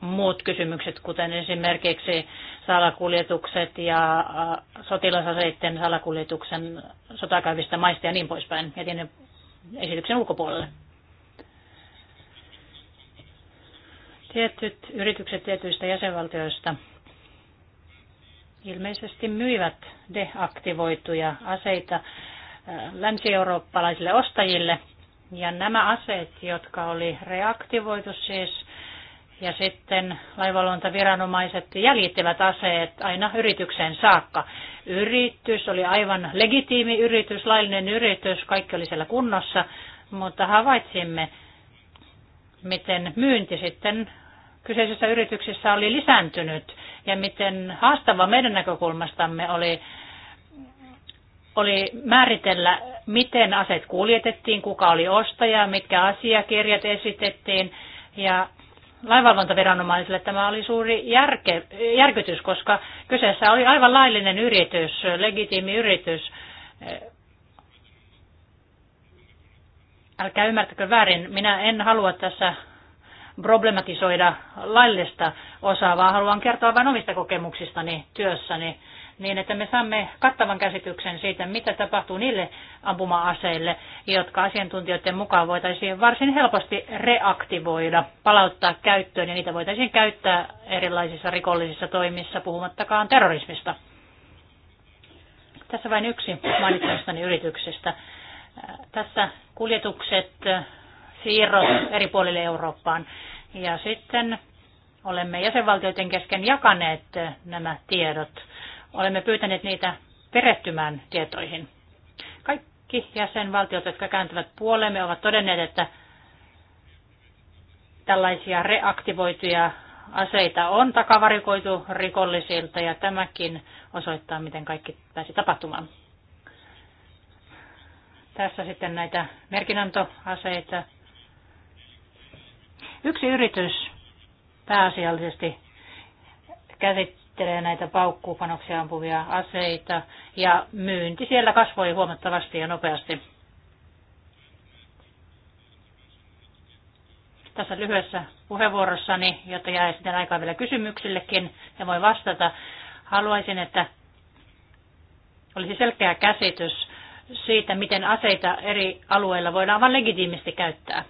Speaker 2: muut kysymykset, kuten esimerkiksi salakuljetukset ja sotilasaseiden salakuljetuksen sotakäyvistä maista ja niin poispäin, jätin esityksen ulkopuolelle. Tietyt yritykset tietyistä jäsenvaltioista ilmeisesti myivät deaktivoituja aseita länsi-eurooppalaisille ostajille. Ja nämä aseet, jotka oli reaktivoitu siis ja sitten laivalontaviranomaiset jäljittivät aseet aina yritykseen saakka. Yritys oli aivan legitiimi yritys, laillinen yritys, kaikki oli siellä kunnossa, mutta havaitsimme, miten myynti sitten kyseisessä yrityksessä oli lisääntynyt ja miten haastava meidän näkökulmastamme oli, oli määritellä, miten aset kuljetettiin, kuka oli ostaja, mitkä asiakirjat esitettiin ja lainvalvontaviranomaisille tämä oli suuri järke, järkytys, koska kyseessä oli aivan laillinen yritys, legitiimi yritys. Älkää ymmärtäkö väärin, minä en halua tässä problematisoida laillista osaa, vaan haluan kertoa vain omista kokemuksistani työssäni niin että me saamme kattavan käsityksen siitä, mitä tapahtuu niille ampuma-aseille, jotka asiantuntijoiden mukaan voitaisiin varsin helposti reaktivoida, palauttaa käyttöön ja niitä voitaisiin käyttää erilaisissa rikollisissa toimissa, puhumattakaan terrorismista. Tässä vain yksi mainitsemistani yrityksestä. Tässä kuljetukset, siirrot eri puolille Eurooppaan. Ja sitten olemme jäsenvaltioiden kesken jakaneet nämä tiedot. Olemme pyytäneet niitä perehtymään tietoihin. Kaikki jäsenvaltiot, jotka kääntyvät puolemme, ovat todenneet, että tällaisia reaktivoituja aseita on takavarikoitu rikollisilta ja tämäkin osoittaa, miten kaikki pääsi tapahtumaan. Tässä sitten näitä merkinantoaseita. Yksi yritys pääasiallisesti käsit, käsittelee näitä paukkuupanoksia ampuvia aseita ja myynti siellä kasvoi huomattavasti ja nopeasti. Tässä lyhyessä puheenvuorossani, jotta jää sitten aikaa vielä kysymyksillekin ja voi vastata, haluaisin, että olisi selkeä käsitys siitä, miten aseita eri alueilla voidaan vain legitiimisti käyttää.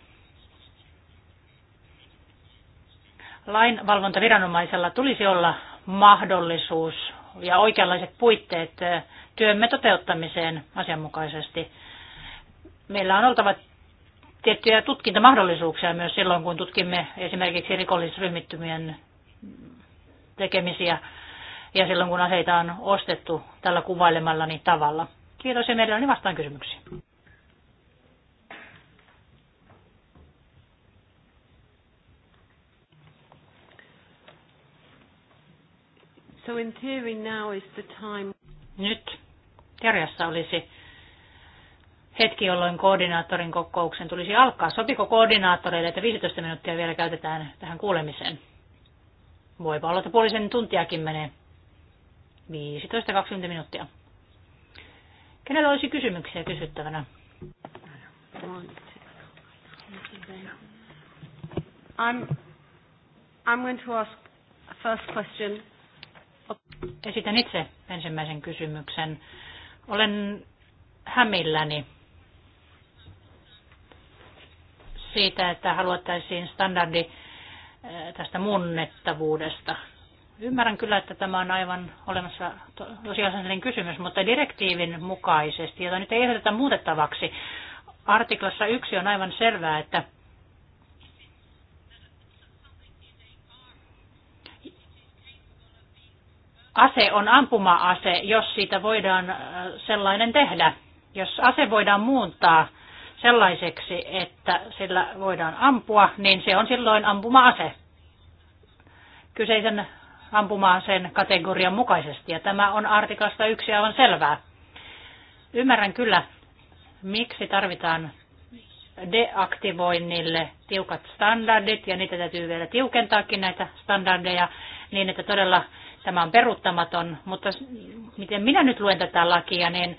Speaker 2: Lainvalvontaviranomaisella tulisi olla mahdollisuus ja oikeanlaiset puitteet työmme toteuttamiseen asianmukaisesti. Meillä on oltava tiettyjä tutkintamahdollisuuksia myös silloin, kun tutkimme esimerkiksi rikollisryhmittymien tekemisiä ja silloin, kun aseita on ostettu tällä kuvailemallani tavalla. Kiitos ja mielelläni vastaan
Speaker 6: kysymyksiin.
Speaker 1: So in theory now is the time. Nyt teoriassa olisi
Speaker 2: hetki, jolloin koordinaattorin kokouksen tulisi alkaa. Sopiko koordinaattoreille, että 15 minuuttia vielä käytetään tähän kuulemiseen? Voipa olla, että puolisen tuntiakin menee. 15-20 minuuttia. Kenellä olisi kysymyksiä kysyttävänä?
Speaker 1: I'm, I'm going to ask first question.
Speaker 2: Esitän itse ensimmäisen kysymyksen. Olen hämilläni siitä, että haluattaisiin standardi eh, tästä muunnettavuudesta. Ymmärrän kyllä, että tämä on aivan olemassa tosiasiallinen kysymys, mutta direktiivin mukaisesti, jota nyt ei ehdoteta muutettavaksi, artiklassa yksi on aivan selvää, että ase on ampuma-ase, jos siitä voidaan äh, sellainen tehdä. Jos ase voidaan muuntaa sellaiseksi, että sillä voidaan ampua, niin se on silloin ampuma-ase kyseisen ampuma-aseen kategorian mukaisesti. Ja tämä on artikasta yksi aivan selvää. Ymmärrän kyllä, miksi tarvitaan deaktivoinnille tiukat standardit, ja niitä täytyy vielä tiukentaakin näitä standardeja, niin että todella Tämä on peruuttamaton, mutta miten minä nyt luen tätä lakia, niin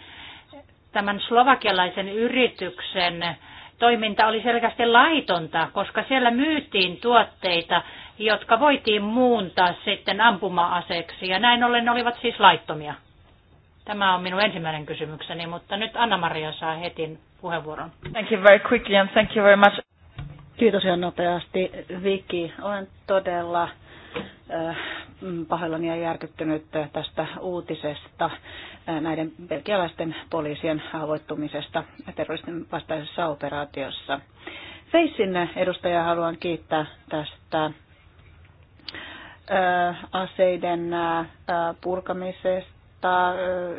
Speaker 2: tämän slovakialaisen yrityksen toiminta oli selkeästi laitonta, koska siellä myytiin tuotteita, jotka voitiin muuntaa sitten ampuma-aseeksi, ja näin ollen ne olivat siis laittomia. Tämä on minun ensimmäinen kysymykseni, mutta nyt Anna-Maria saa heti puheenvuoron.
Speaker 4: Thank you very quickly and thank you very much. Kiitos ihan
Speaker 5: nopeasti, Viki. Olen todella pahoillani ja järkyttynyt tästä uutisesta näiden belgialaisten poliisien haavoittumisesta terroristin vastaisessa operaatiossa. Feissin edustaja haluan kiittää tästä aseiden purkamisesta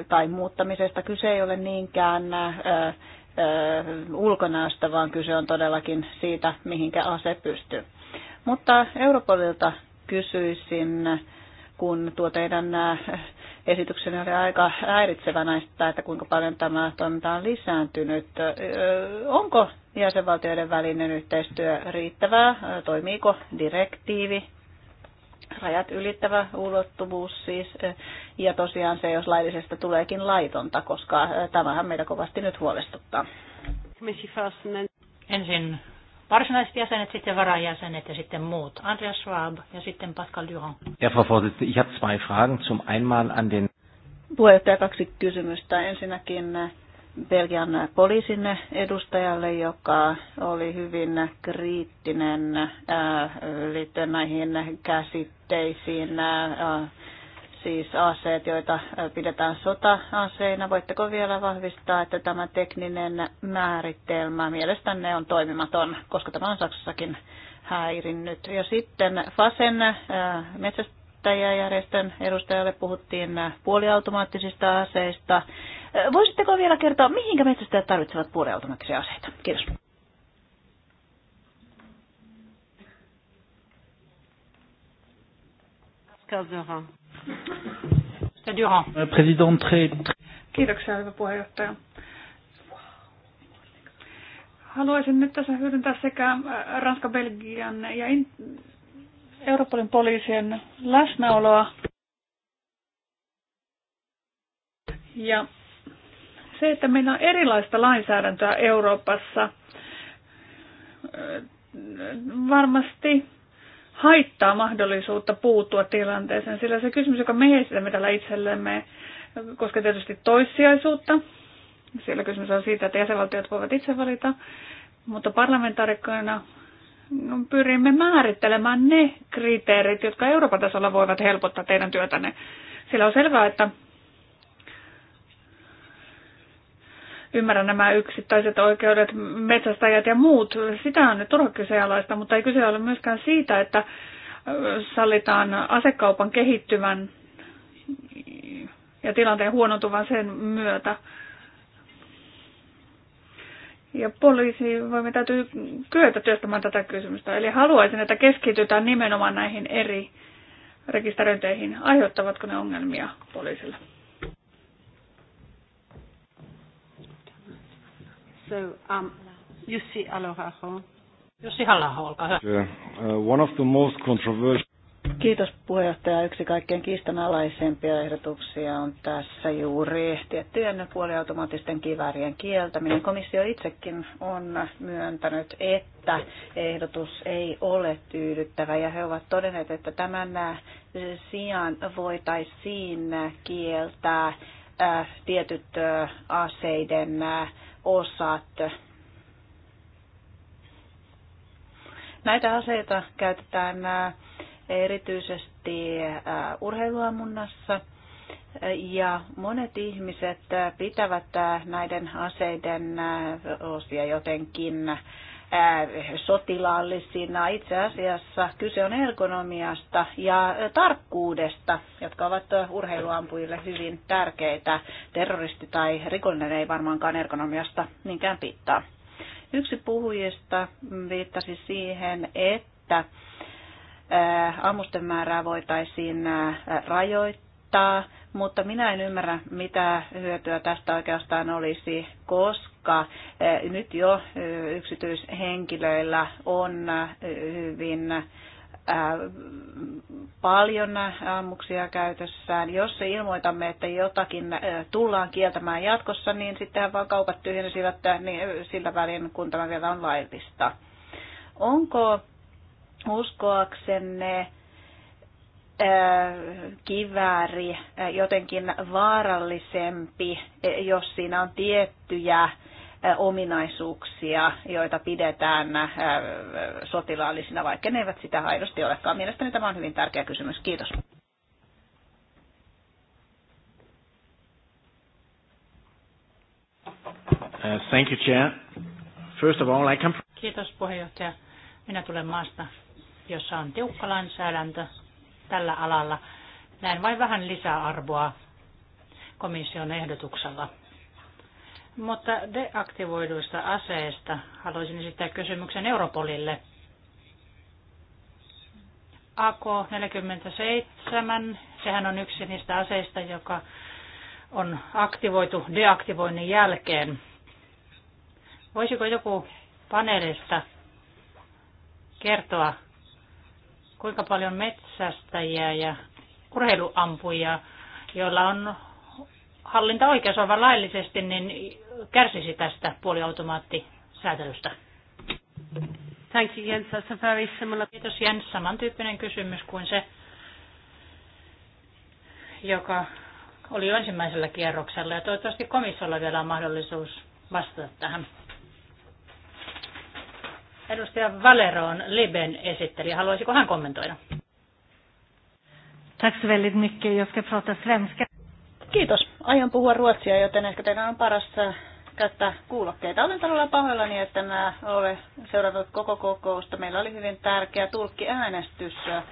Speaker 5: tai muuttamisesta. Kyse ei ole niinkään ulkonäöstä, vaan kyse on todellakin siitä, mihinkä ase pystyy. Mutta Europolilta kysyisin, kun tuo teidän äh, esityksenne oli aika häiritsevä näistä, että kuinka paljon tämä toiminta on lisääntynyt. Onko jäsenvaltioiden välinen yhteistyö riittävää? Toimiiko direktiivi? Rajat ylittävä ulottuvuus siis. Ja tosiaan se, jos laillisesta tuleekin laitonta, koska tämähän meitä kovasti nyt huolestuttaa.
Speaker 2: Ensin varsinaiset jäsenet, sitten
Speaker 5: varajäsenet ja sitten muut. Andreas Schwab ja sitten Pascal Durand.
Speaker 6: Ja Frau Vorsitzende, ich habe zwei Fragen. Zum einmal an den...
Speaker 5: Puheenjohtaja kaksi kysymystä. Ensinnäkin Belgian poliisin edustajalle, joka oli hyvin kriittinen äh, liittyen näihin käsitteisiin äh, siis aseet, joita pidetään sota-aseina. Voitteko vielä vahvistaa, että tämä tekninen määritelmä mielestänne on toimimaton, koska tämä on Saksassakin häirinnyt. Ja sitten FASEN metsästäjäjärjestön edustajalle puhuttiin puoliautomaattisista aseista. Voisitteko vielä kertoa, mihinkä metsästäjät tarvitsevat puoliautomaattisia aseita? Kiitos.
Speaker 1: Pascal
Speaker 4: Kiitoksia, hyvä puheenjohtaja. Haluaisin nyt tässä hyödyntää sekä äh, ranska Belgian ja Europolin poliisien läsnäoloa. Ja se, että meillä on erilaista lainsäädäntöä Euroopassa, äh, varmasti haittaa mahdollisuutta puuttua tilanteeseen, sillä se kysymys, joka me esitämme täällä itsellemme, koskee tietysti toissijaisuutta. Siellä kysymys on siitä, että jäsenvaltiot voivat itse valita, mutta parlamentaarikkoina pyrimme määrittelemään ne kriteerit, jotka Euroopan tasolla voivat helpottaa teidän työtänne. Sillä on selvää, että ymmärrä nämä yksittäiset oikeudet, metsästäjät ja muut. Sitä on nyt turha kyseenalaista, mutta ei kyse ole myöskään siitä, että sallitaan asekaupan kehittyvän ja tilanteen huonontuvan sen myötä. Ja poliisivoimien täytyy kyetä työstämään tätä kysymystä. Eli haluaisin, että keskitytään nimenomaan näihin eri rekisteröinteihin. Aiheuttavatko ne ongelmia poliisille?
Speaker 1: So, um, Jussi Alohaho. Jussi
Speaker 4: Halla olkaa
Speaker 5: hyvä.
Speaker 3: Uh, one of the most controversial...
Speaker 5: Kiitos puheenjohtaja. Yksi kaikkein kiistanalaisempia ehdotuksia on tässä juuri tiettyjen puoliautomaattisten kiväärien kieltäminen. Komissio itsekin on myöntänyt, että ehdotus ei ole tyydyttävä ja he ovat todenneet, että tämän sijaan voitaisiin kieltää Äh, tietyt äh, aseiden äh, osat. Näitä aseita käytetään erityisesti urheiluamunnassa ja monet ihmiset pitävät näiden aseiden osia jotenkin sotilaallisina. Itse asiassa kyse on ergonomiasta ja tarkkuudesta, jotka ovat urheiluampujille hyvin tärkeitä. Terroristi tai rikollinen ei varmaankaan ergonomiasta niinkään pitää. Yksi puhujista viittasi siihen, että ammusten määrää voitaisiin rajoittaa, mutta minä en ymmärrä, mitä hyötyä tästä oikeastaan olisi, koska vaikka eh, nyt jo eh, yksityishenkilöillä on eh, hyvin paljon ammuksia käytössään. Jos se ilmoitamme, että jotakin tullaan kieltämään jatkossa, niin sittenhän vaan kaupat tyhjensivät niin, sillä välin, kun tämä vielä on laillista. Onko uskoaksenne kivääri jotenkin vaarallisempi, jos siinä on tiettyjä ominaisuuksia, joita pidetään sotilaallisina, vaikka ne eivät sitä aidosti olekaan. Mielestäni tämä on hyvin tärkeä kysymys. Kiitos.
Speaker 3: Uh, thank you, Chair. First of all, I come
Speaker 2: Kiitos puheenjohtaja. Minä tulen maasta, jossa on tiukka lainsäädäntö tällä alalla. näen vain vähän lisäarvoa komission ehdotuksella mutta deaktivoiduista aseista haluaisin esittää kysymyksen Europolille. AK-47, sehän on yksi niistä aseista, joka on aktivoitu deaktivoinnin jälkeen. Voisiko joku paneelista kertoa, kuinka paljon metsästäjiä ja urheiluampujia, joilla on hallintaoikeus aivan laillisesti, niin kärsisi tästä puoliautomaattisäätelystä? Thank you, Jens.
Speaker 1: That's a very
Speaker 2: similar... Kiitos Jens. Samantyyppinen kysymys kuin se, joka oli jo ensimmäisellä kierroksella. Ja toivottavasti komissiolla vielä on mahdollisuus vastata tähän. Edustaja Valero on Liben
Speaker 5: esitteli. Haluaisiko hän kommentoida?
Speaker 6: Tack så väldigt mycket. Jag ska
Speaker 5: prata svenska. Kiitos. Aion puhua ruotsia, joten ehkä teidän on parasta äh, käyttää kuulokkeita. Olen todella pahoillani, että mä olen seurannut koko kokousta. Meillä oli hyvin tärkeä tulkkiäänestys äh,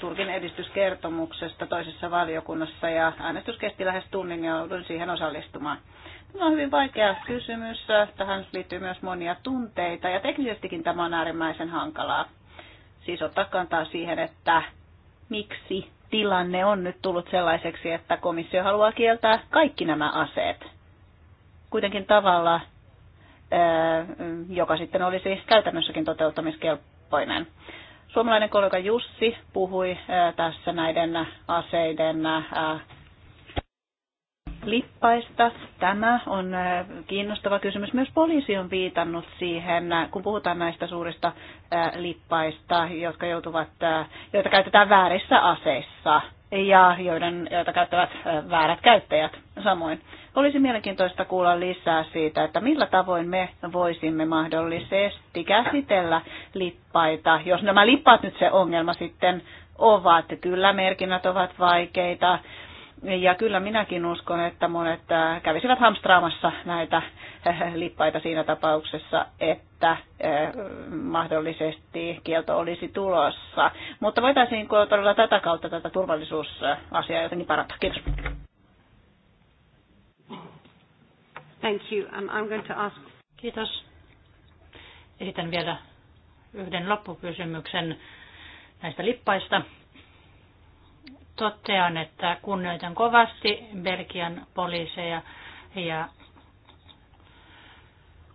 Speaker 5: Turkin edistyskertomuksesta toisessa valiokunnassa ja äänestys kesti lähes tunnin ja jouduin siihen osallistumaan. Tämä on hyvin vaikea kysymys. Tähän liittyy myös monia tunteita ja teknisestikin tämä on äärimmäisen hankalaa. Siis ottaa kantaa siihen, että miksi tilanne on nyt tullut sellaiseksi, että komissio haluaa kieltää kaikki nämä aseet. Kuitenkin tavalla, eh, joka sitten olisi käytännössäkin toteuttamiskelpoinen. Suomalainen kollega Jussi puhui eh, tässä näiden aseiden eh, lippaista. Tämä on äh, kiinnostava kysymys. Myös poliisi on viitannut siihen, äh, kun puhutaan näistä suurista äh, lippaista, jotka joutuvat, joita käytetään väärissä aseissa ja joiden, joita käyttävät väärät käyttäjät samoin. Olisi mielenkiintoista kuulla lisää siitä, että millä tavoin me voisimme mahdollisesti käsitellä lippaita, jos nämä lippaat nyt se ongelma sitten ovat. Kyllä merkinnät ovat vaikeita, ja kyllä minäkin uskon, että monet äh, kävisivät hamstraamassa näitä äh, lippaita siinä tapauksessa, että äh, mahdollisesti kielto olisi tulossa. Mutta voitaisiinko todella tätä kautta tätä turvallisuusasiaa
Speaker 1: jotenkin parantaa? Kiitos. Thank you. And I'm going to ask... Kiitos. Esitän vielä yhden
Speaker 2: loppukysymyksen näistä lippaista totean, että kunnioitan kovasti Belgian poliiseja ja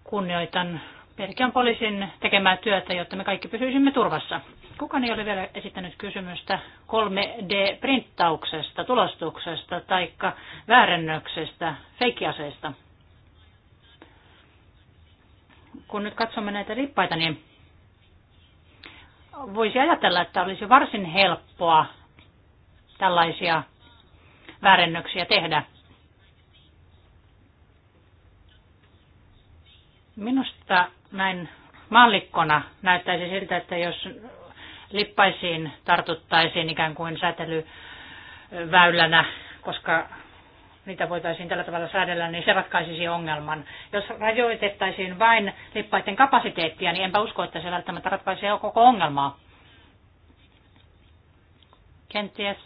Speaker 2: kunnioitan Belgian poliisin tekemää työtä, jotta me kaikki pysyisimme turvassa. Kukaan ei ole vielä esittänyt kysymystä 3D-printtauksesta, tulostuksesta tai väärennöksestä, feikkiaseista. Kun nyt katsomme näitä rippaita, niin voisi ajatella, että olisi varsin helppoa tällaisia väärennöksiä tehdä. Minusta näin mallikkona näyttäisi siltä, että jos lippaisiin tartuttaisiin ikään kuin säätelyväylänä, koska niitä voitaisiin tällä tavalla säädellä, niin se ratkaisisi ongelman. Jos rajoitettaisiin vain lippaiden kapasiteettia, niin enpä usko, että se välttämättä ratkaisi koko ongelmaa. Kenties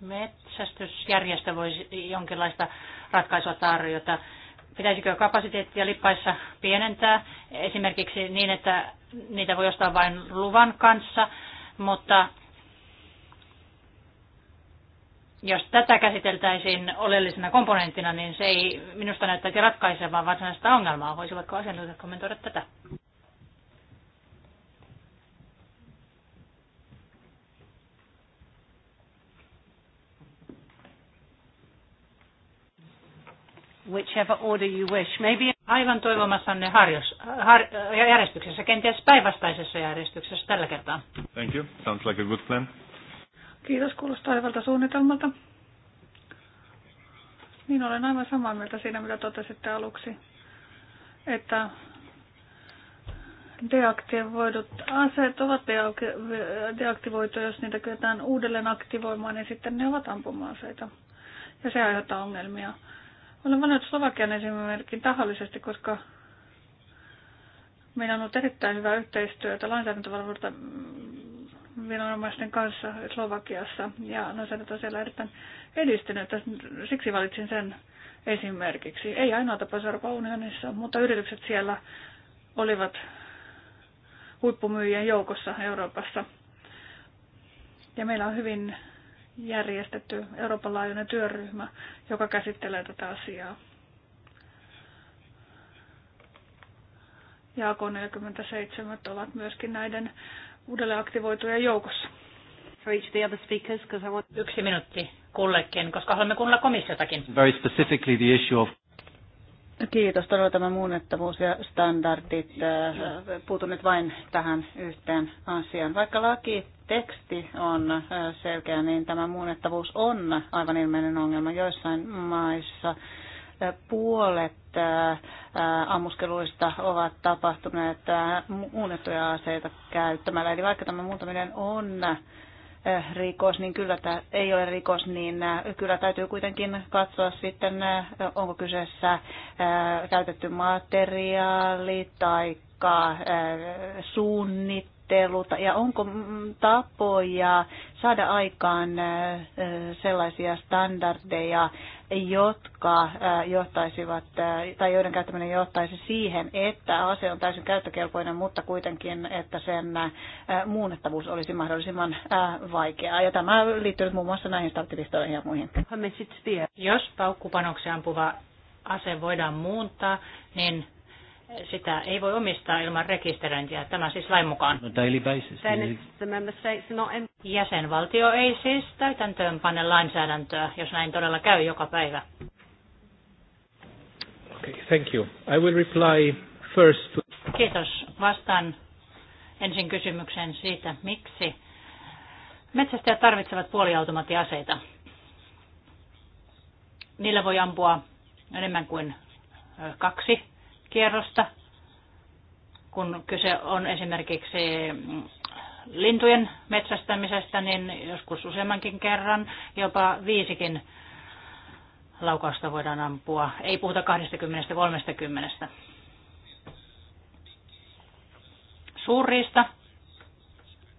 Speaker 2: metsästysjärjestö voisi jonkinlaista ratkaisua tarjota. Pitäisikö kapasiteettia lippaissa pienentää esimerkiksi niin, että niitä voi ostaa vain luvan kanssa, mutta jos tätä käsiteltäisiin oleellisena komponenttina, niin se ei minusta näyttäisi ratkaisevaa varsinaista ongelmaa. Voisivatko asiantuntijat kommentoida tätä?
Speaker 1: whichever order you wish. Maybe... Aivan toivomassanne harjos, har, järjestyksessä, kenties päinvastaisessa järjestyksessä
Speaker 2: tällä kertaa.
Speaker 3: Thank you. Sounds like a good plan.
Speaker 4: Kiitos, kuulostaa hyvältä suunnitelmalta. Niin olen aivan samaa mieltä siinä, mitä totesitte aluksi, että deaktivoidut aseet ovat deaktivoituja, jos niitä kyetään uudelleen aktivoimaan, niin sitten ne ovat ampuma-aseita. Ja se aiheuttaa ongelmia olen valinnut Slovakian esimerkin tahallisesti, koska meillä on ollut erittäin hyvää yhteistyötä lainsäädäntövalvonta mm, viranomaisten kanssa Slovakiassa ja lainsäädäntö on siellä erittäin edistynyt. Siksi valitsin sen esimerkiksi. Ei ainoa tapaus Euroopan unionissa, mutta yritykset siellä olivat huippumyyjien joukossa Euroopassa. Ja meillä on hyvin järjestetty Euroopan laajuinen työryhmä, joka käsittelee tätä asiaa. Ja AK-47 ovat myöskin näiden uudelleen aktivoituja joukossa. For each of the other speakers, I want... Yksi minuutti
Speaker 5: kullekin, koska haluamme kuunnella komissiotakin. Very
Speaker 3: specifically the issue of...
Speaker 5: Kiitos. Todella tämä muunnettavuus ja standardit. Äh, puutun nyt vain tähän yhteen asiaan. Vaikka laki teksti on äh, selkeä, niin tämä muunnettavuus on aivan ilmeinen ongelma joissain maissa. Äh, puolet ammuskeluista ovat tapahtuneet muunnettuja aseita käyttämällä. Eli vaikka tämä muuntaminen on Äh, rikos, niin kyllä tämä ei ole rikos, niin äh, kyllä täytyy kuitenkin katsoa sitten, äh, onko kyseessä käytetty materiaali tai suunnittelu suunnittelut ja onko tapoja saada aikaan sellaisia standardeja, jotka johtaisivat, tai joiden käyttäminen johtaisi siihen, että ase on täysin käyttökelpoinen, mutta kuitenkin, että sen muunnettavuus olisi mahdollisimman vaikeaa. Ja tämä liittyy nyt muun muassa näihin starttipistoihin ja muihin. Jos paukkupanoksen ampuva ase voidaan muuntaa,
Speaker 2: niin sitä ei voi omistaa ilman rekisteröintiä, tämä siis lain mukaan. No
Speaker 1: daily basis.
Speaker 2: Niin Jäsenvaltio ei siis täytäntöönpane lainsäädäntöä, jos näin todella käy joka päivä.
Speaker 3: Okay, thank you. I will reply first to...
Speaker 2: Kiitos. Vastaan ensin kysymykseen siitä, miksi metsästäjät tarvitsevat puoliautomaattiaseita. Niillä voi ampua enemmän kuin kaksi kierrosta, kun kyse on esimerkiksi lintujen metsästämisestä, niin joskus useammankin kerran jopa viisikin laukausta voidaan ampua. Ei puhuta 20-30. Suurista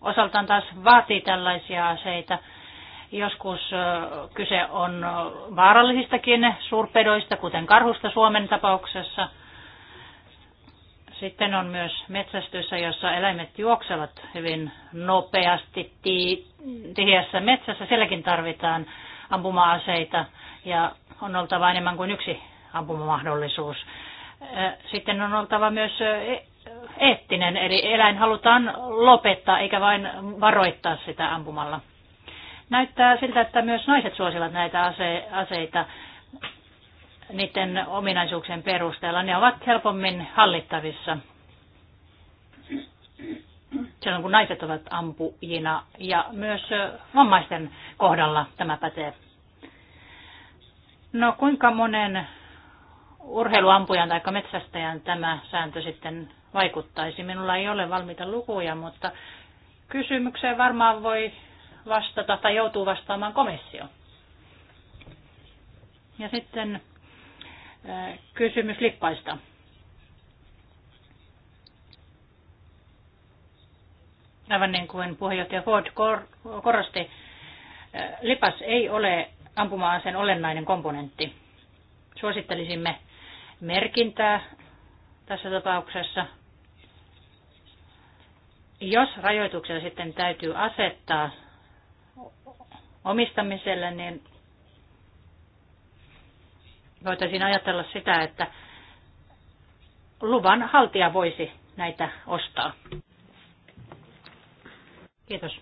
Speaker 2: osaltaan taas vaatii tällaisia aseita. Joskus kyse on vaarallisistakin suurpedoista, kuten karhusta Suomen tapauksessa – sitten on myös metsästyssä, jossa eläimet juoksevat hyvin nopeasti tiheässä metsässä. Sielläkin tarvitaan ampuma-aseita ja on oltava enemmän kuin yksi ampumamahdollisuus. Sitten on oltava myös e-, eettinen, eli eläin halutaan lopettaa eikä vain varoittaa sitä ampumalla. Näyttää siltä, että myös naiset suosivat näitä ase- aseita niiden ominaisuuksien perusteella. Ne ovat helpommin hallittavissa silloin, kun naiset ovat ampujina ja myös vammaisten kohdalla tämä pätee. No kuinka monen urheiluampujan tai metsästäjän tämä sääntö sitten vaikuttaisi? Minulla ei ole valmiita lukuja, mutta kysymykseen varmaan voi vastata tai joutuu vastaamaan komissio. Ja sitten kysymys lippaista. Aivan niin kuin puheenjohtaja Ford korosti, eh, lipas ei ole ampuma-aseen olennainen komponentti. Suosittelisimme merkintää tässä tapauksessa. Jos rajoituksia sitten täytyy asettaa omistamiselle, niin voitaisiin ajatella sitä, että luvan haltija voisi näitä ostaa.
Speaker 1: Kiitos.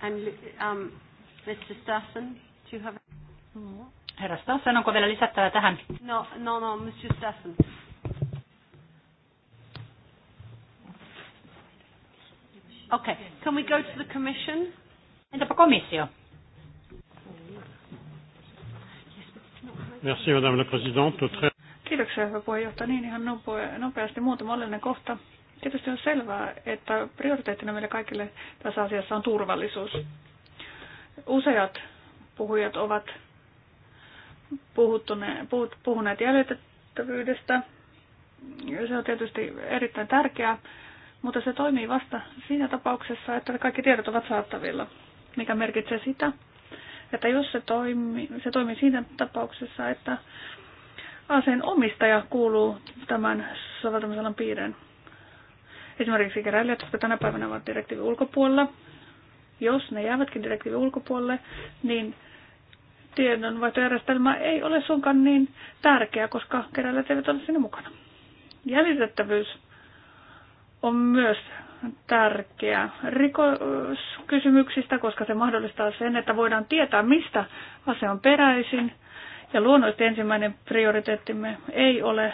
Speaker 1: And, um, Mr. Stassen, do you have...
Speaker 2: Herra Stassen, onko vielä lisättävää tähän?
Speaker 1: No, no, no, Mr. Stassen. Okay, can we go
Speaker 2: to the commission?
Speaker 4: Entäpä komissio?
Speaker 1: Merci, Madame la Présidente.
Speaker 4: Kiitoksia, hyvä puheenjohtaja. Niin ihan nopeasti muutama oleellinen kohta. Tietysti on selvää, että prioriteettina meille kaikille tässä asiassa on turvallisuus. Useat puhujat ovat puhuneet jäljitettävyydestä. Se on tietysti erittäin tärkeää, mutta se toimii vasta siinä tapauksessa, että kaikki tiedot ovat saatavilla, mikä merkitsee sitä, että jos se toimii, se toimii siinä tapauksessa, että aseen omistaja kuuluu tämän soveltamisalan piirin. Esimerkiksi keräilijät, jotka tänä päivänä ovat direktiivin ulkopuolella, jos ne jäävätkin direktiivin ulkopuolelle, niin tiedonvaihtojärjestelmä ei ole sunkaan niin tärkeä, koska keräilijät eivät ole sinne mukana. Jäljitettävyys on myös tärkeä rikoskysymyksistä, koska se mahdollistaa sen, että voidaan tietää, mistä ase on peräisin. Ja luonnollisesti ensimmäinen prioriteettimme ei ole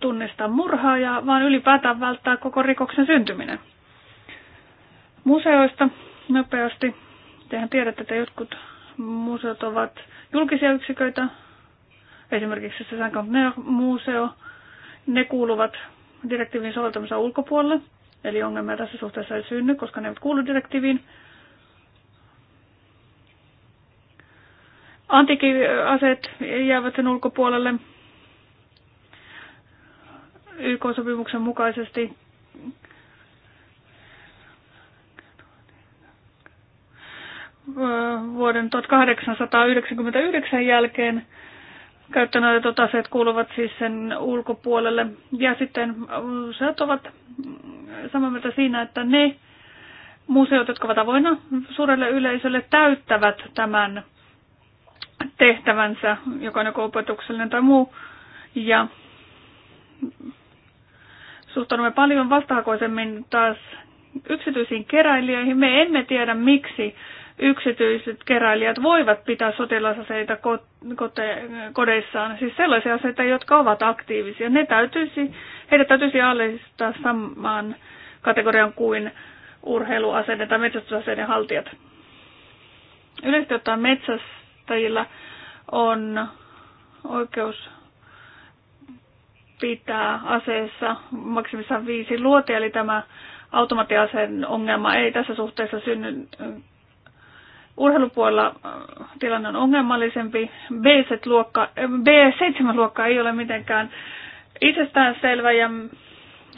Speaker 4: tunnistaa murhaajaa, vaan ylipäätään välttää koko rikoksen syntyminen. Museoista nopeasti. Tehän tiedätte, että jotkut museot ovat julkisia yksiköitä, esimerkiksi se Saint-Camp-museo. Ne kuuluvat direktiivin soveltamisen ulkopuolelle, eli ongelmia tässä suhteessa ei synny, koska ne eivät kuulu direktiiviin. Antiikiaseet jäävät sen ulkopuolelle YK-sopimuksen mukaisesti. Vuoden 1899 jälkeen Käyttäneet otetut aseet kuuluvat siis sen ulkopuolelle. Ja sitten äh, museot ovat mm, samaa mieltä siinä, että ne museot, jotka ovat avoinna suurelle yleisölle, täyttävät tämän tehtävänsä, joka on joko opetuksellinen tai muu. Ja suhtaudumme paljon vastahakoisemmin taas yksityisiin keräilijöihin. Me emme tiedä, miksi yksityiset keräilijät voivat pitää sotilasaseita kote, kodeissaan, siis sellaisia aseita, jotka ovat aktiivisia. Ne täytyisi, heidät täytyisi alistaa samaan kategorian kuin urheiluaseiden tai metsästysaseiden haltijat. Yleisesti ottaen metsästäjillä on oikeus pitää aseessa maksimissaan viisi luotia, eli tämä automaattiaseen ongelma ei tässä suhteessa synny Urheilupuolella äh, tilanne on ongelmallisempi. B-luokka, äh, B7-luokka ei ole mitenkään itsestäänselvä ja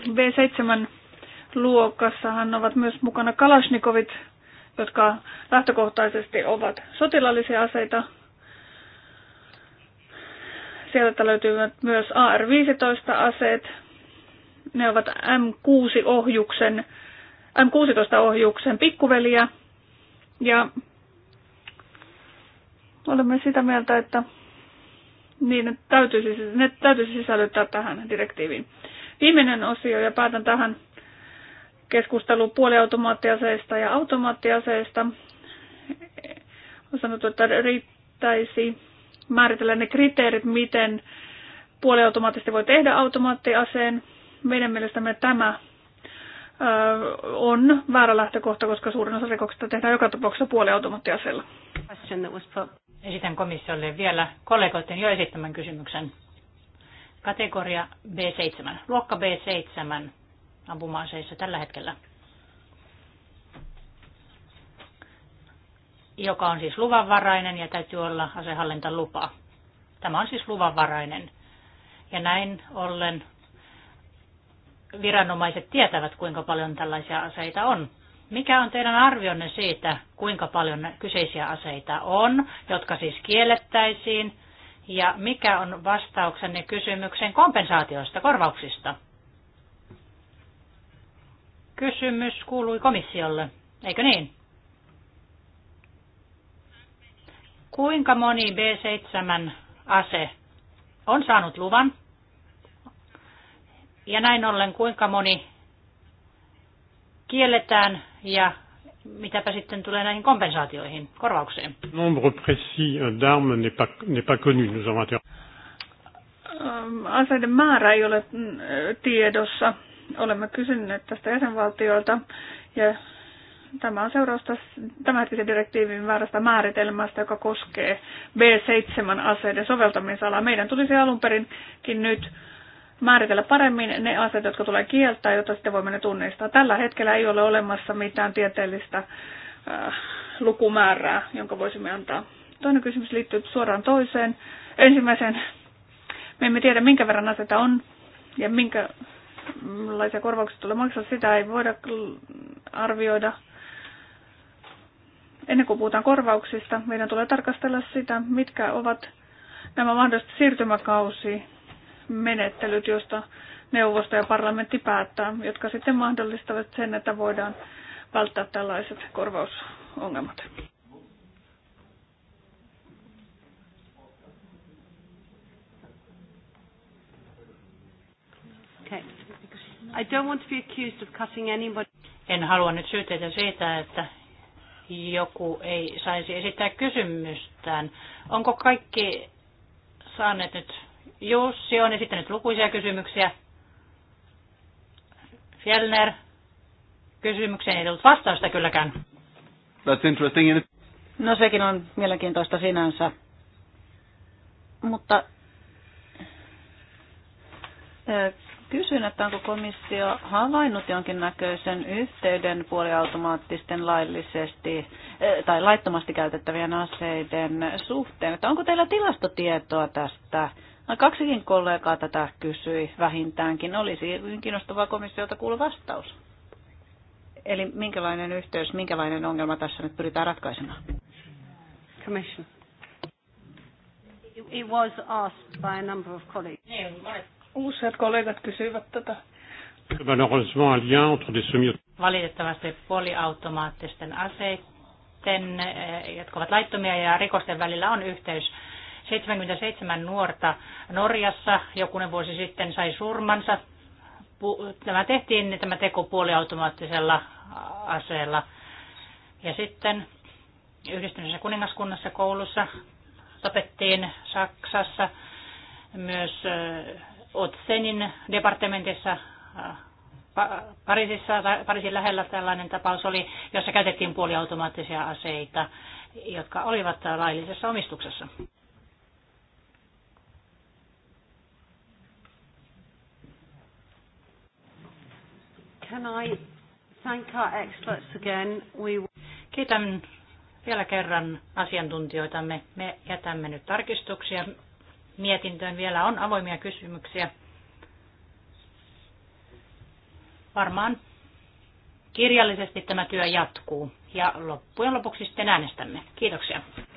Speaker 4: B7-luokassahan ovat myös mukana Kalashnikovit, jotka lähtökohtaisesti ovat sotilaallisia aseita. Sieltä löytyy myös AR-15-aseet. Ne ovat M6-ohjuksen, M16-ohjuksen pikkuveliä. Ja Olemme sitä mieltä, että niin, ne täytyisi, ne täytyisi sisällyttää tähän direktiiviin. Viimeinen osio, ja päätän tähän keskusteluun puoliautomaattiaseista ja automaattiaseista. On sanottu, että riittäisi määritellä ne kriteerit, miten puoliautomaattisesti voi tehdä automaattiaseen. Meidän mielestämme tämä on väärä lähtökohta, koska suurin osa rikoksista tehdään joka tapauksessa puoliautomaattiaseella
Speaker 2: esitän komissiolle vielä kollegoiden jo esittämän kysymyksen. Kategoria B7, luokka B7 ampuma-aseissa tällä hetkellä, joka on siis luvanvarainen ja täytyy olla asehallintalupa. Tämä on siis luvanvarainen. Ja näin ollen viranomaiset tietävät, kuinka paljon tällaisia aseita on mikä on teidän arvionne siitä, kuinka paljon kyseisiä aseita on, jotka siis kiellettäisiin, ja mikä on vastauksenne kysymykseen kompensaatioista, korvauksista? Kysymys kuului komissiolle, eikö niin? Kuinka moni B7-ase on saanut luvan? Ja näin ollen, kuinka moni kielletään ja mitäpä sitten tulee näihin kompensaatioihin, korvaukseen?
Speaker 6: Nombre
Speaker 1: précis euh, d'armes n'est pas, n'est pas connu. Nous avons inter...
Speaker 4: Ähm, aseiden määrä ei ole mm, tiedossa. Olemme kysyneet tästä jäsenvaltioilta ja tämä on seurausta tämänhetkisen direktiivin väärästä määritelmästä, joka koskee B7-aseiden soveltamisalaa. Meidän tulisi alun perinkin nyt määritellä paremmin ne asiat, jotka tulee kieltää, jotta sitten voimme ne tunnistaa. Tällä hetkellä ei ole olemassa mitään tieteellistä äh, lukumäärää, jonka voisimme antaa. Toinen kysymys liittyy suoraan toiseen. Ensimmäisen, me emme tiedä minkä verran aseita on ja minkälaisia korvauksia tulee maksaa. Sitä ei voida arvioida. Ennen kuin puhutaan korvauksista, meidän tulee tarkastella sitä, mitkä ovat nämä mahdolliset siirtymäkausi menettelyt, joista neuvosto ja parlamentti päättää, jotka sitten mahdollistavat sen, että voidaan välttää tällaiset korvausongelmat.
Speaker 1: Okay. I don't want to be accused of cutting anybody. En
Speaker 2: halua nyt syytetä siitä, että joku ei saisi esittää kysymystään. Onko kaikki saaneet nyt Jussi on esittänyt lukuisia kysymyksiä. Fjellner,
Speaker 5: kysymykseen ei tullut vastausta kylläkään.
Speaker 1: That's interesting.
Speaker 5: No sekin on mielenkiintoista sinänsä. Mutta kysyn, että onko komissio havainnut jonkinnäköisen yhteyden puoliautomaattisten laillisesti tai laittomasti käytettävien aseiden suhteen. Että onko teillä tilastotietoa tästä? No, kaksikin kollegaa tätä kysyi vähintäänkin. Olisi kiinnostavaa komissiota kuulla vastaus. Eli minkälainen yhteys, minkälainen ongelma tässä nyt pyritään ratkaisemaan? Commission.
Speaker 1: It was asked by a number of colleagues. Niin, Useat kollegat kysyivät tätä.
Speaker 2: Valitettavasti poliautomaattisten aseiden, eh, jotka ovat laittomia ja rikosten välillä on yhteys 77 nuorta Norjassa jokunen vuosi sitten sai surmansa. Tämä tehtiin niin tämä teko puoliautomaattisella aseella. Ja sitten yhdistyneessä kuningaskunnassa koulussa tapettiin Saksassa myös Otsenin departementissa Pariisissa, Pariisin lähellä tällainen tapaus oli, jossa käytettiin puoliautomaattisia aseita, jotka olivat laillisessa
Speaker 1: omistuksessa. Can I thank our experts again? We... Kiitän vielä kerran asiantuntijoitamme.
Speaker 2: Me jätämme nyt tarkistuksia mietintöön. Vielä on avoimia kysymyksiä. Varmaan kirjallisesti tämä työ jatkuu ja loppujen lopuksi sitten äänestämme. Kiitoksia.